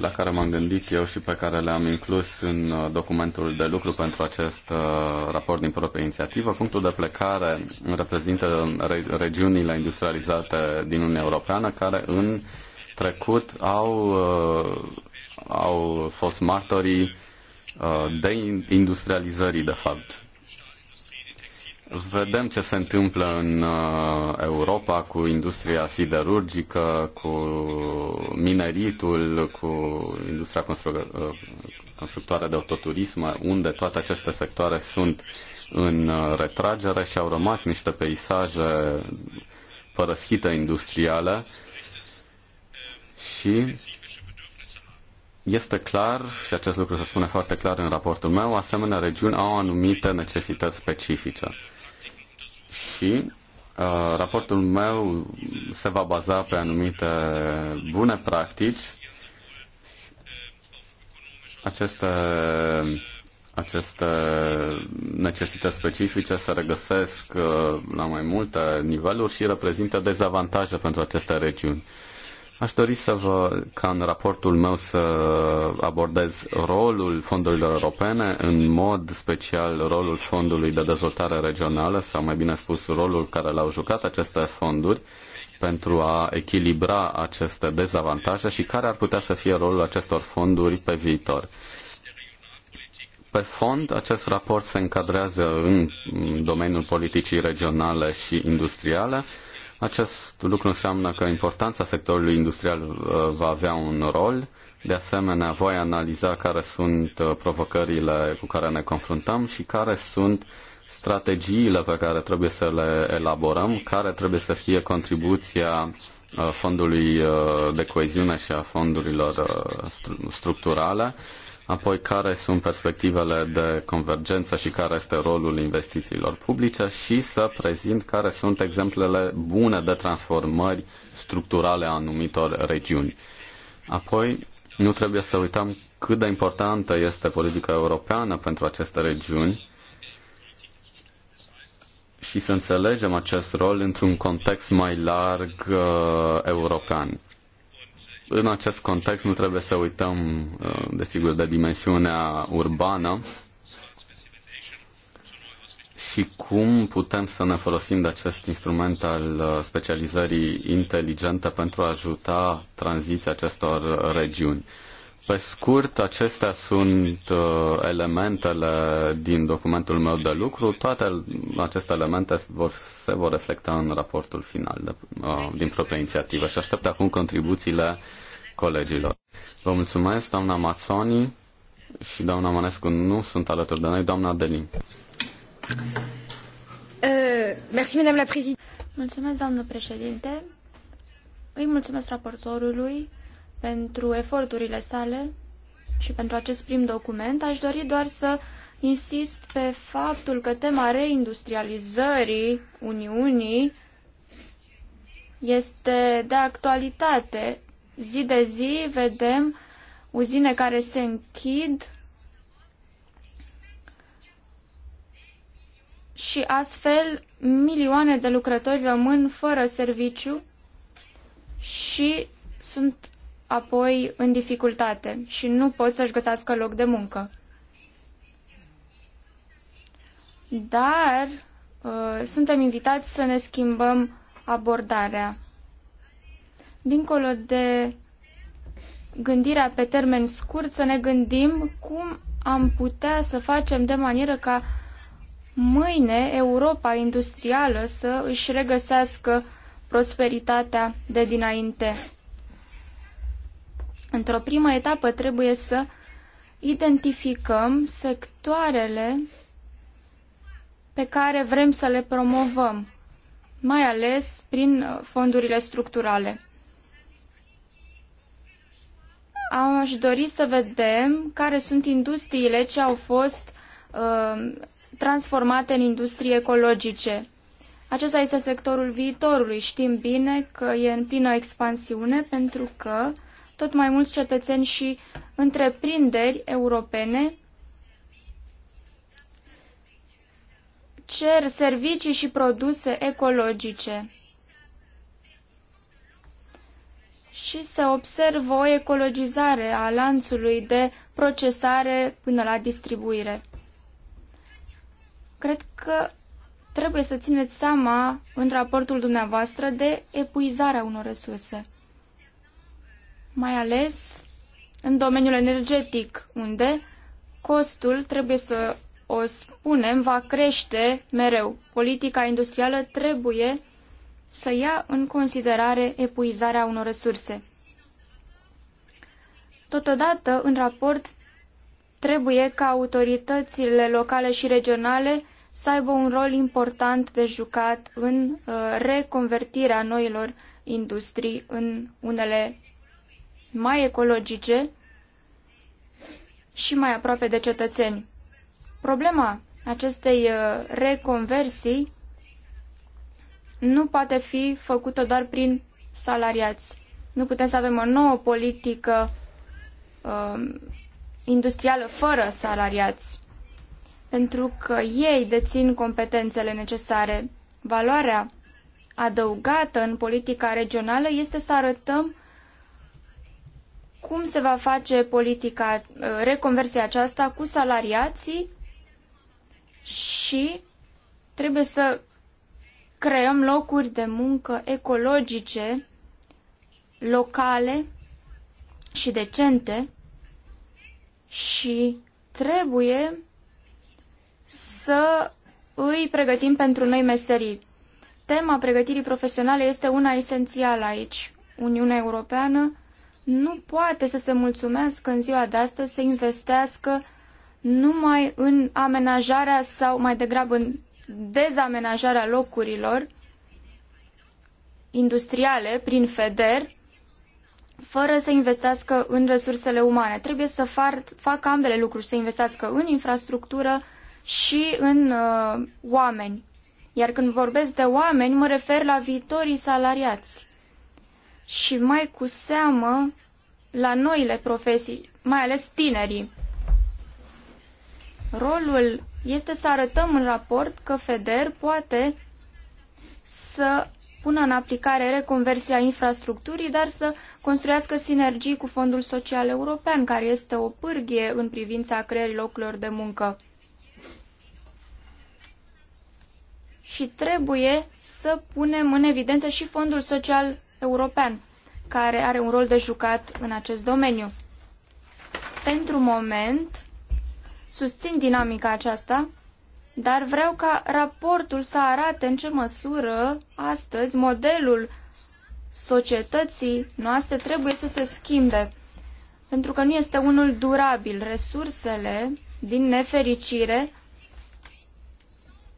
la care m-am gândit eu și pe care le-am inclus în uh, documentul de lucru pentru acest uh, raport din proprie inițiativă, punctul de plecare reprezintă regiunile industrializate din Uniunea Europeană care în trecut au, au fost martorii industrializării de fapt, Vedem ce se întâmplă în uh, Europa cu industria siderurgică, cu mineritul, cu industria uh, constructoare de autoturisme, unde toate aceste sectoare sunt în uh, retragere și au rămas niște peisaje părăsite industriale și este clar, și acest lucru se spune foarte clar în raportul meu, asemenea regiuni au anumite necesități specifice și uh, raportul meu se va baza pe anumite bune practici. Aceste, aceste necesități specifice se regăsesc uh, la mai multe niveluri și reprezintă dezavantaje pentru aceste regiuni. Uh, Aș dori să vă, ca în raportul meu, să abordez rolul fondurilor europene, în mod special rolul Fondului de Dezvoltare Regională, sau mai bine spus, rolul care l-au jucat aceste fonduri pentru a echilibra aceste dezavantaje și care ar putea să fie rolul acestor fonduri pe viitor. Pe fond, acest raport se încadrează în domeniul politicii regionale și industriale, acest lucru înseamnă că importanța sectorului industrial uh, va avea un rol. De asemenea, voi analiza care sunt uh, provocările cu care ne confruntăm și care sunt strategiile pe care trebuie să le elaborăm, care trebuie să fie contribuția uh, fondului de coeziune și a fondurilor structurale apoi care sunt perspectivele de convergență și care este rolul investițiilor publice și să prezint care sunt exemplele bune de transformări structurale a anumitor regiuni. Apoi, nu trebuie să uităm cât de importantă este politica europeană pentru aceste regiuni și să înțelegem acest rol într-un context mai larg uh, european. În acest context nu trebuie să uităm, uh, desigur, de dimensiunea urbană și cum putem să ne folosim de acest instrument al uh, specializării inteligente pentru a ajuta tranziția acestor regiuni. Pe scurt, acestea sunt uh, elementele din documentul meu de lucru. Toate aceste elemente vor, se vor reflecta în raportul final de, uh, din propria inițiativă și aștept acum contribuțiile colegilor. Vă mulțumesc, doamna Mazzoni și doamna Manescu nu sunt alături de noi, doamna Delin. Uh, Mulțumesc, doamnă președinte. Îi mulțumesc raportorului pentru eforturile sale și pentru acest prim document. Aș dori doar să insist pe faptul că tema reindustrializării Uniunii este de actualitate. Zi de zi vedem uzine care se închid și astfel milioane de lucrători rămân fără serviciu și sunt apoi în dificultate și nu pot să-și găsească loc de muncă. Dar uh, suntem invitați să ne schimbăm abordarea. Dincolo de gândirea pe termen scurt, să ne gândim cum am putea să facem de manieră ca mâine Europa industrială să își regăsească prosperitatea de dinainte. Într-o primă etapă trebuie să identificăm sectoarele pe care vrem să le promovăm, mai ales prin uh, fondurile structurale. Aș dori să vedem care sunt industriile ce au fost uh, transformate în industrii ecologice. Acesta este sectorul viitorului. Știm bine că e în plină expansiune pentru că uh, tot mai mulți cetățeni și întreprinderi europene cer servicii și produse ecologice. Și se observă o ecologizare a lanțului de procesare până la distribuire. Cred că trebuie să țineți seama în raportul dumneavoastră de epuizarea unor resurse mai ales în domeniul energetic, unde costul, trebuie să o spunem, va crește mereu. Politica industrială trebuie să ia în considerare epuizarea unor resurse. Totodată, în raport, trebuie ca autoritățile locale și regionale să aibă un rol important de jucat în uh, reconvertirea noilor industrii în unele mai ecologice și mai aproape de cetățeni. Problema acestei uh, reconversii nu poate fi făcută doar prin salariați. Nu putem să avem o nouă politică uh, industrială fără salariați, pentru că ei dețin competențele necesare. Valoarea adăugată în politica regională este să arătăm cum se va face politica, uh, reconversia aceasta cu salariații și trebuie să creăm locuri de muncă ecologice, locale și decente și trebuie să îi pregătim pentru noi meserii. Tema pregătirii profesionale este una esențială aici. Uniunea Europeană nu poate să se mulțumească în ziua de astăzi să investească numai în amenajarea sau mai degrabă în dezamenajarea locurilor industriale prin FEDER, fără să investească în resursele umane. Trebuie să far, facă ambele lucruri, să investească în infrastructură și în uh, oameni. Iar când vorbesc de oameni, mă refer la viitorii salariați și mai cu seamă la noile profesii, mai ales tinerii. Rolul este să arătăm în raport că FEDER poate să pună în aplicare reconversia infrastructurii, dar să construiască sinergii cu Fondul Social European, care este o pârghie în privința creării locurilor de muncă. Și trebuie să punem în evidență și Fondul Social european, care are un rol de jucat în acest domeniu. Pentru moment, susțin dinamica aceasta, dar vreau ca raportul să arate în ce măsură astăzi modelul societății noastre trebuie să se schimbe, pentru că nu este unul durabil. Resursele, din nefericire,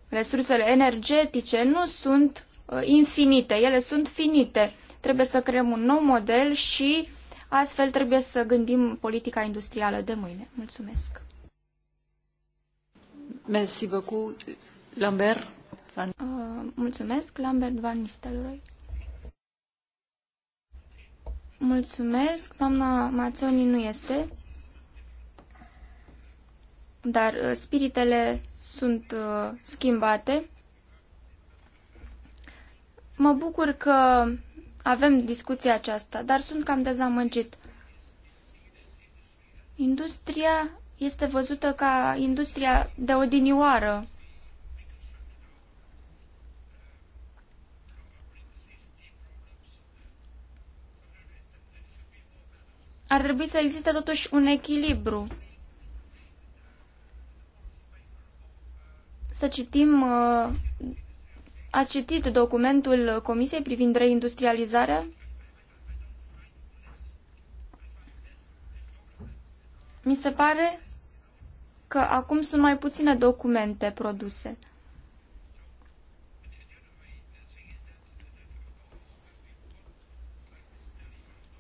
resursele energetice nu sunt uh, infinite, ele sunt finite Trebuie să creăm un nou model și astfel trebuie să gândim politica industrială de mâine. Mulțumesc. Merci beaucoup, Lambert. Van... Uh, mulțumesc, Lambert Van Nistelrooy. Mulțumesc, doamna Mațoni nu este, dar uh, spiritele sunt uh, schimbate. Mă bucur că avem discuția aceasta, dar sunt cam dezamăgit. Industria este văzută ca industria de odinioară. Ar trebui să existe totuși un echilibru. Să citim uh, Ați citit documentul Comisiei privind reindustrializarea? Mi se pare că acum sunt mai puține documente produse.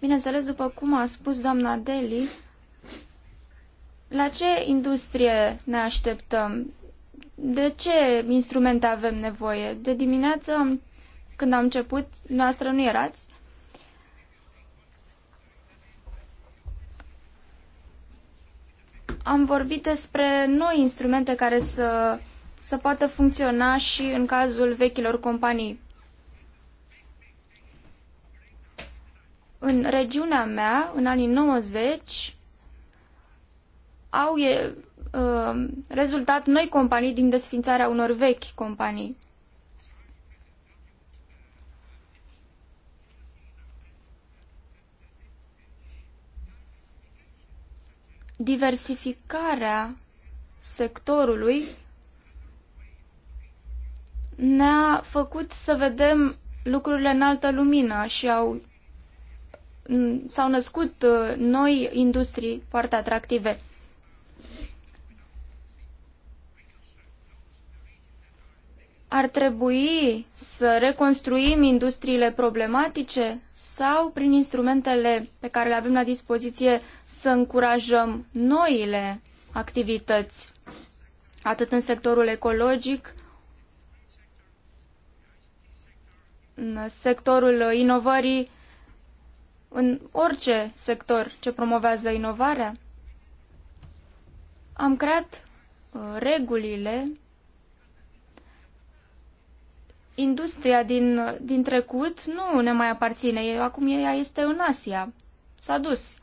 Bineînțeles, după cum a spus doamna Deli, la ce industrie ne așteptăm? De ce instrumente avem nevoie? De dimineață, când am început, noastră nu erați. Am vorbit despre noi instrumente care să, să poată funcționa și în cazul vechilor companii. În regiunea mea, în anii 90, au Uh, rezultat noi companii din desfințarea unor vechi companii. Diversificarea sectorului ne-a făcut să vedem lucrurile în altă lumină și au, mm, s-au născut uh, noi industrii foarte atractive. ar trebui să reconstruim industriile problematice sau prin instrumentele pe care le avem la dispoziție să încurajăm noile activități, atât în sectorul ecologic, în sectorul inovării, în orice sector ce promovează inovarea. Am creat uh, regulile industria din, din trecut nu ne mai aparține. Acum ea este în Asia. S-a dus.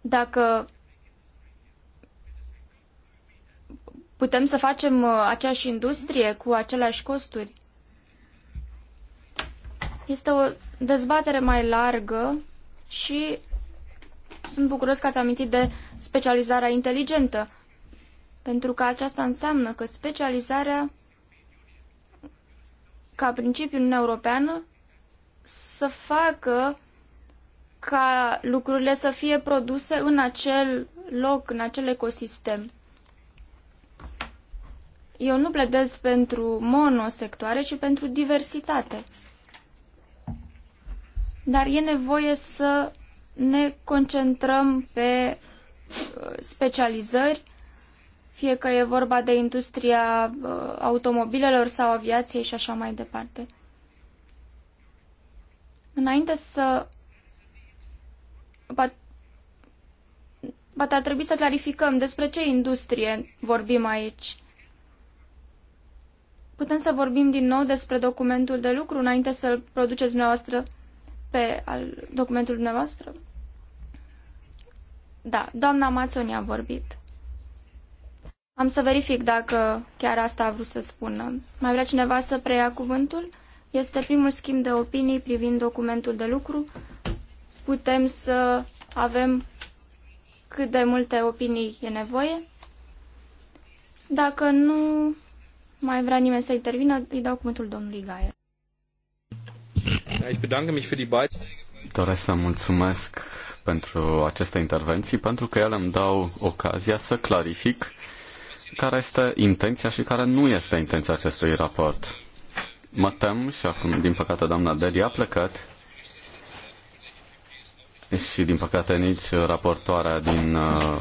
Dacă putem să facem uh, aceeași industrie cu aceleași costuri? Este o dezbatere mai largă și sunt bucuros că ați amintit de specializarea inteligentă, pentru că aceasta înseamnă că specializarea ca principiu în Europeană să facă ca lucrurile să fie produse în acel loc, în acel ecosistem. Eu nu pledez pentru monosectoare, ci pentru diversitate. Dar e nevoie să ne concentrăm pe uh, specializări, fie că e vorba de industria uh, automobilelor sau aviației și așa mai departe. Înainte să... Poate ar trebui să clarificăm despre ce industrie vorbim aici. Putem să vorbim din nou despre documentul de lucru înainte să-l produceți dumneavoastră? pe al, documentul dumneavoastră? Da, doamna Mazzoni a vorbit. Am să verific dacă chiar asta a vrut să spună. Mai vrea cineva să preia cuvântul? Este primul schimb de opinii privind documentul de lucru. Putem să avem cât de multe opinii e nevoie. Dacă nu mai vrea nimeni să intervină, îi dau cuvântul domnului Gaia. Ich bedanke mich für die Doresc să mulțumesc pentru aceste intervenții, pentru că ele îmi dau ocazia să clarific care este intenția și care nu este intenția acestui raport. Mă tem și acum, din păcate, doamna Deli a plecat și, din păcate, nici raportoarea din uh,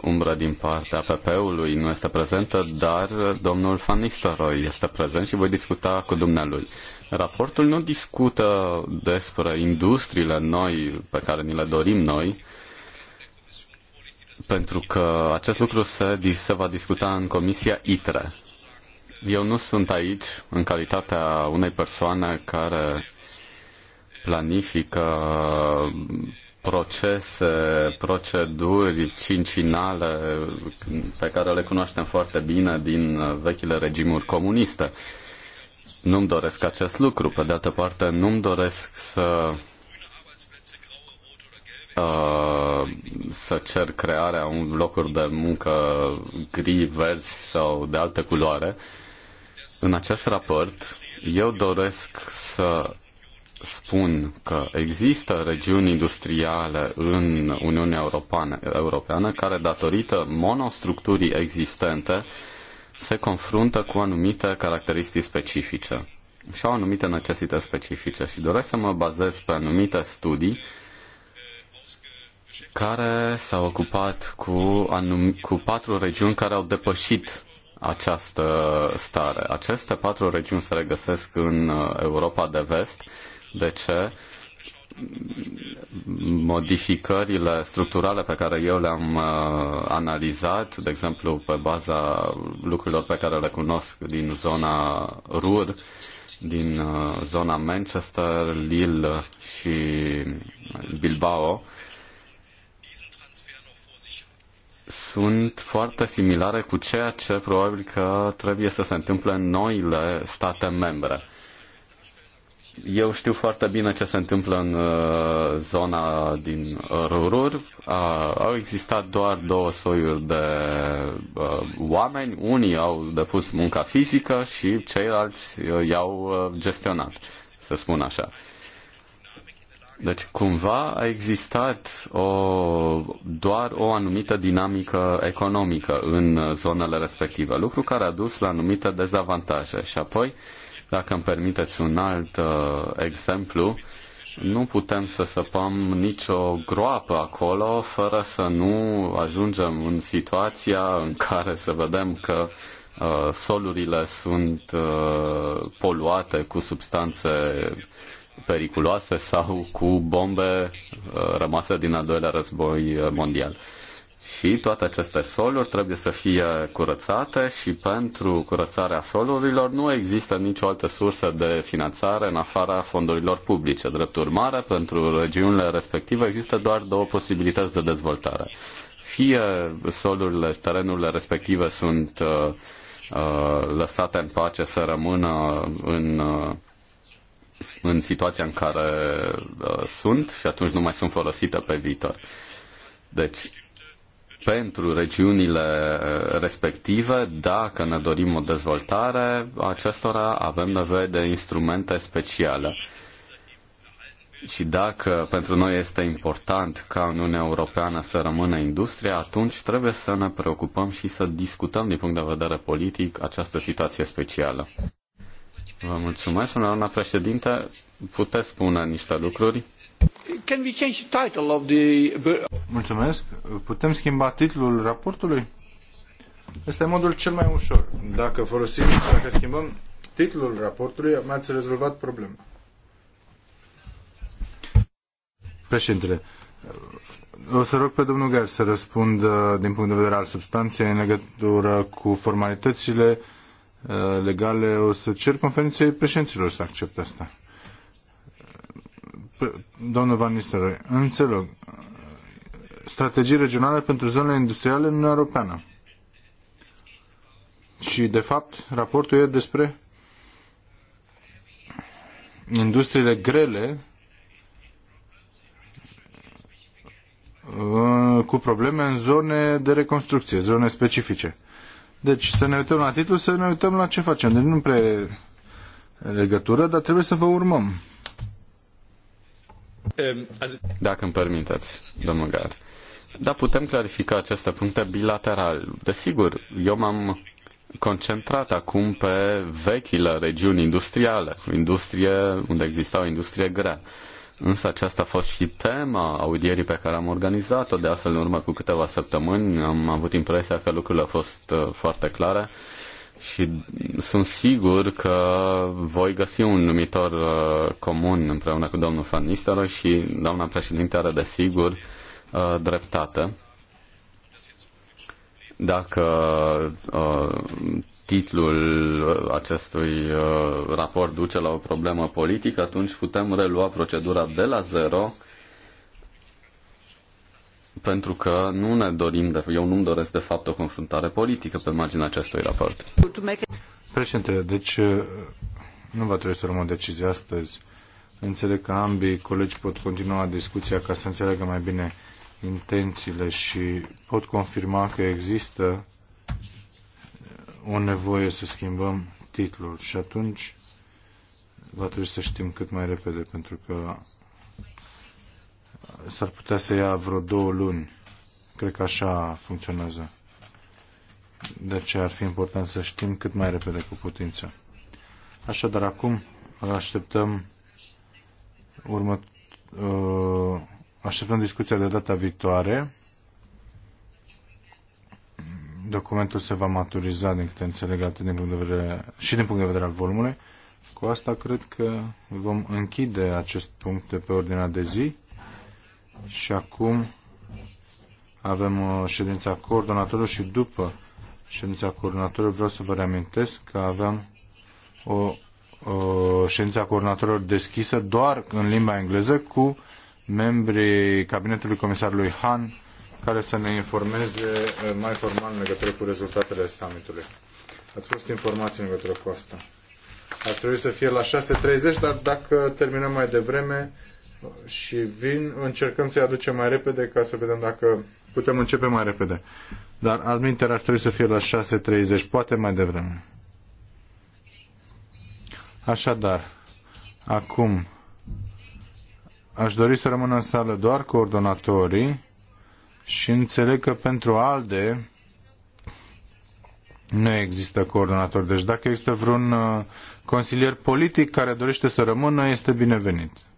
umbră din partea PP-ului nu este prezentă, dar domnul Van Nistelrooy este prezent și voi discuta cu dumnealui. Raportul nu discută despre industriile noi pe care ni le dorim noi, pentru că acest lucru se, se va discuta în Comisia ITRE. Eu nu sunt aici în calitatea unei persoane care planifică procese, proceduri cincinale pe care le cunoaștem foarte bine din vechile regimuri comuniste. Nu-mi doresc acest lucru. Pe de altă parte, nu-mi doresc să uh, să cer crearea un locuri de muncă gri, verzi sau de altă culoare. În acest raport, eu doresc să spun că există regiuni industriale în Uniunea Europeană, Europeană care, datorită monostructurii existente, se confruntă cu anumite caracteristici specifice și au anumite necesități specifice și doresc să mă bazez pe anumite studii care s-au ocupat cu, anum- cu patru regiuni care au depășit această stare. Aceste patru regiuni se regăsesc în uh, Europa de vest de ce modificările structurale pe care eu le-am uh, analizat, de exemplu pe baza lucrurilor pe care le cunosc din zona Rur, din uh, zona Manchester, Lille și Bilbao, sunt foarte similare cu ceea ce probabil că trebuie să se întâmple în noile state membre. Eu știu foarte bine ce se întâmplă în uh, zona din uh, Rurur. Au existat doar două soiuri de uh, oameni. Unii au depus munca fizică și ceilalți i-au gestionat, să spun așa. Deci cumva a existat o, doar o anumită dinamică economică în zonele respective, lucru care a dus la anumite dezavantaje. Și apoi uh, dacă îmi permiteți un alt uh, exemplu, nu putem să săpăm nicio groapă acolo fără să nu ajungem în situația în care să vedem că uh, solurile sunt uh, poluate cu substanțe periculoase sau cu bombe uh, rămase din al doilea război mondial. Și toate aceste soluri trebuie să fie curățate și pentru curățarea solurilor nu există nicio altă sursă de finanțare în afara fondurilor publice. Drept urmare, pentru regiunile respective există doar două posibilități de dezvoltare. Fie solurile, terenurile respective sunt uh, uh, lăsate în pace să rămână în uh, în situația în care uh, sunt și atunci nu mai sunt folosite pe viitor. Deci, pentru regiunile eh, respective, dacă ne dorim o dezvoltare acestora, avem nevoie de instrumente speciale. Și dacă pentru noi este important ca Uniunea Europeană să rămână industria, atunci trebuie să ne preocupăm și să discutăm din punct de vedere politic această situație specială. Vă mulțumesc, doamna președinte. Puteți spune niște lucruri? Can we change the title of the... Mulțumesc. Putem schimba titlul raportului? Este modul cel mai ușor. Dacă folosim, dacă schimbăm titlul raportului, mi-ați rezolvat problema. Președintele, o să rog pe domnul Ger să răspundă din punct de vedere al substanței în legătură cu formalitățile uh, legale. O să cer conferinței președinților să accepte asta domnul Van Nistelrooy, înțeleg. Strategii regionale pentru zonele industriale în Uniunea Europeană. Și, de fapt, raportul e despre industriile grele uh, cu probleme în zone de reconstrucție, zone specifice. Deci să ne uităm la titlu, să ne uităm la ce facem. Deci nu prea legătură, dar trebuie să vă urmăm. Dacă îmi permiteți, domnul Gar. Da, putem clarifica aceste puncte bilateral. Desigur, eu m-am concentrat acum pe vechile regiuni industriale, industrie unde exista o industrie grea. Însă aceasta a fost și tema audierii pe care am organizat-o, de altfel în urmă cu câteva săptămâni. Am avut impresia că lucrurile au fost uh, foarte clare și sunt sigur că voi găsi un numitor uh, comun împreună cu domnul Van Nistelrooy și doamna președinte are de sigur uh, dreptate. Dacă uh, titlul acestui raport duce la o problemă politică, atunci putem relua procedura de la zero pentru că nu ne dorim, de, eu nu-mi doresc de fapt o confruntare politică pe marginea acestui raport. Președinte, deci uh, nu va trebui să luăm o decizie astăzi. Înțeleg că ambii colegi pot continua discuția ca să înțeleagă mai bine intențiile și pot confirma că există uh, o nevoie să schimbăm titlul și atunci va trebui să știm cât mai repede pentru că s-ar putea să ia vreo două luni. Cred că așa funcționează. De ce ar fi important să știm cât mai repede cu putință. Așadar, acum așteptăm urmă, uh, așteptăm discuția de data viitoare. Documentul se va maturiza, din câte înțeleg, atât din punct de vedere, și din punct de vedere al volumului. Cu asta cred că vom închide acest punct de pe ordinea de zi și acum avem uh, ședința coordonatorilor și după ședința coordonatorilor vreau să vă reamintesc că aveam o, o ședință coordonatorilor deschisă doar în limba engleză cu membrii cabinetului comisarului Han care să ne informeze uh, mai formal în legătură cu rezultatele summitului. Ați fost informații în legătură cu asta. Ar trebui să fie la 6.30, dar dacă terminăm mai devreme, și vin, încercăm să-i aducem mai repede ca să vedem dacă putem începe mai repede. Dar alminter ar trebui să fie la 6.30, poate mai devreme. Așadar, acum aș dori să rămână în sală doar coordonatorii și înțeleg că pentru ALDE nu există coordonator. Deci dacă există vreun uh, consilier politic care dorește să rămână, este binevenit.